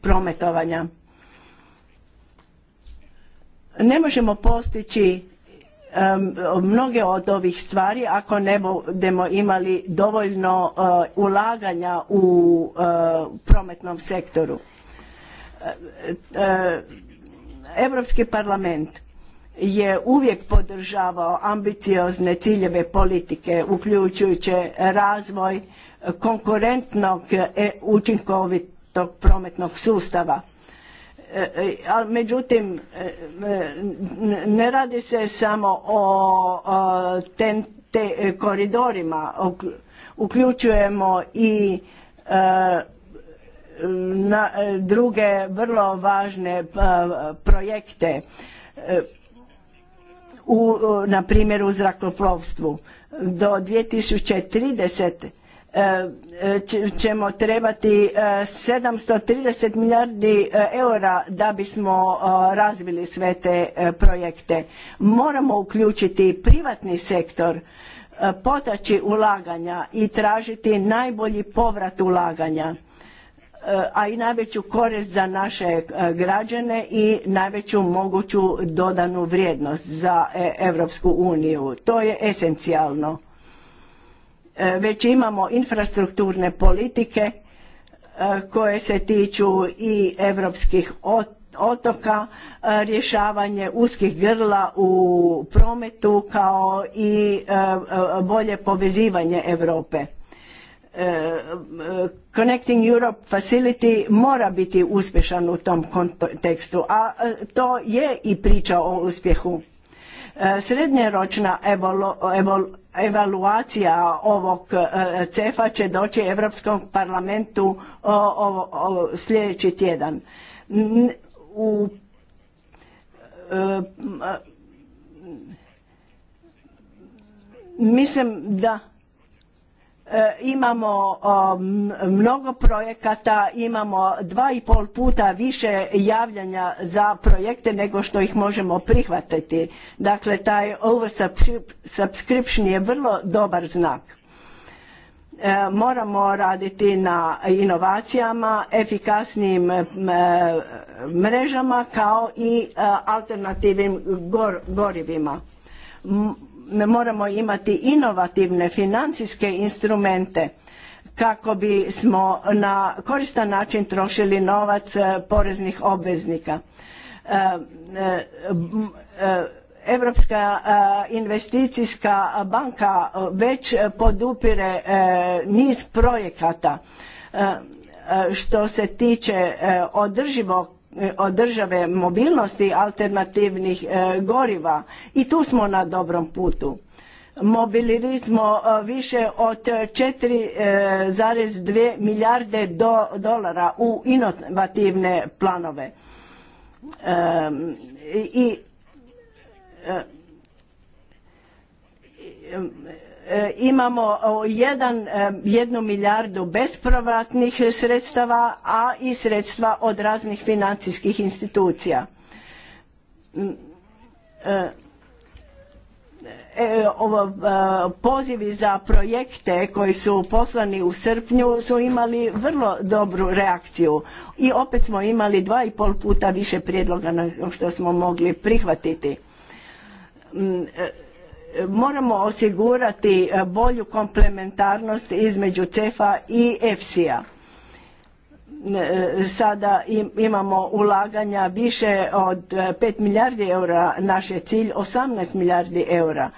prometovanja. Ne možemo postići mnoge od ovih stvari ako ne budemo imali dovoljno e, ulaganja u e, prometnom sektoru. Europski e, parlament je uvijek podržavao ambiciozne ciljeve politike uključujući razvoj konkurentnog učinkovitog prometnog sustava međutim ne radi se samo o ten, te koridorima, uključujemo i e, na druge vrlo važne e, projekte e, u, na primjer u zrakoplovstvu. Do 2030 ćemo trebati 730 e, milijardi e, eura da bismo e, razvili sve te projekte. Moramo uključiti privatni sektor, potaći ulaganja i tražiti najbolji povrat ulaganja a i najveću korist za naše građane i najveću moguću dodanu vrijednost za Europsku uniju. To je esencijalno E, već imamo infrastrukturne politike e, koje se tiču i europskih otoka, e, rješavanje uskih grla u prometu kao i bolje povezivanje Europe. Connecting Europe Facility mora biti uspješan u tom kontekstu, a to je i priča o uspjehu. Srednjeročna evolucija evaluacija ovog e, cefa će doći Europskom parlamentu sljedeći tjedan. U e, mislim da E, imamo mnogo projekata, imamo dva i pol puta više javljanja za projekte nego što ih možemo prihvatiti. Dakle, taj oversubscription je vrlo dobar znak. E, moramo raditi na inovacijama, efikasnim e, mrežama kao i alternativnim gorivima moramo imati inovativne financijske instrumente kako bi smo na koristan način trošili novac e, poreznih obveznika. Europska e, e, investicijska banka već podupire niz projekata što se tiče održivog E, od države mobilnosti alternativnih e, goriva i tu smo na dobrom putu. Mobilili smo e, više od 4,2 milijarde dolara u inovativne planove. I E, imamo e, jedan, e, jednu milijardu bespovratnih sredstava, a i sredstva od raznih financijskih institucija. Mm, pozivi za projekte koji su poslani u srpnju su imali vrlo dobru reakciju i opet smo imali dva i pol puta više prijedloga nego što smo mogli prihvatiti. Mm, moramo osigurati e, bolju komplementarnost između CEFA i EFSI-a. E, sada imamo ulaganja više od 5 e, milijardi eura, naš je cilj 18 milijardi eura.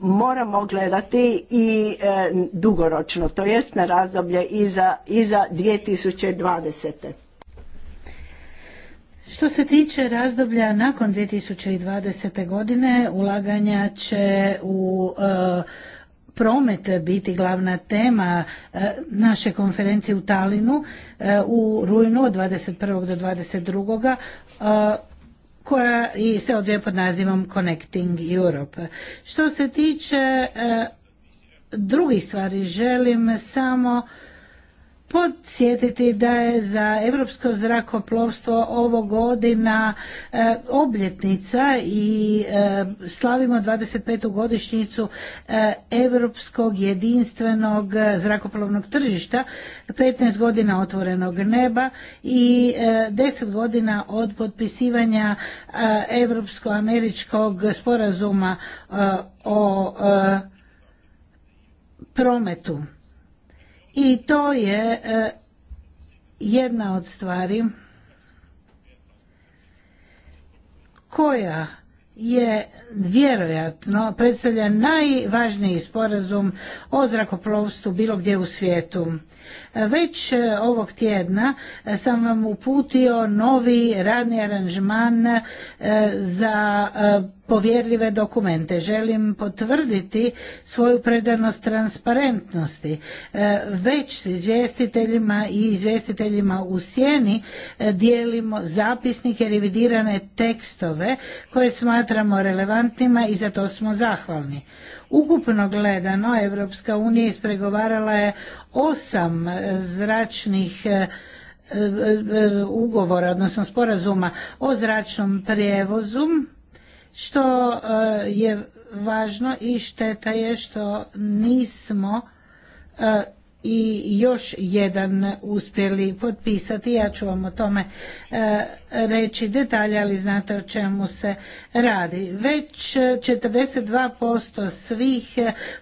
Moramo gledati i dugoročno, to jest na razdoblje iza, iza 2020. Što se tiče razdoblja nakon 2020. godine, ulaganja će u e, promet biti glavna tema e, naše konferencije u Talinu e, u rujnu od 21. do 22 koja i se odvije pod nazivom Connecting Europe. Što se tiče drugih stvari, želim samo podsjetiti da je za europsko zrakoplovstvo ovo godina e, obljetnica i e, slavimo slavimo 25. godišnjicu europskog jedinstvenog zrakoplovnog tržišta 15 godina otvorenog neba i e, deset 10 godina od potpisivanja europsko-američkog sporazuma o prometu i to je e, jedna od stvari koja je vjerojatno predstavlja najvažniji sporazum o zrakoplovstvu bilo gdje u svijetu. Već e, ovog tjedna e, sam vam uputio novi radni aranžman za povjerljive dokumente. Želim potvrditi svoju predanost transparentnosti. E, već s izvjestiteljima i izvjestiteljima u sjeni e, dijelimo zapisnike, revidirane tekstove koje smatramo relevantnima i za to smo zahvalni. Ukupno gledano, Evropska unija ispregovarala je osam e, zračnih ugovora, odnosno sporazuma o zračnom prijevozu što eh, je važno i šteta je što nismo eh, i još jedan uspjeli potpisati. Ja ću vam o tome eh, reći detalje, ali znate o čemu se radi. Već 42% svih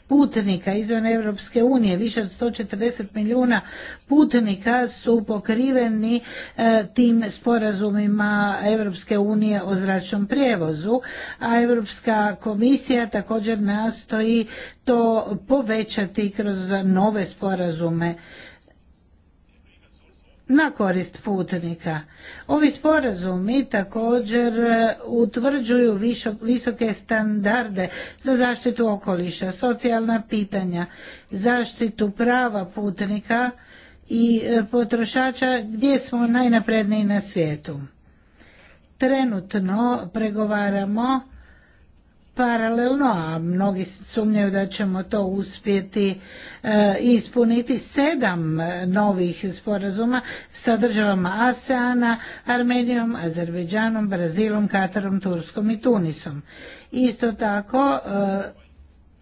putnika izvan Europske unije, više od 140 milijuna putnika su pokriveni e, tim sporazumima Europske unije o zračnom prijevozu, a Europska komisija također nastoji to povećati kroz nove sporazume na korist putnika. Ovi sporazumi također e, utvrđuju visoke standarde za zaštitu okoliša, socijalna pitanja, zaštitu prava putnika i e, potrošača gdje smo najnapredniji na svijetu. Trenutno pregovaramo paralelno, a mnogi sumnjaju da ćemo to uspjeti e, ispuniti, sedam e, novih sporazuma sa državama ASEANA, Armenijom, Azerbejdžanom, Brazilom, Katarom, Turskom i Tunisom. Isto tako e,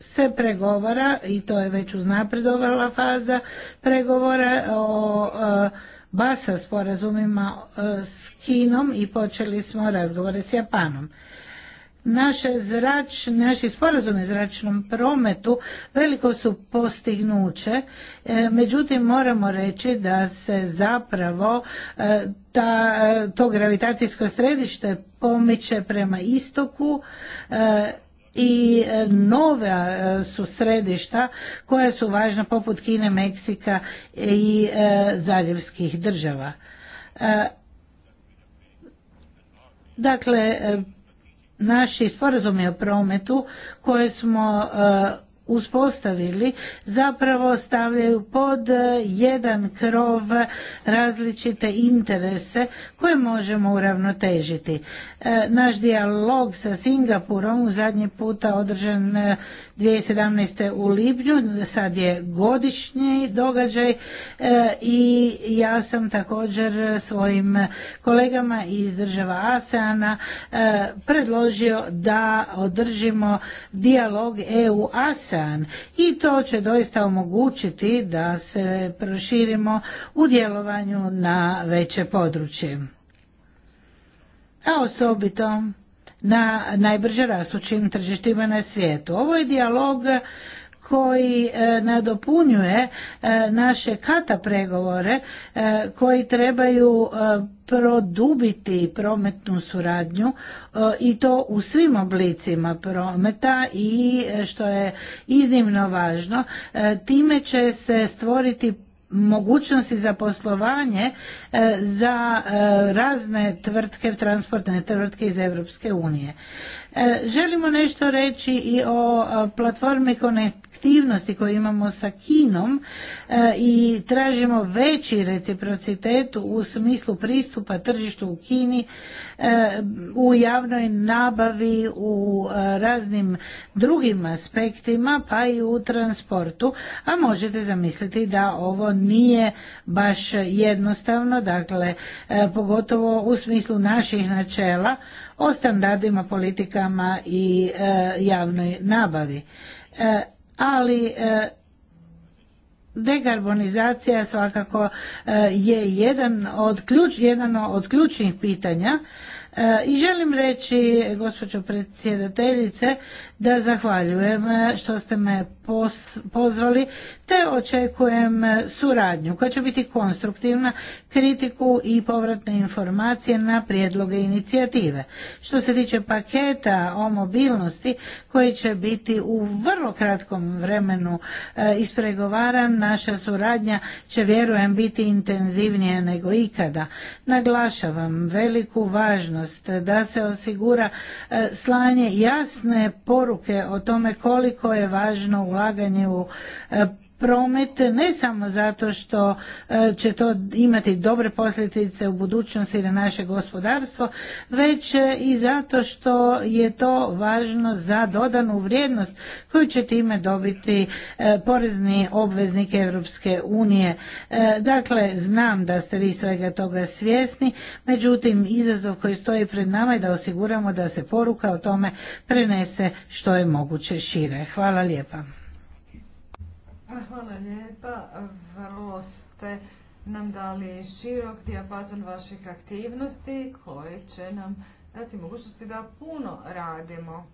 se pregovara i to je već uznapredovala faza pregovora o basa sporazumima s Kinom i počeli smo razgovore s Japanom naše zrač, naši sporazumi zračnom prometu veliko su postignuće, e, međutim moramo reći da se zapravo e, ta, e, to gravitacijsko središte pomiče prema istoku i nova su središta koja su važna poput Kine, Meksika i zaljevskih država. Dakle, naši sporazumi o prometu koje smo e, uspostavili zapravo stavljaju pod e, jedan krov različite interese koje možemo uravnotežiti. E, naš dijalog sa Singapurom u zadnji puta održan 2017. E, u Libnju, sad je godišnji događaj i ja sam također svojim kolegama iz država ASEANA predložio da održimo dijalog EU-ASEAN i to će doista omogućiti da se proširimo u djelovanju na veće područje. A osobito na najbrže rastućim tržištima na svijetu. Ovo je dijalog koji e, nadopunjuje e, naše kata pregovore e, koji trebaju produbiti prometnu suradnju i to u svim oblicima prometa i što je iznimno važno time će se stvoriti mogućnosti za poslovanje za razne tvrtke, transportne tvrtke iz Europske unije. Želimo nešto reći i o platformi Connect aktivnosti koje imamo sa Kinom e, i tražimo veći reciprocitet u smislu pristupa tržištu u Kini, e, u javnoj nabavi, u e, raznim drugim aspektima, pa i u transportu, a možete zamisliti da ovo nije baš jednostavno, dakle pogotovo u smislu naših načela o standardima, politikama i javnoj nabavi ali e, dekarbonizacija svakako e, je jedan od, jedan od ključnih pitanja E, I želim reći, gospođo predsjedateljice, da zahvaljujem e, što ste me pozvali, te očekujem e, suradnju koja će biti konstruktivna, kritiku i povratne informacije na prijedloge inicijative. Što se tiče paketa o mobilnosti, koji će biti u vrlo kratkom vremenu ispregovaran, naša suradnja će vjerujem biti intenzivnija nego ikada. Naglašavam veliku važnost da se osigura e, slanje jasne poruke o tome koliko je važno ulaganje u e, promet ne samo zato što e, će to imati dobre posljedice u budućnosti na naše gospodarstvo, već e, i zato što je to važno za dodanu vrijednost koju će time dobiti e, porezni obveznik Europske unije. Dakle, znam da ste vi svega toga svjesni, međutim izazov koji stoji pred nama je da osiguramo da se poruka o tome prenese što je moguće šire. Hvala lijepa. Hvala lijepa. Vrlo ste nam dali širok dijapazon vaših aktivnosti koje će nam dati mogućnosti da puno radimo.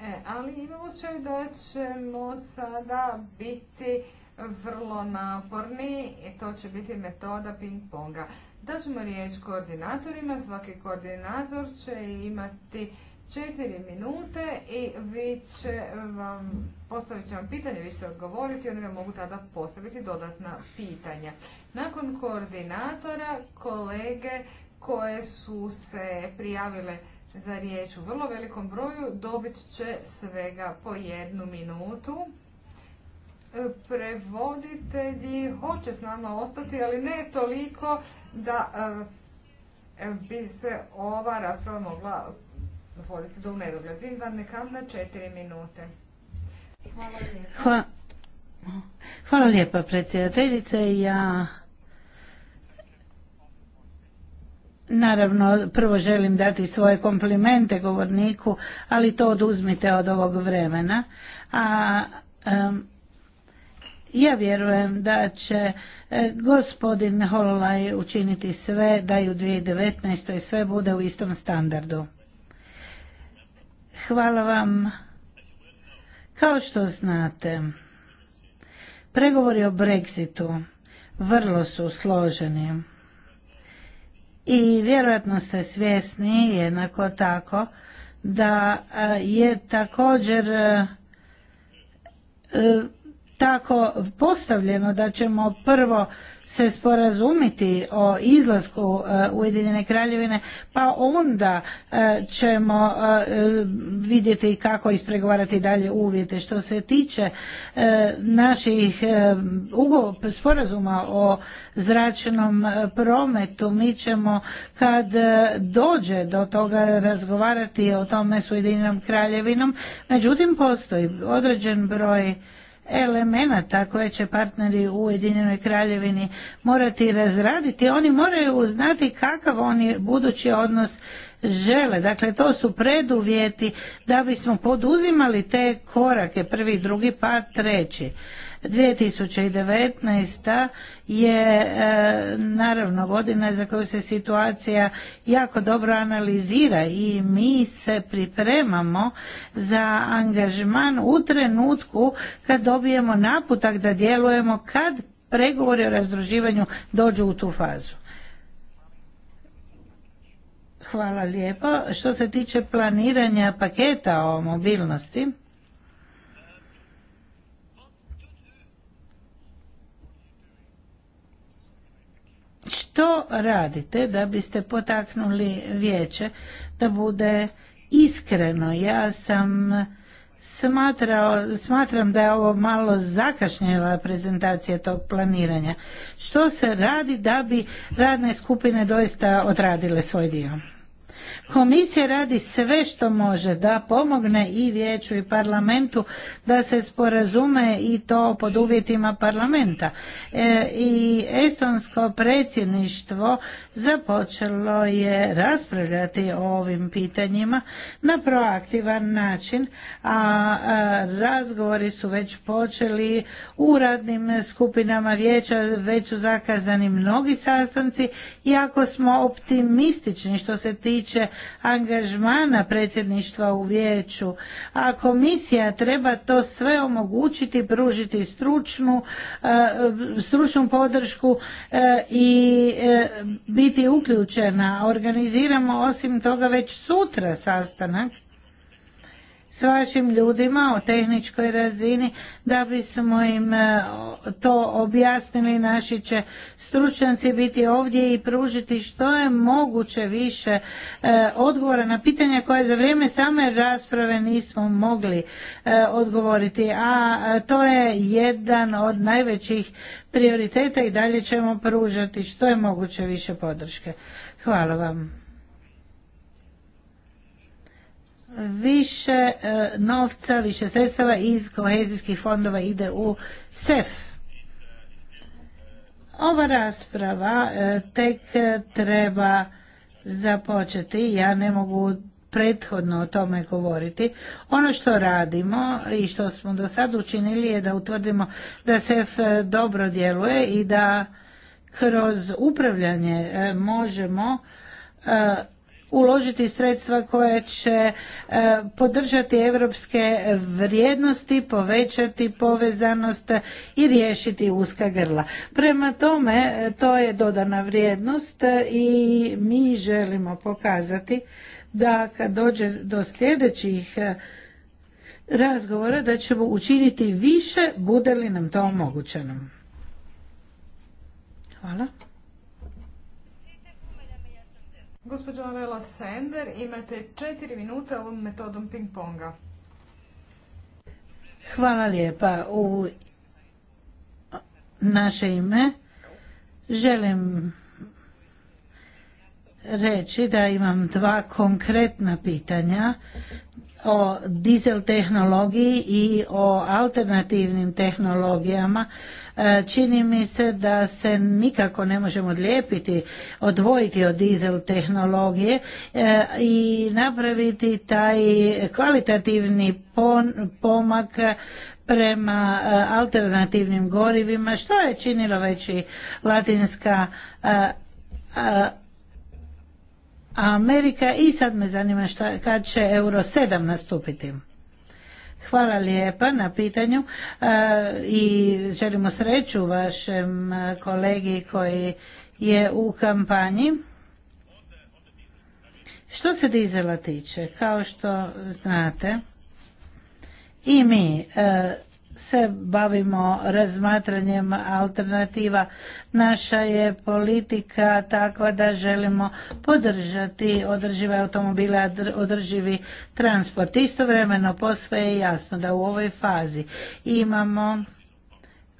E, ali imamo osjećaj da ćemo sada biti vrlo naporni i to će biti metoda ping-ponga. Daćemo riječ koordinatorima, svaki koordinator će imati četiri minute i vi će vam, postavit će vam pitanje, vi ćete odgovoriti, oni vam mogu tada postaviti dodatna pitanja. Nakon koordinatora, kolege koje su se prijavile za riječ u vrlo velikom broju dobit će svega po jednu minutu. E, prevoditelji hoće s nama ostati, ali ne toliko da e, bi se ova rasprava mogla do na četiri minute. Hvala lijepa. predsjedateljice. Ja Naravno, prvo želim dati svoje komplimente govorniku, ali to oduzmite od ovog vremena. A ja vjerujem da će e, gospodin Hololaj učiniti sve da i u 2019. sve bude u istom standardu. Hvala vam. Kao što znate, pregovori o Brexitu vrlo su složeni. I vjerojatno ste svjesni jednako tako da e, je također e, tako postavljeno da ćemo prvo se sporazumiti o izlasku e, Ujedinjene kraljevine, pa onda e, ćemo e, vidjeti kako ispregovarati dalje uvjete. Što se tiče naših sporazuma o zračnom prometu, mi ćemo kad dođe do toga razgovarati o tome s Ujedinjenom kraljevinom, međutim postoji određen broj elemenata koje će partneri u Ujedinjenoj kraljevini morati razraditi. Oni moraju znati kakav oni budući odnos žele. Dakle, to su preduvjeti da bismo poduzimali te korake, prvi, drugi, pa treći. 2019. je e, naravno godina za koju se situacija jako dobro analizira i mi se pripremamo za angažman u trenutku kad dobijemo naputak da djelujemo kad pregovori o razdruživanju dođu u tu fazu. Hvala lijepo. Što se tiče planiranja paketa o mobilnosti, što radite da biste potaknuli vijeće da bude iskreno ja sam smatrao, smatram da je ovo malo zakašnjela prezentacija tog planiranja što se radi da bi radne skupine doista odradile svoj dio Komisija radi sve što može da pomogne i vijeću i parlamentu da se sporazume i to pod uvjetima parlamenta. E, I estonsko predsjedništvo započelo je raspravljati o ovim pitanjima na proaktivan način, a razgovori su već počeli u radnim skupinama vijeća, već su zakazani mnogi sastanci, Iako smo optimistični što se tiče angažmana predsjedništva u vijeću, a komisija treba to sve omogućiti, pružiti stručnu, stručnu podršku e, i e, biti uključena. Organiziramo osim toga već sutra sastanak s vašim ljudima o tehničkoj razini da bismo im e, to objasnili. Naši će stručnjaci biti ovdje i pružiti što je moguće više e, odgovora na pitanja koje za vrijeme same rasprave nismo mogli e, odgovoriti. A to je jedan od najvećih prioriteta i dalje ćemo pružati što je moguće više podrške. Hvala vam. više e, novca, više sredstava iz kohezijskih fondova ide u SEF. Ova rasprava e, tek e, treba započeti, ja ne mogu prethodno o tome govoriti. Ono što radimo i što smo do sad učinili je da utvrdimo da SEF dobro djeluje i da kroz upravljanje možemo uložiti sredstva koja će e, podržati europske vrijednosti, povećati povezanost i riješiti uska grla. Prema tome, to je dodana vrijednost i mi želimo pokazati da kad dođe do sljedećih e, razgovora da ćemo učiniti više bude li nam to omogućeno. Hvala. Gospođo Arela Sender, imate četiri minute ovom metodom ping-ponga. Hvala lijepa. U naše ime želim reći da imam dva konkretna pitanja o dizel tehnologiji i o alternativnim tehnologijama. E, čini mi se da se nikako ne možemo odlijepiti, odvojiti od dizel tehnologije e, i napraviti taj kvalitativni pomak prema e, alternativnim gorivima, što je činila već i Latinska Amerika i sad me zanima šta, kad će Euro 7 nastupiti. Hvala lijepa na pitanju e, i želimo sreću vašem kolegi koji je u kampanji. Što se dizela tiče, kao što znate, i mi e, se bavimo razmatranjem alternativa. Naša je politika takva da želimo podržati održive automobile, održivi transport. Istovremeno posve je jasno da u ovoj fazi imamo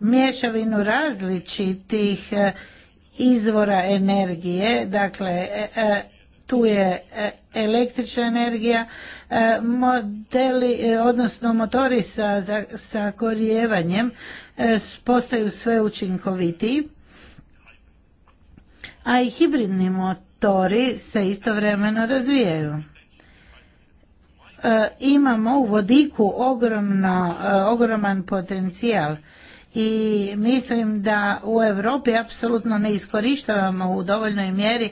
mješavinu različitih e, izvora energije, dakle e, e, tu je e, električna energija, e, modeli, e, odnosno motori sa, sa korijevanjem postaju sve učinkovitiji, a i hibridni motori se istovremeno razvijaju. Imamo u vodiku ogromno, ogroman potencijal i mislim da u Europi apsolutno ne iskorištavamo u dovoljnoj mjeri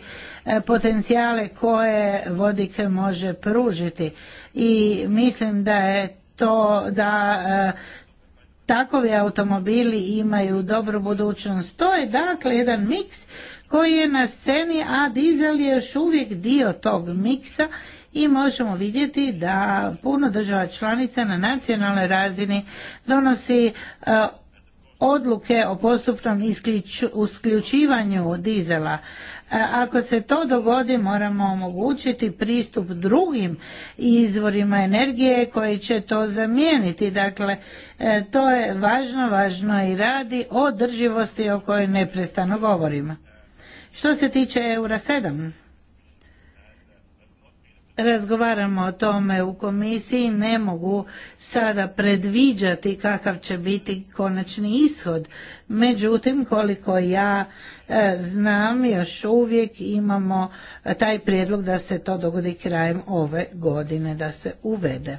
E, potencijale koje vodik može pružiti i mislim da je to da e, takovi automobili imaju dobru budućnost. To je dakle jedan miks koji je na sceni, a dizel je još uvijek dio tog miksa i možemo vidjeti da puno država članica na nacionalnoj razini donosi e, odluke o postupnom isključivanju dizela. E, ako se to dogodi moramo omogućiti pristup drugim izvorima energije koji će to zamijeniti. Dakle, e, to je važno, važno i radi o drživosti o kojoj neprestano govorimo. Što se tiče Eura 7, razgovaramo o tome u komisiji, ne mogu sada predviđati kakav će biti konačni ishod. Međutim, koliko ja e, znam, još uvijek imamo taj prijedlog da se to dogodi krajem ove godine, da se uvede.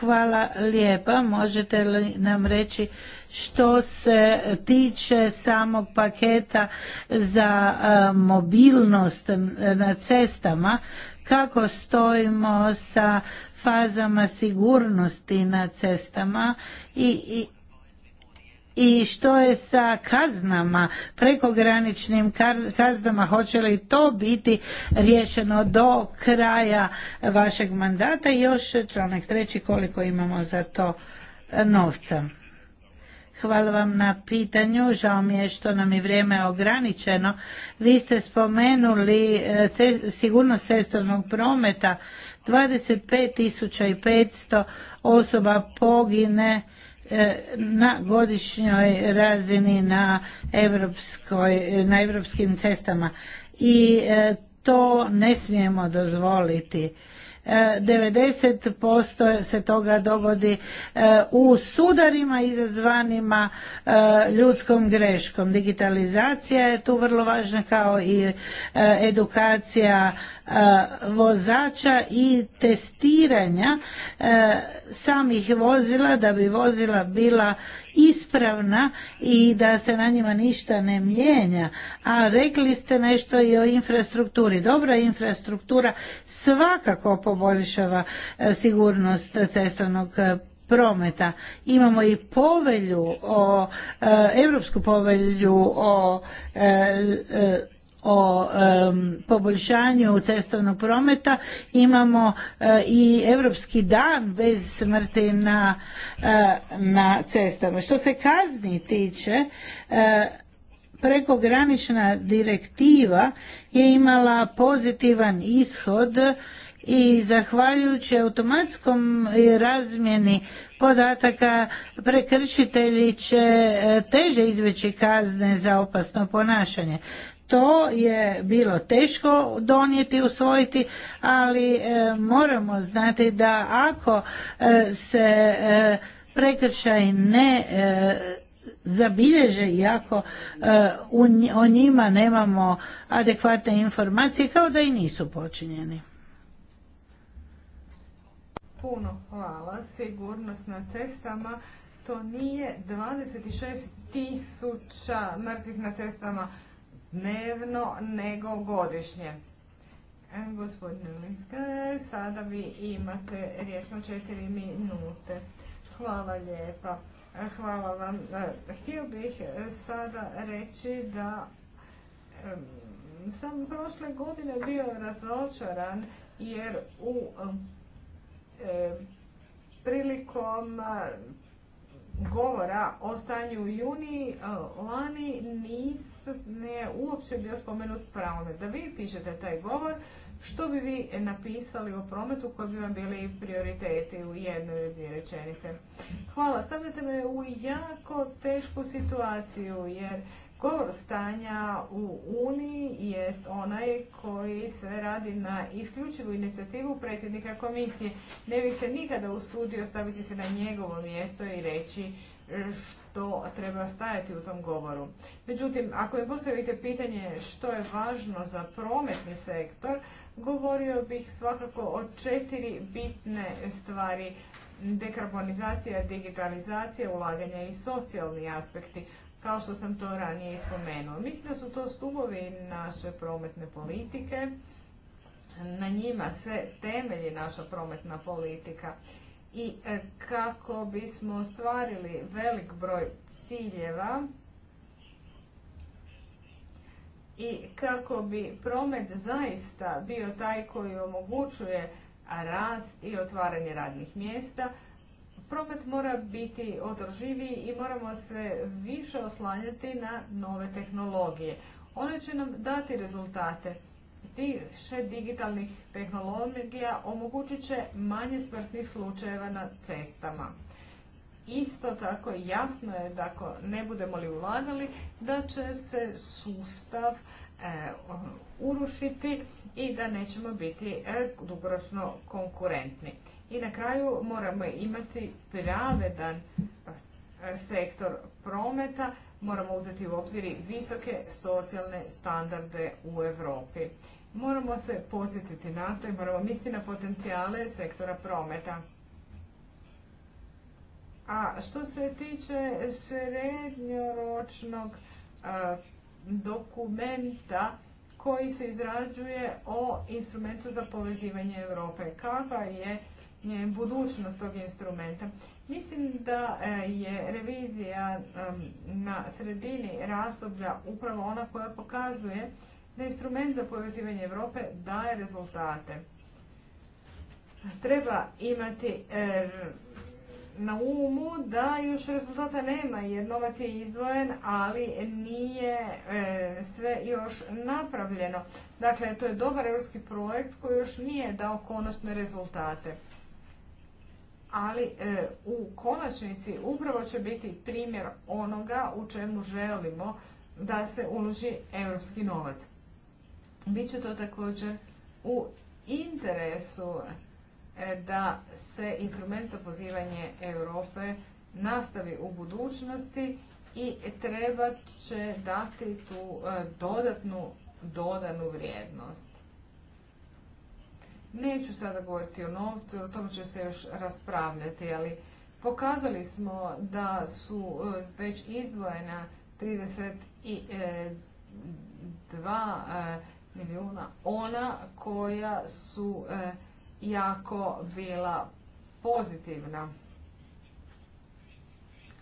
Hvala lijepa. Možete li nam reći što se tiče samog paketa za e, mobilnost na cestama, kako stojimo sa fazama sigurnosti na cestama i, i što je sa kaznama, prekograničnim kaznama, hoće li to biti riješeno do kraja vašeg mandata i još članak treći koliko imamo za to novca. Hvala vam na pitanju. Žao mi je što nam je vrijeme ograničeno. Vi ste spomenuli e, sigurnost cestovnog prometa. 25.500 osoba pogine e, na godišnjoj razini na, na evropskim cestama. I e, to ne smijemo dozvoliti 90% se toga dogodi e, u sudarima izazvanima e, ljudskom greškom. Digitalizacija je tu vrlo važna kao i e, edukacija vozača i testiranja samih vozila da bi vozila bila ispravna i da se na njima ništa ne mijenja. A rekli ste nešto i o infrastrukturi. Dobra infrastruktura svakako poboljšava e, sigurnost cestovnog e, prometa. Imamo i povelju o e, europsku povelju o poboljšanju cestovnog prometa imamo i europski dan bez smrti na, cestama što se kazni tiče prekogranična direktiva je imala pozitivan ishod i zahvaljujući automatskom razmjeni podataka prekršitelji će e, teže izveći kazne za opasno ponašanje. To je bilo teško donijeti, usvojiti, ali e, moramo znati da ako e, se prekršaj ne zabilježe iako eh, o njima nemamo adekvatne informacije kao da i nisu počinjeni. Puno hvala. Sigurnost na cestama to nije 26 tisuća mrtvih na cestama dnevno nego godišnje. Eh, gospodine Linske, sada vi imate riječno četiri minute. Hvala lijepa. E, hvala vam. E, htio bih e, sada reći da sam prošle godine bio razočaran jer u prilikom govora o stanju u juni lani nije uopće bio spomenut pravome. Da vi pišete taj govor, što bi vi napisali o prometu koji bi vam bili prioriteti u jednoj ili dvije rečenice? Hvala, stavljate me u jako tešku situaciju jer Govor stanja u Uniji jest onaj koji se radi na isključivu inicijativu predsjednika komisije. Ne bih se nikada usudio staviti se na njegovo mjesto i reći što treba stajati u tom govoru. Međutim, ako je postavite pitanje što je važno za prometni sektor, govorio bih svakako o četiri bitne stvari dekarbonizacija, digitalizacija, ulaganja i socijalni aspekti kao što sam to ranije spomenuo. Mislim da su to stubovi naše prometne politike, na njima se temelji naša prometna politika i e, kako bismo ostvarili velik broj ciljeva i kako bi promet zaista bio taj koji omogućuje rast i otvaranje radnih mjesta, Promet mora biti održiviji i moramo se više oslanjati na nove tehnologije. One će nam dati rezultate. še digitalnih tehnologija omogućit će manje smrtnih slučajeva na cestama. Isto tako jasno je da ako ne budemo li ulagali da će se sustav e, urušiti i da nećemo biti e, dugoročno konkurentni. I na kraju moramo imati pravedan eh, sektor prometa, moramo uzeti u obzir visoke socijalne standarde u Europi. Moramo se podsjetiti na to i moramo misliti na potencijale sektora prometa. A što se tiče srednjoročnog eh, dokumenta koji se izrađuje o instrumentu za povezivanje Europe, kakva je budućnost tog instrumenta. Mislim da e, je revizija na sredini razdoblja upravo ona koja pokazuje da instrument za povezivanje Europe daje rezultate. Treba imati e, na umu da još rezultata nema jer novac je izdvojen, ali nije e, sve još napravljeno. Dakle, to je dobar europski projekt koji još nije dao konačne rezultate ali e, u konačnici upravo će biti primjer onoga u čemu želimo da se uloži europski novac. Biće to također u interesu e, da se instrument za pozivanje Europe nastavi u budućnosti i treba će dati tu e, dodatnu dodanu vrijednost. Neću sada govoriti o novcu, o tom će se još raspravljati, ali pokazali smo da su e, već izdvojena 32 e, e, milijuna ona koja su jako bila pozitivna.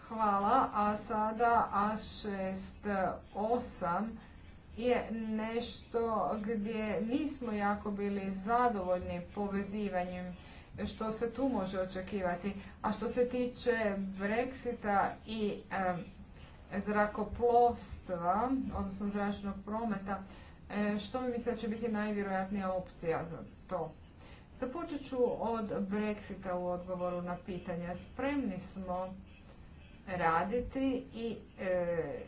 Hvala, a sada A6-8 je nešto gdje nismo jako bili zadovoljni povezivanjem što se tu može očekivati. A što se tiče Brexita i zrakoplovstva, odnosno zračnog prometa, e, što mi mislite da će biti najvjerojatnija opcija za to? Započet ću od Brexita u odgovoru na pitanja. Spremni smo raditi i e,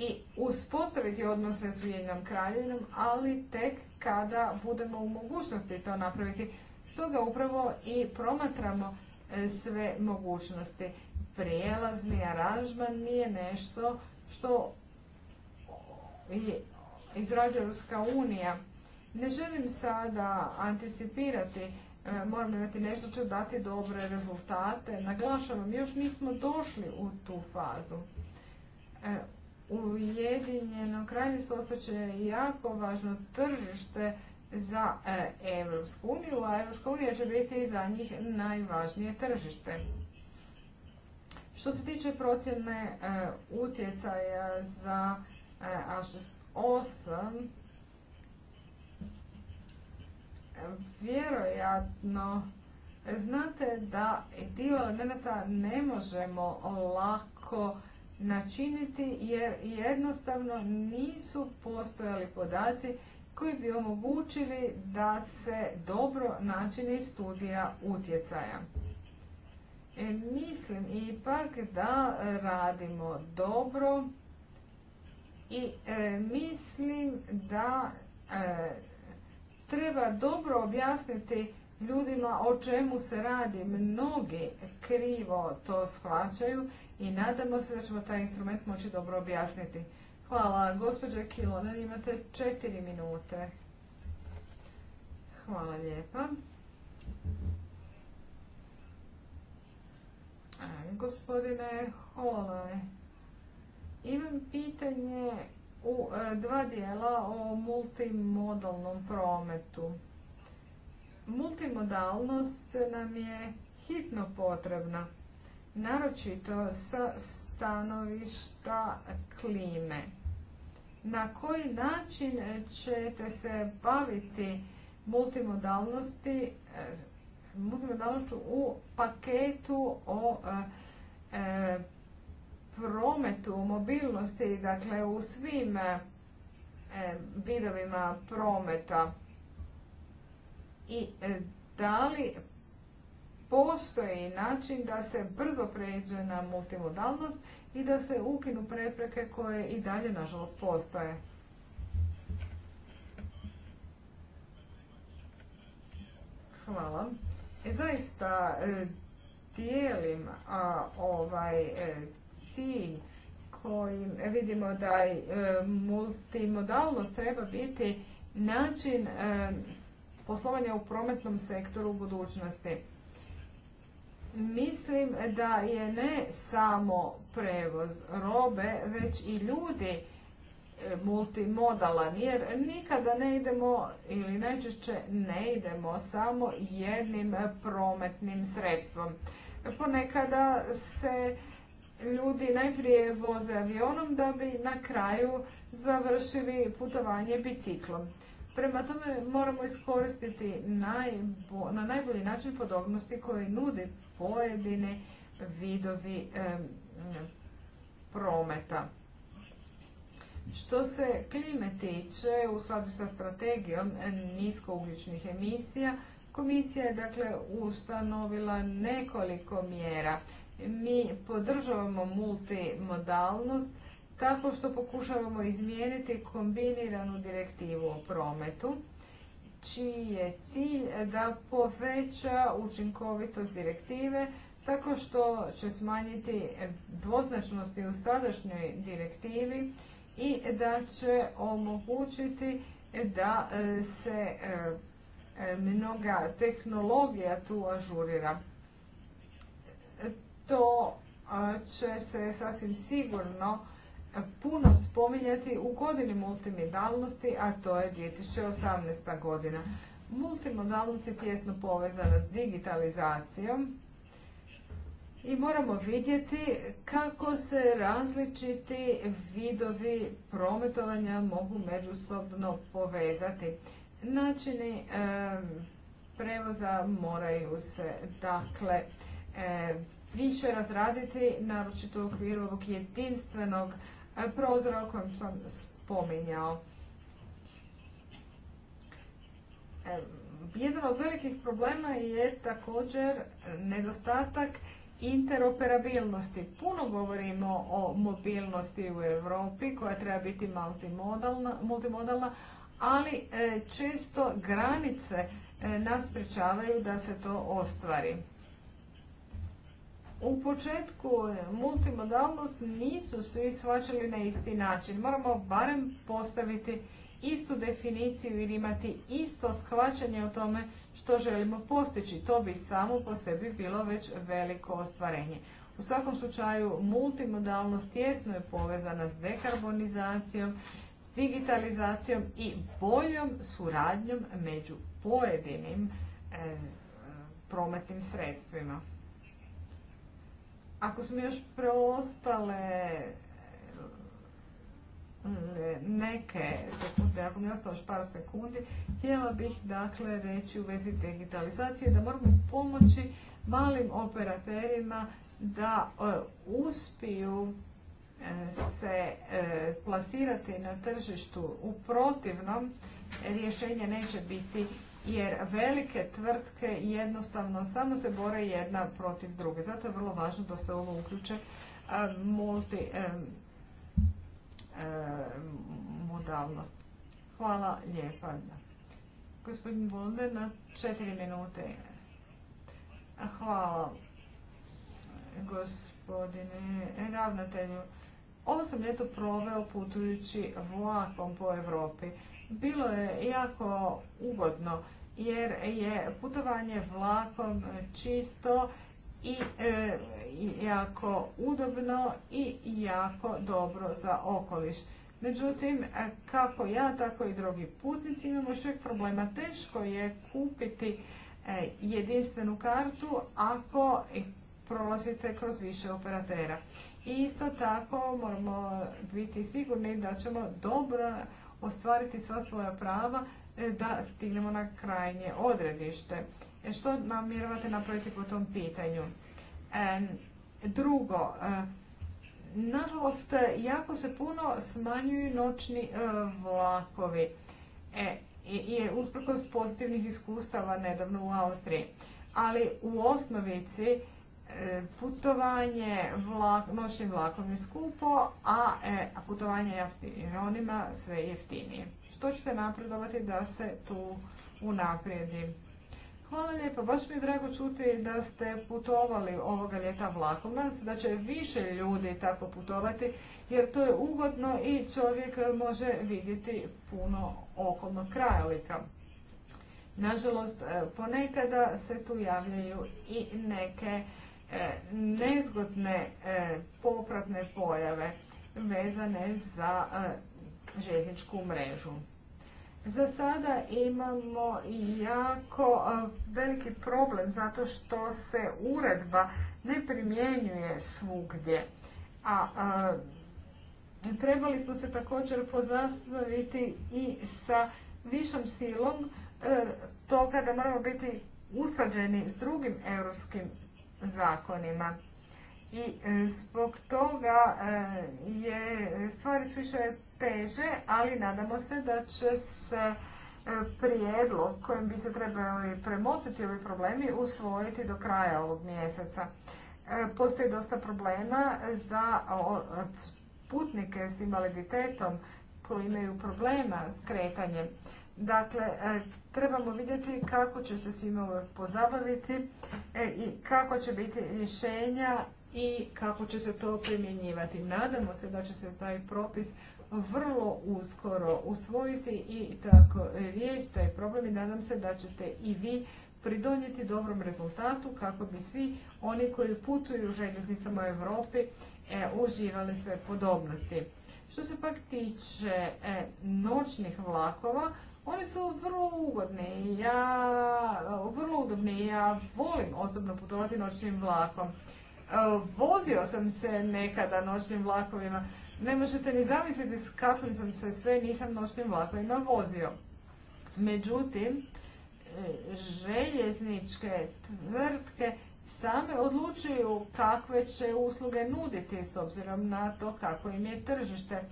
i uspostaviti odnose s Ujedinjenom kraljevinom, ali tek kada budemo u mogućnosti to napraviti. Stoga upravo i promatramo e, sve mogućnosti. Prijelazni aranžman nije nešto što izrađa Ruska unija. Ne želim sada anticipirati, e, moramo imati nešto će dati dobre rezultate. Naglašavam, još nismo došli u tu fazu. E, Ujedinjeno kraljevstvo ostaće jako važno tržište za Europsku uniju, a Europska unija će biti za njih najvažnije tržište. Što se tiče procjene e, utjecaja za e, A68, vjerojatno znate da dio elementa ne možemo lako načiniti jer jednostavno nisu postojali podaci koji bi omogućili da se dobro načini studija utjecaja. E, mislim ipak da radimo dobro i e, mislim da e, treba dobro objasniti ljudima o čemu se radi. Mnogi krivo to shvaćaju i nadamo se da ćemo taj instrument moći dobro objasniti. Hvala. Gospođa Kilonen, imate četiri minute. Hvala lijepa. Gospodine Holaj, imam pitanje u e, dva dijela o multimodalnom prometu. Multimodalnost nam je hitno potrebna naročito sa stanovišta klime. Na koji način ćete se baviti multimodalnosti, eh, u paketu o eh, eh, prometu prometu, mobilnosti, dakle u svim vidovima prometa i da li postoji način da se brzo pređe na multimodalnost i da se ukinu prepreke koje i dalje nažalost postoje. Hvala. E, zaista e, dijelim ovaj e, cilj kojim vidimo da multimodalnost treba biti način poslovanja u prometnom sektoru u budućnosti. Mislim da je ne samo prevoz robe, već i ljudi e, multimodalan, jer nikada ne idemo ili najčešće ne idemo samo jednim prometnim sredstvom. Ponekada se ljudi najprije voze avionom da bi na kraju završili putovanje biciklom. Prema tome moramo iskoristiti na najbolji način podobnosti koje nudi pojedini vidovi prometa. Što se klime tiče, u skladu sa strategijom niskougljičnih emisija, komisija je dakle ustanovila nekoliko mjera. Mi podržavamo multimodalnost tako što pokušavamo izmijeniti kombiniranu direktivu o prometu čiji je cilj da poveća učinkovitost direktive tako što će smanjiti dvoznačnosti u sadašnjoj direktivi i da će omogućiti da e, se e, e, mnoga tehnologija tu ažurira. To će se sasvim sigurno puno spominjati u godini multimodalnosti, a to je 2018. godina. Multimodalnost je tjesno povezana s digitalizacijom i moramo vidjeti kako se različiti vidovi prometovanja mogu međusobno povezati. Načini prevoza moraju se dakle više razraditi, naročito u okviru ovog jedinstvenog E, prozora o kojem sam spominjao. E, jedan od velikih problema je također nedostatak interoperabilnosti. Puno govorimo o mobilnosti u Europi koja treba biti multimodalna, multimodalna ali e, često granice nas pričavaju da se to ostvari. U početku e, multimodalnost nisu svi shvaćali na isti način. Moramo barem postaviti istu definiciju ili imati isto shvaćanje o tome što želimo postići. To bi samo po sebi bilo već veliko ostvarenje. U svakom slučaju multimodalnost tjesno je povezana s dekarbonizacijom, s digitalizacijom i boljom suradnjom među pojedinim e, prometnim sredstvima. Ako smo još preostale neke sekunde, ako mi je ostalo još par sekundi, htjela bih dakle reći u vezi digitalizacije da moramo pomoći malim operaterima da e, uspiju e, se e, plasirati na tržištu. U protivnom, rješenje neće biti jer velike tvrtke jednostavno samo se bore jedna protiv druge. Zato je vrlo važno da se ovo uključe multimodalnost. modalnost. Hvala lijepa. Gospodin Bonde na četiri minute. Hvala gospodine ravnatelju. Ovo sam ljeto proveo putujući vlakom po Europi. Bilo je jako ugodno jer je putovanje vlakom čisto i e, jako udobno i jako dobro za okoliš. Međutim, e, kako ja, tako i drugi putnici imamo još uvijek problema. Teško je kupiti e, jedinstvenu kartu ako prolazite kroz više operatera. isto tako moramo biti sigurni da ćemo dobro ostvariti sva svoja prava e, da stignemo na krajnje odredište. E, što namjeravate napraviti po tom pitanju? E, drugo, nažalost, jako se puno smanjuju noćni vlakovi. E, je usprkos pozitivnih iskustava nedavno u Austriji. Ali u osnovici E, putovanje vlak, noćnim vlakom je skupo, a, e, a putovanje onima sve jeftinije. Što ćete napredovati da se tu unaprijedi? Hvala lijepo, baš mi je drago čuti da ste putovali ovoga ljeta vlakom. da će više ljudi tako putovati jer to je ugodno i čovjek može vidjeti puno okolnog krajolika. Nažalost, e, ponekada se tu javljaju i neke E, nezgodne e, popratne pojave vezane za e, željezničku mrežu. Za sada imamo jako veliki problem zato što se uredba ne primjenjuje svugdje. A, trebali smo se također pozastaviti i sa višom silom toga da moramo biti usklađeni s drugim europskim zakonima. I e, zbog toga e, je stvari su više teže, ali nadamo se da će se e, prijedlog kojim bi se trebali premostiti ovi problemi usvojiti do kraja ovog mjeseca. Postoji dosta problema za putnike s invaliditetom koji imaju problema s kretanjem. Dakle, trebamo vidjeti kako će se svima ovo pozabaviti e, i kako će biti rješenja i kako će se to primjenjivati. Nadamo se da će se taj propis vrlo uskoro usvojiti i tako riječ taj problem i nadam se da ćete i vi pridonijeti dobrom rezultatu kako bi svi oni koji putuju željeznicama u Europi e, uživali sve podobnosti. Što se pak tiče e, noćnih vlakova, oni su vrlo ugodni i ja, vrlo udobni ja volim osobno putovati noćnim vlakom. E, vozio sam se nekada noćnim vlakovima. Ne možete ni zamisliti s kakvim sam se sve nisam noćnim vlakovima vozio. Međutim, e, željezničke tvrtke same odlučuju kakve će usluge nuditi s obzirom na to kako im je tržište.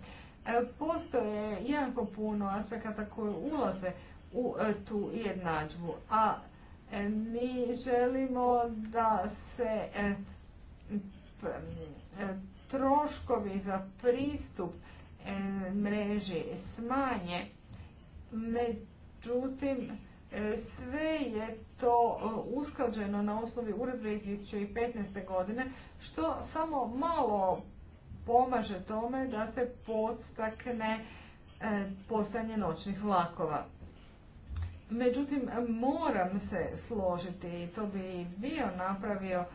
E, postoje jako puno aspekata koji ulaze u e, tu jednadžbu, a e, mi želimo da se troškovi za pristup mreži smanje. Međutim, sve je to usklađeno na osnovi uredbe iz 2015. godine, što samo malo pomaže tome da se podstakne e, postojanje noćnih vlakova. Međutim, moram se složiti i to bi bio napravio e,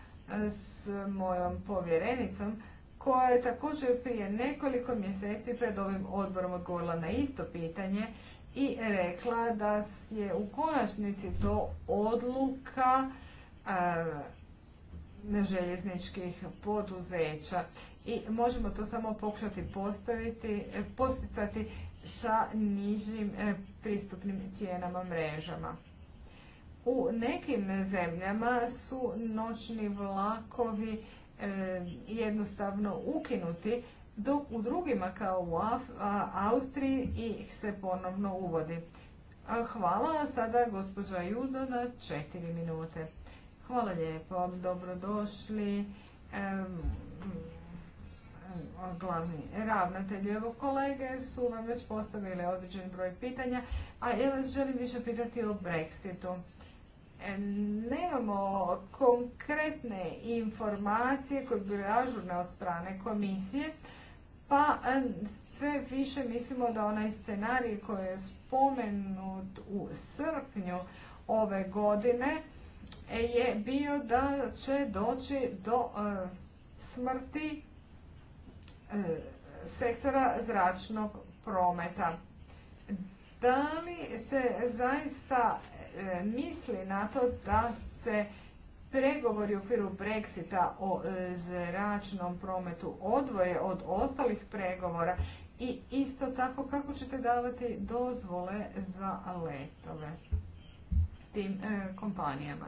s mojom povjerenicom koja je također prije nekoliko mjeseci pred ovim odborom odgovorila na isto pitanje i rekla da je u konačnici to odluka e, željezničkih poduzeća i možemo to samo pokušati postaviti, e, posticati sa nižim e, pristupnim cijenama mrežama. U nekim zemljama su noćni vlakovi e, jednostavno ukinuti, dok u drugima kao u Austriji ih se ponovno uvodi. Hvala, sada gospođa Judo na četiri minute. Hvala lijepo, dobrodošli glavni ravnatelj. Evo kolege su vam već postavile određen broj pitanja, a ja vas želim više pitati o Brexitu. E, nemamo konkretne informacije koje bi bile ažurne od strane komisije, pa e, sve više mislimo da onaj scenarij koji je spomenut u srpnju ove godine e, je bio da će doći do smrti E, sektora zračnog prometa. Da li se zaista e, misli na to da se pregovori u okviru Brexita o e, zračnom prometu odvoje od ostalih pregovora i isto tako kako ćete davati dozvole za letove tim kompanijama.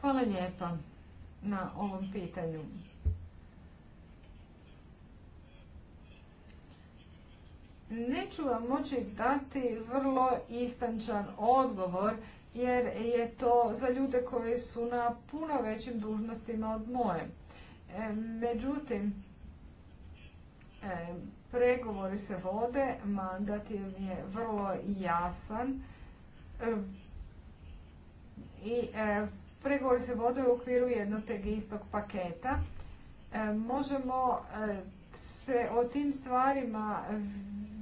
Hvala lijepa na ovom pitanju. Neću vam moći dati vrlo istančan odgovor jer je to za ljude koji su na puno većim dužnostima od moje. E, međutim, e, pregovori se vode, mandat im je vrlo jasan e, i pregovori se vode u okviru jednog istog paketa. Možemo se o tim stvarima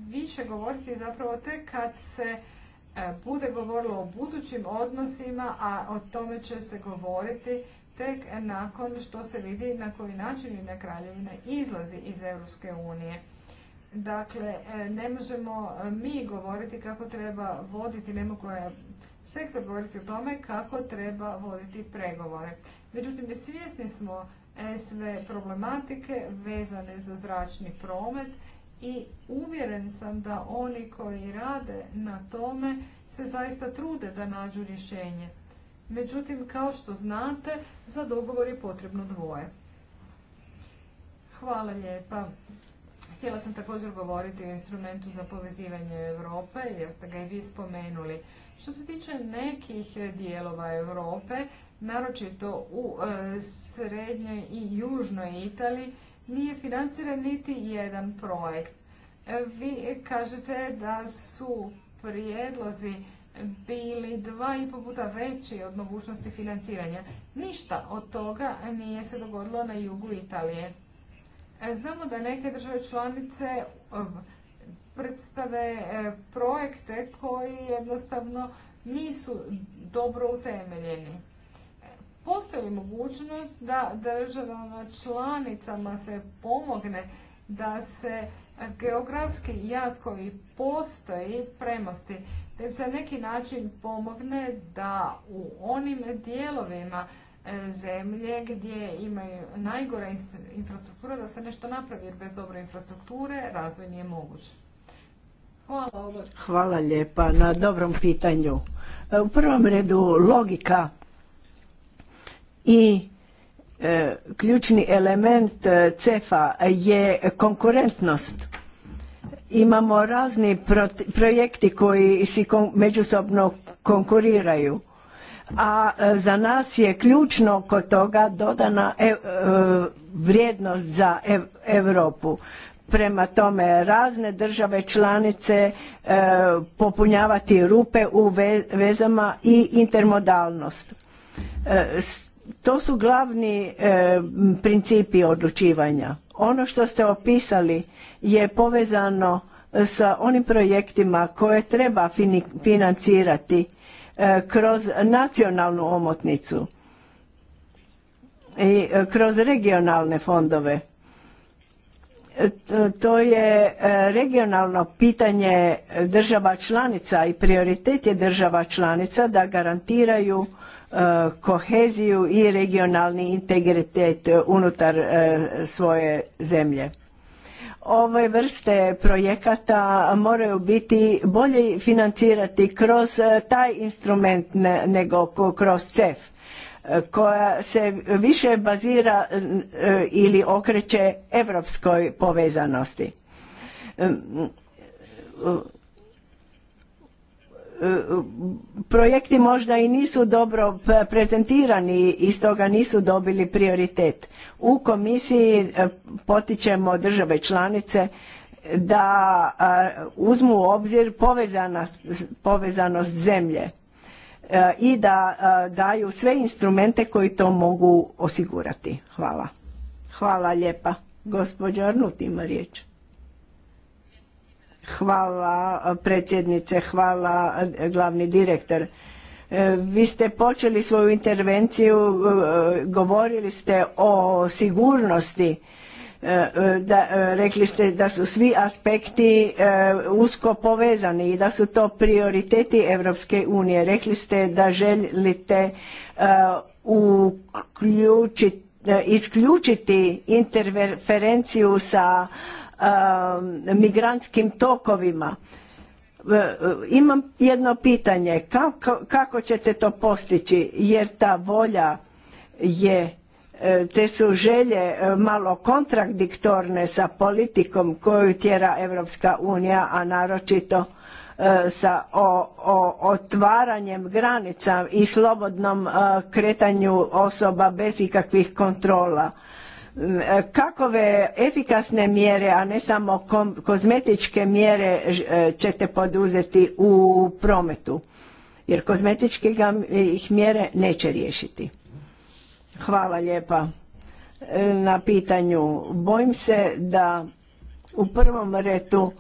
više govoriti zapravo tek kad se e, bude govorilo o budućim odnosima, a o tome će se govoriti tek nakon što se vidi na koji način na kraljevina izlazi iz Europske unije. Dakle, e, ne možemo e, mi govoriti kako treba voditi, ne mogu sektor govoriti o tome kako treba voditi pregovore. Međutim, svjesni smo sve problematike vezane za zračni promet i uvjeren sam da oni koji rade na tome se zaista trude da nađu rješenje. Međutim, kao što znate, za dogovor je potrebno dvoje. Hvala lijepa. Htjela sam također govoriti o instrumentu za povezivanje Europe, jer ste ga i vi spomenuli. Što se tiče nekih dijelova Europe, naročito u e, srednjoj i južnoj Italiji, nije financiran niti jedan projekt. E, vi kažete da su prijedlozi bili dva i po puta veći od mogućnosti financiranja. Ništa od toga nije se dogodilo na jugu Italije. E, znamo da neke države članice e, predstave projekte koji jednostavno nisu dobro utemeljeni. Postoji li mogućnost da državama članicama se pomogne da se geografski jaz koji postoji premosti, da se na neki način pomogne da u onim dijelovima e, zemlje gdje imaju najgora infrastruktura da se nešto napravi jer bez dobre infrastrukture razvoj nije moguć. Hvala. Hvala lijepa na dobrom pitanju. E, u prvom redu logika i e, ključni element e, cefa je konkurentnost imamo razni projekti koji si međusobno konkuriraju a e, za nas je ključno kod toga dodana vrijednost za Europu prema tome razne države članice popunjavati rupe u vezama i intermodalnost to su glavni e, principi odlučivanja. Ono što ste opisali je povezano sa onim projektima koje treba financirati e, kroz nacionalnu omotnicu i e, kroz regionalne fondove. To je regionalno pitanje država članica i prioritet je država članica da garantiraju E, koheziju i regionalni integritet unutar e, svoje zemlje. Ove vrste projekata moraju biti bolje financirati kroz e, taj instrument nego kroz CEF koja se više bazira ili okreće europskoj povezanosti E, projekti možda i nisu dobro prezentirani i stoga nisu dobili prioritet. U komisiji e, potičemo države članice da e, uzmu u obzir povezanost zemlje i da daju sve instrumente koji to mogu osigurati. Hvala. Hvala lijepa. Gospođa Arnut ima riječ. Hvala predsjednice, hvala glavni direktor. E, vi ste počeli svoju intervenciju, e, govorili ste o sigurnosti, e, rekli ste da su svi aspekti usko povezani i da su to prioriteti Europske unije. Rekli ste da želite uključiti, isključiti interferenciju sa Um, migrantskim tokovima. E, e, imam jedno pitanje, kako, kako ćete to postići jer ta volja je e, te su želje malo kontradiktorne sa politikom koju tjera Europska unija, a naročito sa otvaranjem granica i slobodnom kretanju osoba bez ikakvih kontrola kakove efikasne mjere, a ne samo kozmetičke mjere e, ćete poduzeti u prometu? Jer kozmetičke ih mjere neće riješiti. Hvala lijepa e, na pitanju. Bojim se da u prvom retu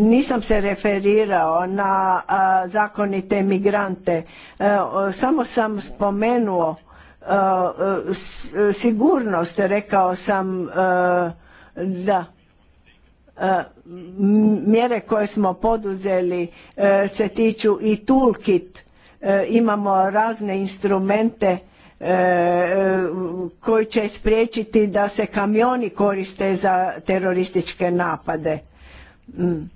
nisam se referirao na zakonite migrante. E, samo sam spomenuo sigurnost, rekao sam eh, da eh, mjere koje smo poduzeli eh, se tiču i toolkit, imamo razne instrumente koji će spriječiti da se kamioni koriste za terorističke napade mm.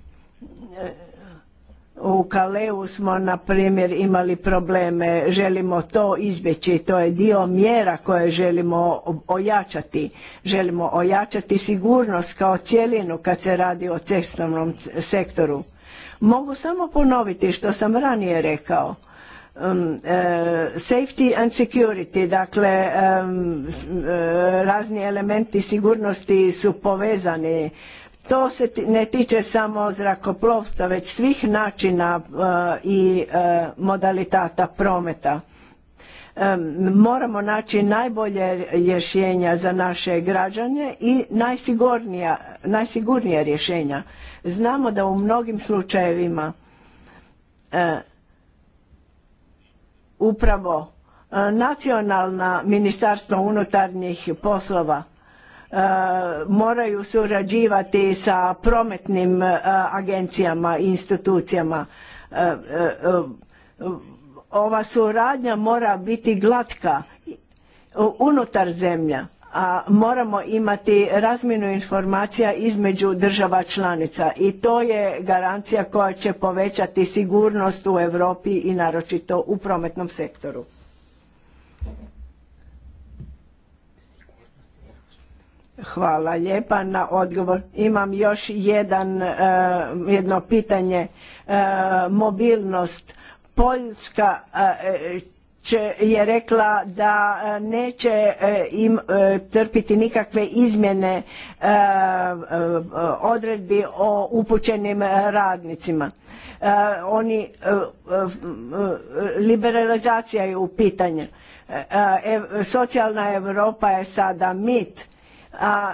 U Kaleu smo, na primjer, imali probleme, želimo to izbjeći, to je dio mjera koje želimo ojačati. Želimo ojačati sigurnost kao cijelinu kad se radi o cestovnom sektoru. Mogu samo ponoviti što sam ranije rekao. Um, e, safety and security, dakle um, razni elementi sigurnosti su povezani to se ne tiče samo zrakoplovstva, već svih načina e, i e, modalitata prometa. E, moramo naći najbolje rješenja za naše građane i najsigurnija, najsigurnija rješenja. Znamo da u mnogim slučajevima upravo nacionalna ministarstva unutarnjih poslova E, moraju surađivati sa prometnim e, agencijama i institucijama. E, ova suradnja mora biti glatka unutar zemlja, a moramo imati razmjenu informacija između država članica i to je garancija koja će povećati sigurnost u Europi i naročito u prometnom sektoru. Hvala lijepa na odgovor. Imam još jedan, e, jedno pitanje. E, mobilnost. Poljska e, je rekla da neće im trpiti nikakve izmjene odredbi o upućenim radnicima. Oni, liberalizacija je u pitanju. Socijalna Europa je sada mit a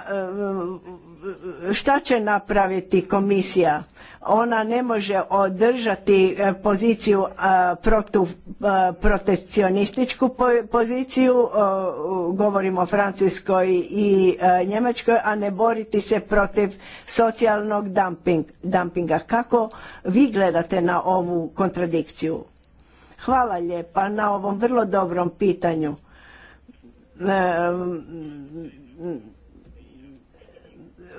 e, šta će napraviti komisija? Ona ne može održati e, poziciju e, protu, protekcionističku poziciju, govorimo o Francuskoj i Njemačkoj, a ne boriti se protiv socijalnog dumpinga. Kako vi gledate na ovu kontradikciju? Hvala lijepa na ovom vrlo dobrom pitanju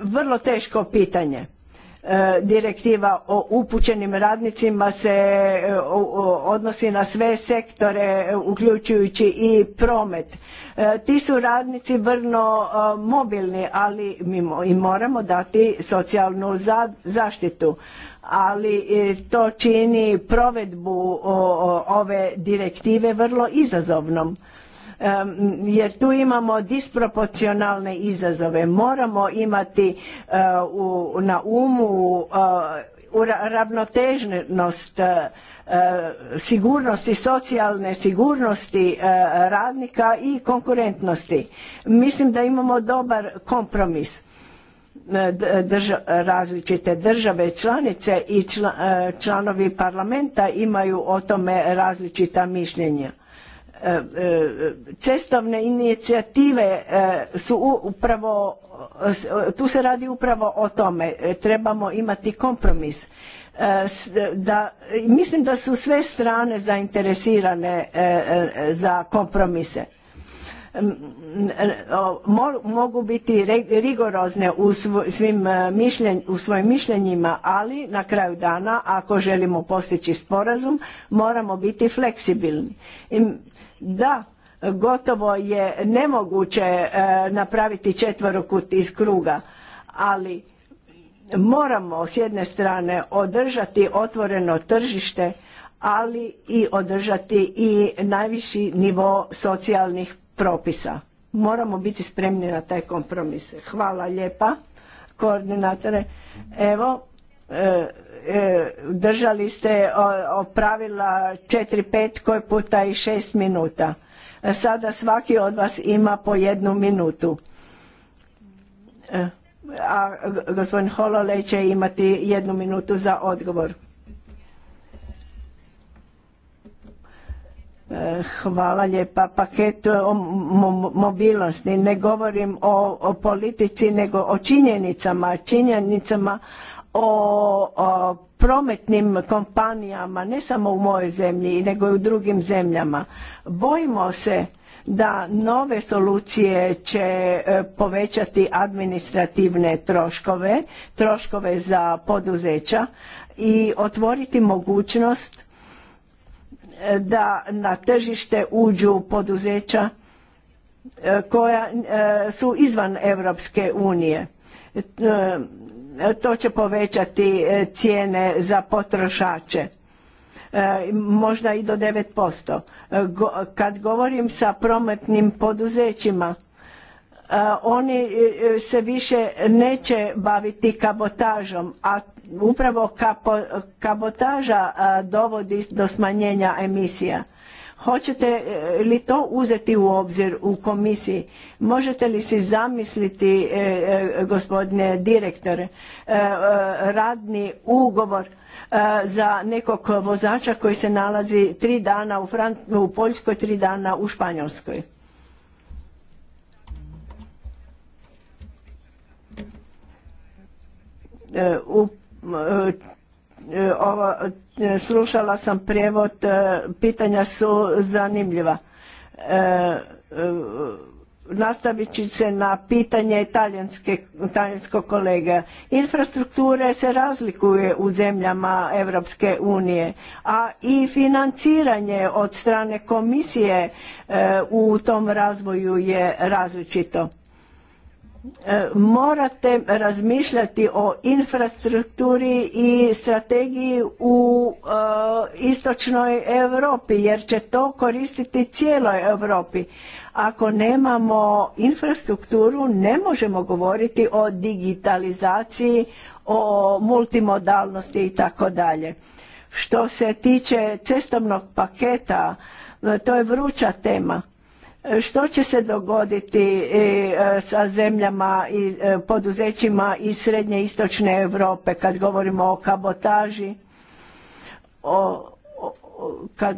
vrlo teško pitanje. E, direktiva o upućenim radnicima se e, odnosi na sve sektore, uključujući i promet. E, ti su radnici vrlo mobilni, ali mi moramo dati socijalnu zaštitu. Ali to čini provedbu ove direktive vrlo izazovnom jer tu imamo disproporcionalne izazove. Moramo imati e, na umu e, ravnotežnost e, sigurnosti, socijalne sigurnosti radnika i konkurentnosti. Mislim da imamo dobar kompromis. različite države članice i članovi parlamenta imaju o tome različita mišljenja E, e, cestovne inicijative e, su upravo, tu se radi upravo o tome, trebamo imati kompromis. mislim da su sve strane zainteresirane za kompromise. Mogu biti rigorozne u, u svojim mišljenjima, ali na kraju dana ako želimo postići sporazum moramo biti fleksibilni. I da, gotovo je nemoguće e, napraviti četvorokut iz kruga, ali moramo s jedne strane održati otvoreno tržište, ali i održati i najviši nivo socijalnih propisa. Moramo biti spremni na taj kompromis. Hvala lijepa koordinatore. Evo, e, E, držali ste pravila 4, 5 koji puta i 6 minuta. E, sada svaki od vas ima po jednu minutu. E, a gospodin Hololej će imati jednu minutu za odgovor. Hvala lijepa. Paket mobilnosti. Ne govorim o, o politici, nego o činjenicama. Činjenicama o prometnim kompanijama ne samo u mojoj zemlji nego i u drugim zemljama. Bojimo se da nove solucije će e, povećati administrativne troškove, troškove za poduzeća i otvoriti mogućnost e, da na tržište uđu poduzeća e, koja su izvan Europske unije to će povećati e, cijene za potrošače e, možda i do 9%. E, kad govorim sa prometnim poduzećima, oni se više neće baviti kabotažom, a upravo kabotaža dovodi do smanjenja emisija. Hoćete e, li to uzeti u obzir u komisiji? Možete li si zamisliti, e, e, gospodine direktore, radni ugovor za nekog vozača koji se nalazi tri dana u, u Poljskoj, tri dana u Španjolskoj? U E, ovo, e, slušala sam prijevod, e, pitanja su zanimljiva. E, nastavit ću se na pitanje talijanskog kolega. Infrastrukture se razlikuje u zemljama Europske unije, a i financiranje od strane komisije u tom razvoju je različito. E, morate razmišljati o infrastrukturi i strategiji u e, istočnoj Europi jer će to koristiti cijeloj Europi. Ako nemamo infrastrukturu ne možemo govoriti o digitalizaciji, o multimodalnosti i tako dalje. Što se tiče cestovnog paketa, e, to je vruća tema što će se dogoditi e, e, sa zemljama i e, poduzećima iz srednje istočne Europe kad govorimo o kabotaži, kad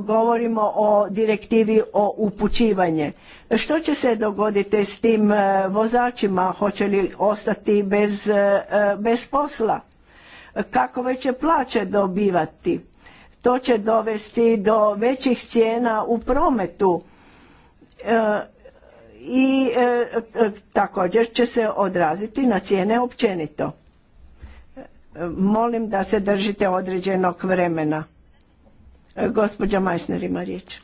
govorimo o direktivi o upućivanje. Što će se dogoditi s tim vozačima? Hoće li ostati bez, posla? Kako će plaće dobivati? To će dovesti do većih cijena u prometu e, i e, e, također će se odraziti na cijene općenito. molim da se držite određenog vremena. Gospođa Majsner ima riječ.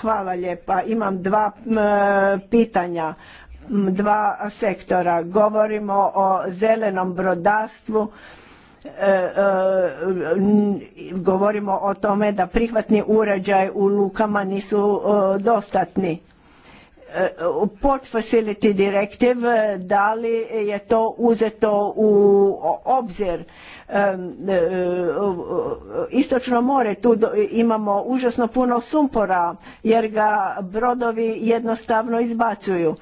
Hvala lijepa. Imam dva pitanja dva sektora. Govorimo o zelenom brodarstvu E, e, govorimo o tome da prihvatni uređaj u lukama nisu e, dostatni. Port Facility Directive, da li je to uzeto u obzir? Istočno more, tu imamo užasno puno sumpora jer ga brodovi jednostavno izbacuju.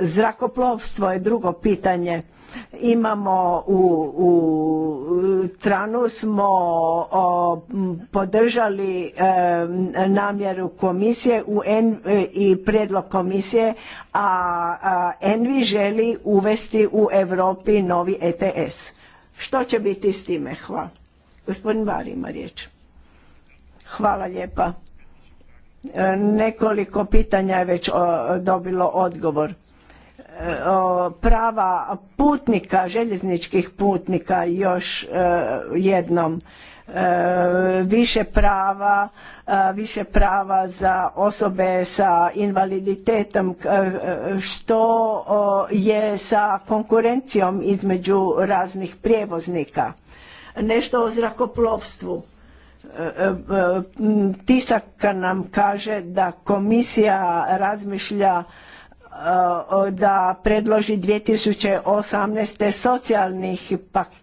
Zrakoplovstvo je drugo pitanje Imamo u, u Tranu smo podržali e, namjeru komisije u en, e, i prijedlog komisije, a, a Envi želi uvesti u Europi novi ETS. Što će biti s time? Hvala. Gospodin Bari ima riječ. Hvala lijepa. E, nekoliko pitanja je već dobilo odgovor E, prava putnika, željezničkih putnika još e, jednom e, više prava, više prava za osobe sa invaliditetom, što je sa konkurencijom između raznih prijevoznika. Nešto o zrakoplovstvu. Tisak nam kaže da komisija razmišlja E, da predloži 2018. socijalnih,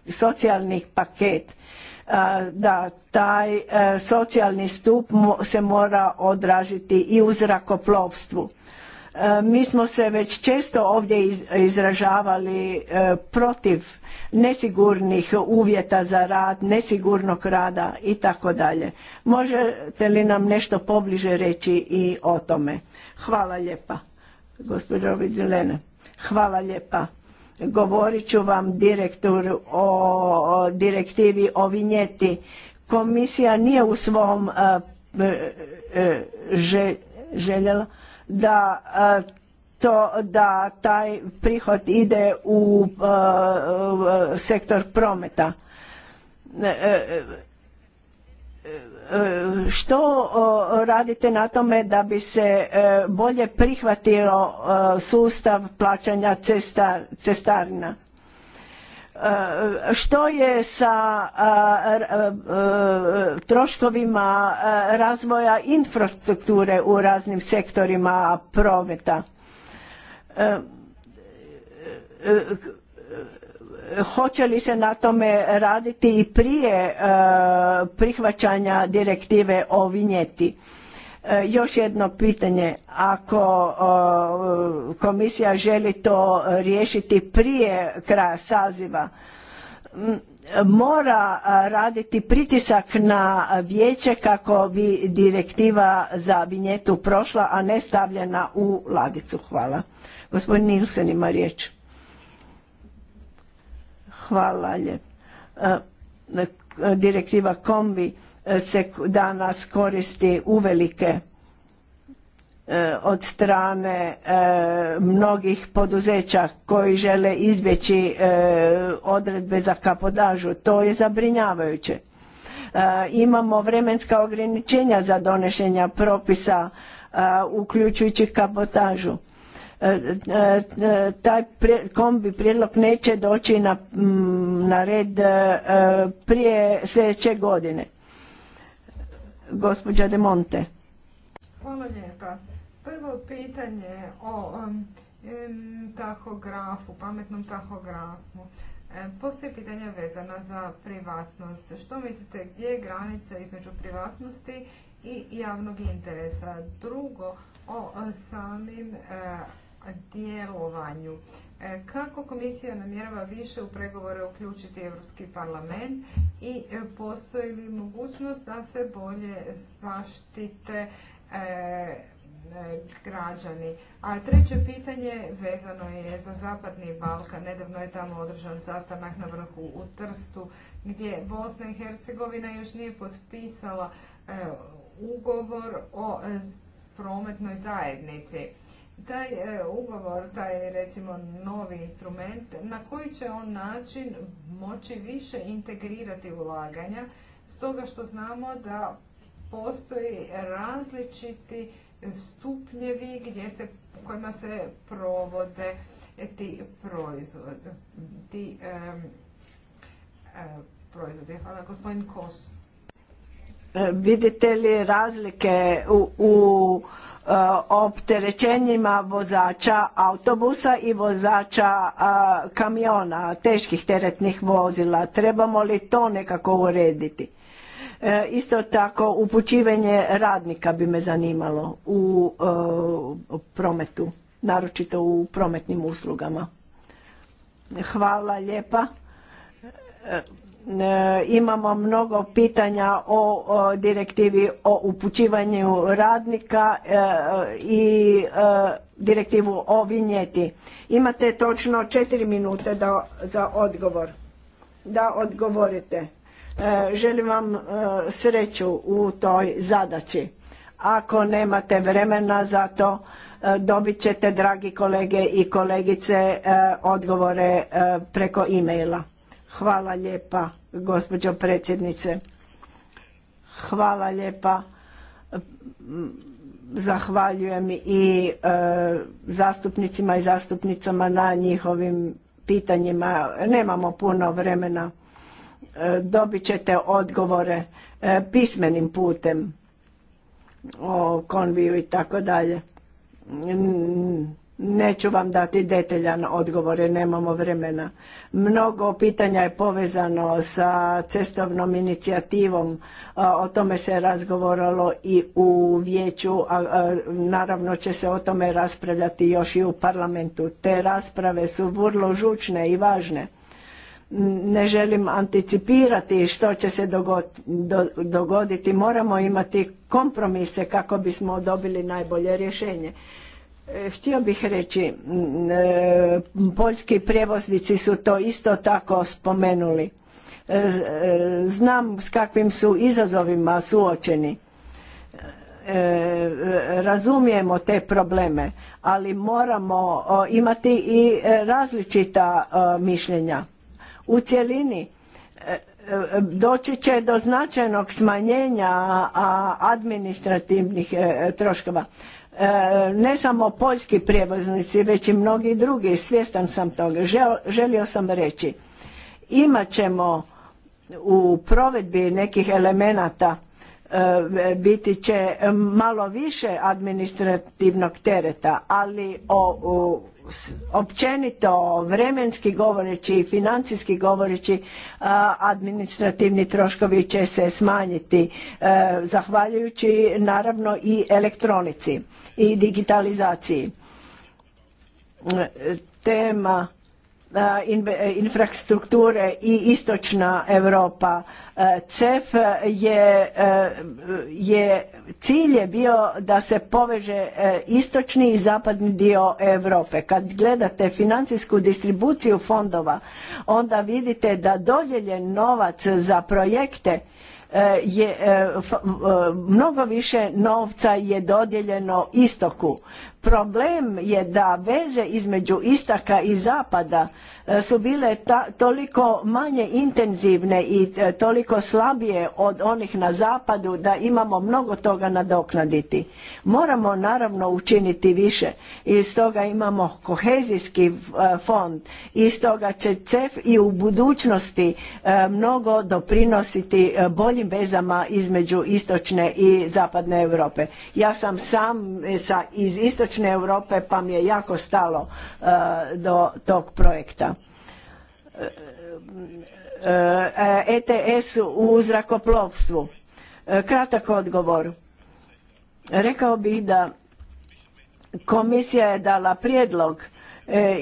socijalnih paket e, da taj e, socijalni stup se mora odražiti i u zrakoplovstvu. Mi smo se već često ovdje izražavali protiv nesigurnih uvjeta za rad, nesigurnog rada i tako dalje. Možete li nam nešto pobliže reći i o tome? Hvala lijepa gospođo Vidjelene. Hvala lijepa. Govorit ću vam direktor o direktivi o vinjeti. Komisija nije u svom e, e, e, željela da to da taj prihod ide u sektor prometa. E, što radite na tome da bi se e, bolje prihvatio e, sustav plaćanja cesta, cestarina? Što je sa troškovima razvoja infrastrukture u raznim sektorima prometa? hoće li se na tome raditi i prije e, prihvaćanja direktive o vinjeti? E, još jedno pitanje, ako komisija želi to riješiti prije kraja saziva, mora raditi pritisak na vijeće kako bi direktiva za vinjetu prošla, a ne stavljena u ladicu. Hvala. Gospodin Nilsen ima riječ. Hvala lijepo. E, direktiva kombi e, se danas koristi uvelike e, od strane mnogih poduzeća koji žele izbjeći odredbe za kapodažu. To je zabrinjavajuće. Imamo vremenska ograničenja za donošenja propisa uključujući kapotažu taj kombi prijedlog neće doći na, mm, red e, prije sljedeće godine. Gospođa De Monte. Hvala lijepa. Prvo pitanje o um, tahografu, pametnom tahografu. E, Postoje pitanja vezana za privatnost. Što mislite, gdje je granica između privatnosti i javnog interesa? Drugo, o samim e, djelovanju. E, kako komisija namjerava više u pregovore uključiti Europski parlament i e, postoji li mogućnost da se bolje zaštite e, građani. A treće pitanje vezano je za Zapadni Balkan. Nedavno je tamo održan sastanak na vrhu u Trstu gdje Bosna i Hercegovina još nije potpisala ugovor o prometnoj zajednici. Taj e, ugovor, taj recimo novi instrument, na koji će on način moći više integrirati ulaganja, stoga što znamo da postoji različiti stupnjevi gdje se, kojima se provode ti proizvod, ti e, proizvodi. Hvala, gospodin Kos. E, vidite li razlike u, u E, opterećenjima vozača autobusa i vozača e, kamiona, teških teretnih vozila. Trebamo li to nekako urediti? E, isto tako upućivanje radnika bi me zanimalo u prometu, naročito u prometnim uslugama. Hvala lijepa. E, imamo mnogo pitanja o direktivi o upućivanju radnika e, i e, direktivu o vinjeti. Imate točno četiri minute da, za odgovor. Da odgovorite. Želim vam sreću u toj zadaći. Ako nemate vremena za to, dobit ćete, dragi kolege i kolegice, odgovore preko e-maila. Hvala lijepa, gospođo predsjednice. Hvala lijepa. Zahvaljujem i e, zastupnicima i zastupnicama na njihovim pitanjima. Nemamo puno vremena. E, dobit ćete odgovore e, pismenim putem o konviju i tako dalje. Neću vam dati detaljan odgovor jer nemamo vremena. Mnogo pitanja je povezano sa cestovnom inicijativom. O tome se razgovoralo i u vijeću, a naravno će se o tome raspravljati još i u parlamentu. Te rasprave su vrlo žučne i važne. Ne želim anticipirati što će se dogoditi. Moramo imati kompromise kako bismo dobili najbolje rješenje. Htio bih reći, e, poljski prijevoznici su to isto tako spomenuli. E, znam s kakvim su izazovima suočeni. E, razumijemo te probleme, ali moramo imati i različita mišljenja. U cjelini doći će do značajnog smanjenja administrativnih troškova E, ne samo poljski prijevoznici, već i mnogi drugi, svjestan sam toga. Želio sam reći, imat ćemo u provedbi nekih elemenata e, biti će malo više administrativnog tereta, ali o, o općenito vremenski govoreći i financijski govoreći administrativni troškovi će se smanjiti e, zahvaljujući naravno i elektronici i digitalizaciji. Tema infrastrukture i istočna Europa CEF je, eh, je cilj je bio da se poveže eh, istočni i zapadni dio Europe. Kad gledate financijsku distribuciju fondova, onda vidite da dodjeljen novac za projekte eh, je mnogo više novca je dodijeljeno istoku Problem je da veze između istaka i zapada e, su bile toliko manje intenzivne i e, toliko slabije od onih na zapadu da imamo mnogo toga nadoknaditi. Moramo naravno učiniti više i stoga imamo kohezijski e, fond i stoga će CEF i u budućnosti mnogo doprinositi boljim vezama između istočne i zapadne Europe. Ja sam sam sa, iz istočne Istočne Europe pa mi je jako stalo e, do tog projekta. ETS e, e u zrakoplovstvu. Kratak odgovor. Rekao bih da komisija je dala prijedlog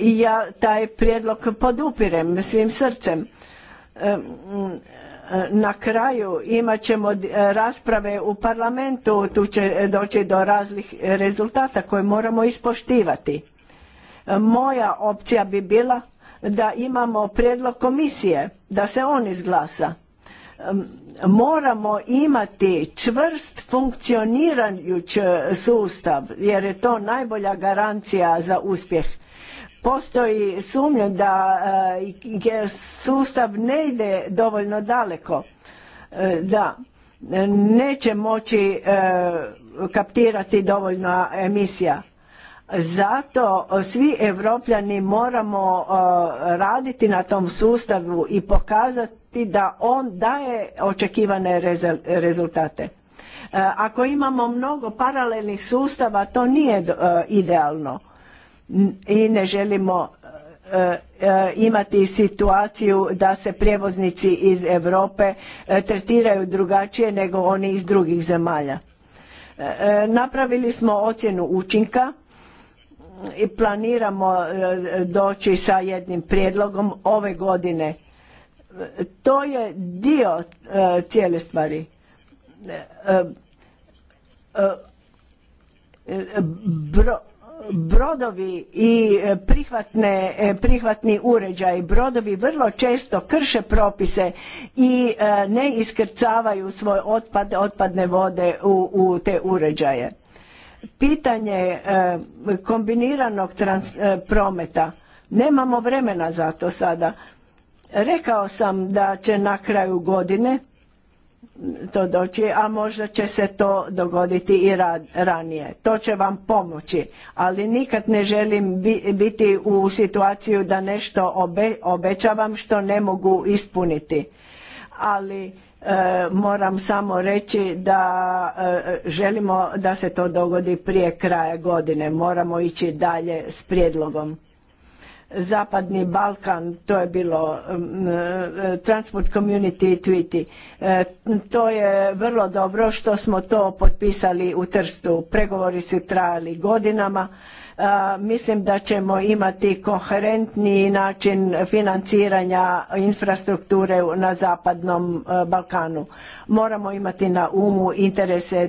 i ja taj prijedlog podupirem svim srcem na kraju imat ćemo eh, rasprave u parlamentu, tu će doći do razlih rezultata koje moramo ispoštivati. Moja opcija bi bila da imamo prijedlog komisije, da se on izglasa. Moramo imati čvrst funkcionirajući sustav, jer je to najbolja garancija za uspjeh postoji sumnja da e, sustav ne ide dovoljno daleko, e, da neće moći e, kaptirati dovoljno emisija. Zato svi evropljani moramo raditi na tom sustavu i pokazati da on daje očekivane rezultate. Ako imamo mnogo paralelnih sustava, to nije idealno i ne želimo e, e, imati situaciju da se prijevoznici iz Europe e, tretiraju drugačije nego oni iz drugih zemalja. Napravili smo ocjenu učinka i planiramo doći sa jednim prijedlogom ove godine. To je dio cijele stvari. Bro, brodovi i e, e, prihvatni uređaj, brodovi vrlo često krše propise i e, ne iskrcavaju svoj otpad, otpadne vode u, te uređaje. Pitanje kombiniranog prometa, nemamo vremena za to sada. Rekao sam da će na kraju godine to doći, a možda će se to dogoditi i ranije. To će vam pomoći, ali nikad ne želim biti u situaciju da nešto obe, obećavam što ne mogu ispuniti. Ali e, moram samo reći da e, želimo da se to dogodi prije kraja godine. Moramo ići dalje s prijedlogom. Zapadni Balkan, to je bilo um, uh, Transport Community Treaty. Uh, to je vrlo dobro što smo to potpisali u Trstu. Pregovori su trajali godinama. Uh, mislim da ćemo imati koherentni način financiranja infrastrukture na Zapadnom Balkanu. Moramo imati na umu interese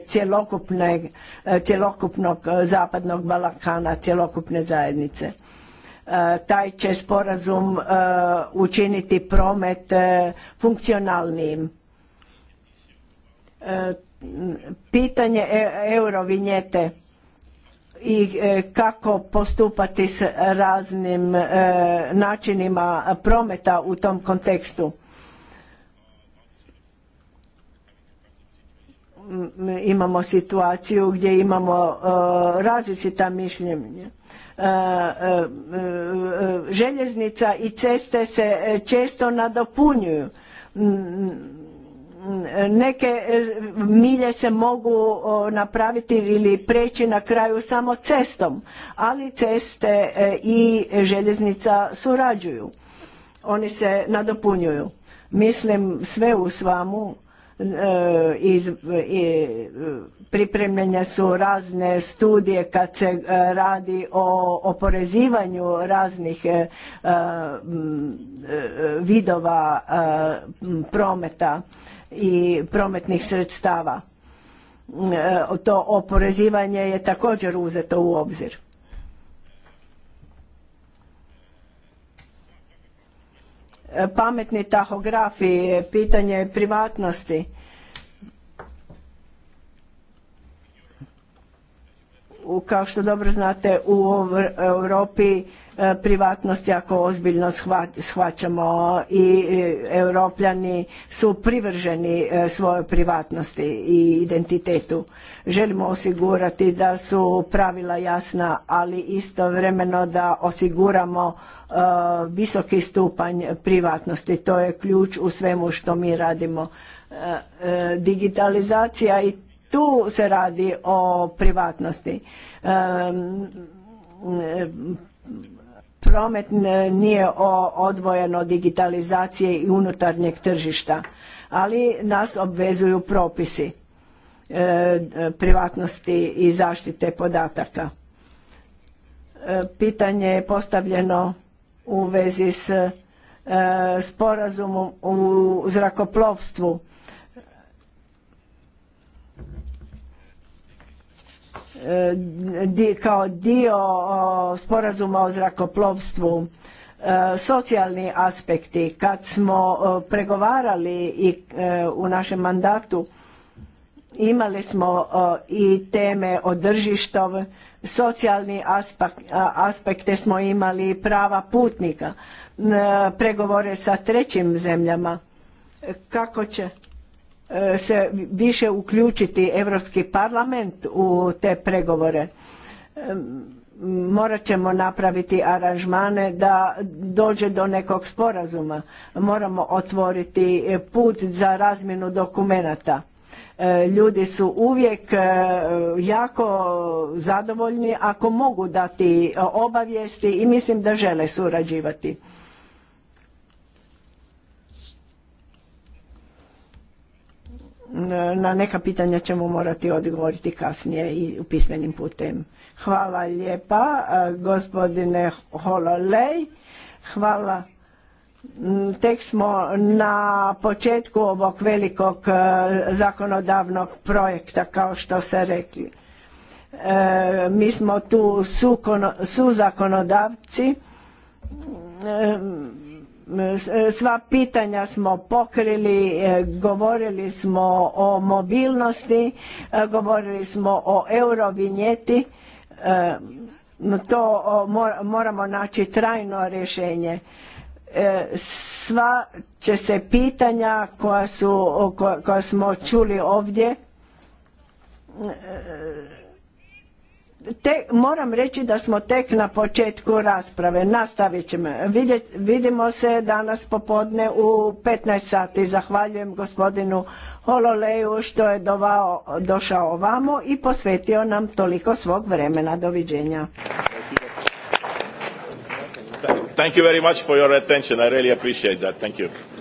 cjelokupnog Zapadnog Balkana, cjelokupne zajednice. E, taj će sporazum e, učiniti promet e, funkcionalnijim. Pitanje eurovinjete i kako postupati s raznim načinima prometa u tom kontekstu. Imamo situaciju gdje imamo različita mišljenja E, e, e, željeznica i ceste se često nadopunjuju mm, mm, neke milje se mogu napraviti ili preći na kraju samo cestom ali ceste i željeznica surađuju oni se nadopunjuju mislim sve u svamu iz, pripremljene su razne studije kad se e, radi o oporezivanju raznih e, e, vidova prometa i prometnih sredstava. To oporezivanje je također uzeto u obzir. Pametni tahografi, pitanje privatnosti kao što dobro znate u Europi e, privatnost jako ozbiljno shvaćamo i e, europljani su privrženi e, svojoj privatnosti i identitetu. Želimo osigurati da su pravila jasna, ali istovremeno da osiguramo visoki stupanj privatnosti. To je ključ u svemu što mi radimo digitalizacija i tu se radi o privatnosti. Promet nije odvojen od digitalizacije i unutarnjeg tržišta, ali nas obvezuju propisi e, privatnosti i zaštite podataka. E, pitanje je postavljeno u vezi s e, sporazumom u zrakoplovstvu kao dio sporazuma o zrakoplovstvu e, socijalni aspekti kad smo pregovarali i e, u našem mandatu imali smo i teme o socijalni aspekte smo imali prava putnika e, pregovore sa trećim zemljama kako će se više uključiti Europski parlament u te pregovore. Morat ćemo napraviti aranžmane da dođe do nekog sporazuma. Moramo otvoriti put za razmjenu dokumenata. E, ljudi su uvijek e, jako zadovoljni ako mogu dati obavijesti i mislim da žele surađivati na neka pitanja ćemo morati odgovoriti kasnije i u pismenim putem. Hvala lijepa gospodine Hololej. Hvala. Mm, tek smo na početku ovog velikog zakonodavnog projekta kao što se rekli. E, mi smo tu su, zakonodavci. E, Sva pitanja smo pokrili, e, govorili smo o mobilnosti, e, govorili smo o eurovinjeti, e, to moramo naći trajno rješenje. Sva će se pitanja koja, smo čuli ovdje moram reći da smo tek na početku rasprave. Nastavit ćemo. vidimo se danas popodne u 15 sati. Zahvaljujem gospodinu Hololeju što je dovao, došao ovamo i posvetio nam toliko svog vremena. Doviđenja. Thank you very much for your attention. I really appreciate that. Thank you.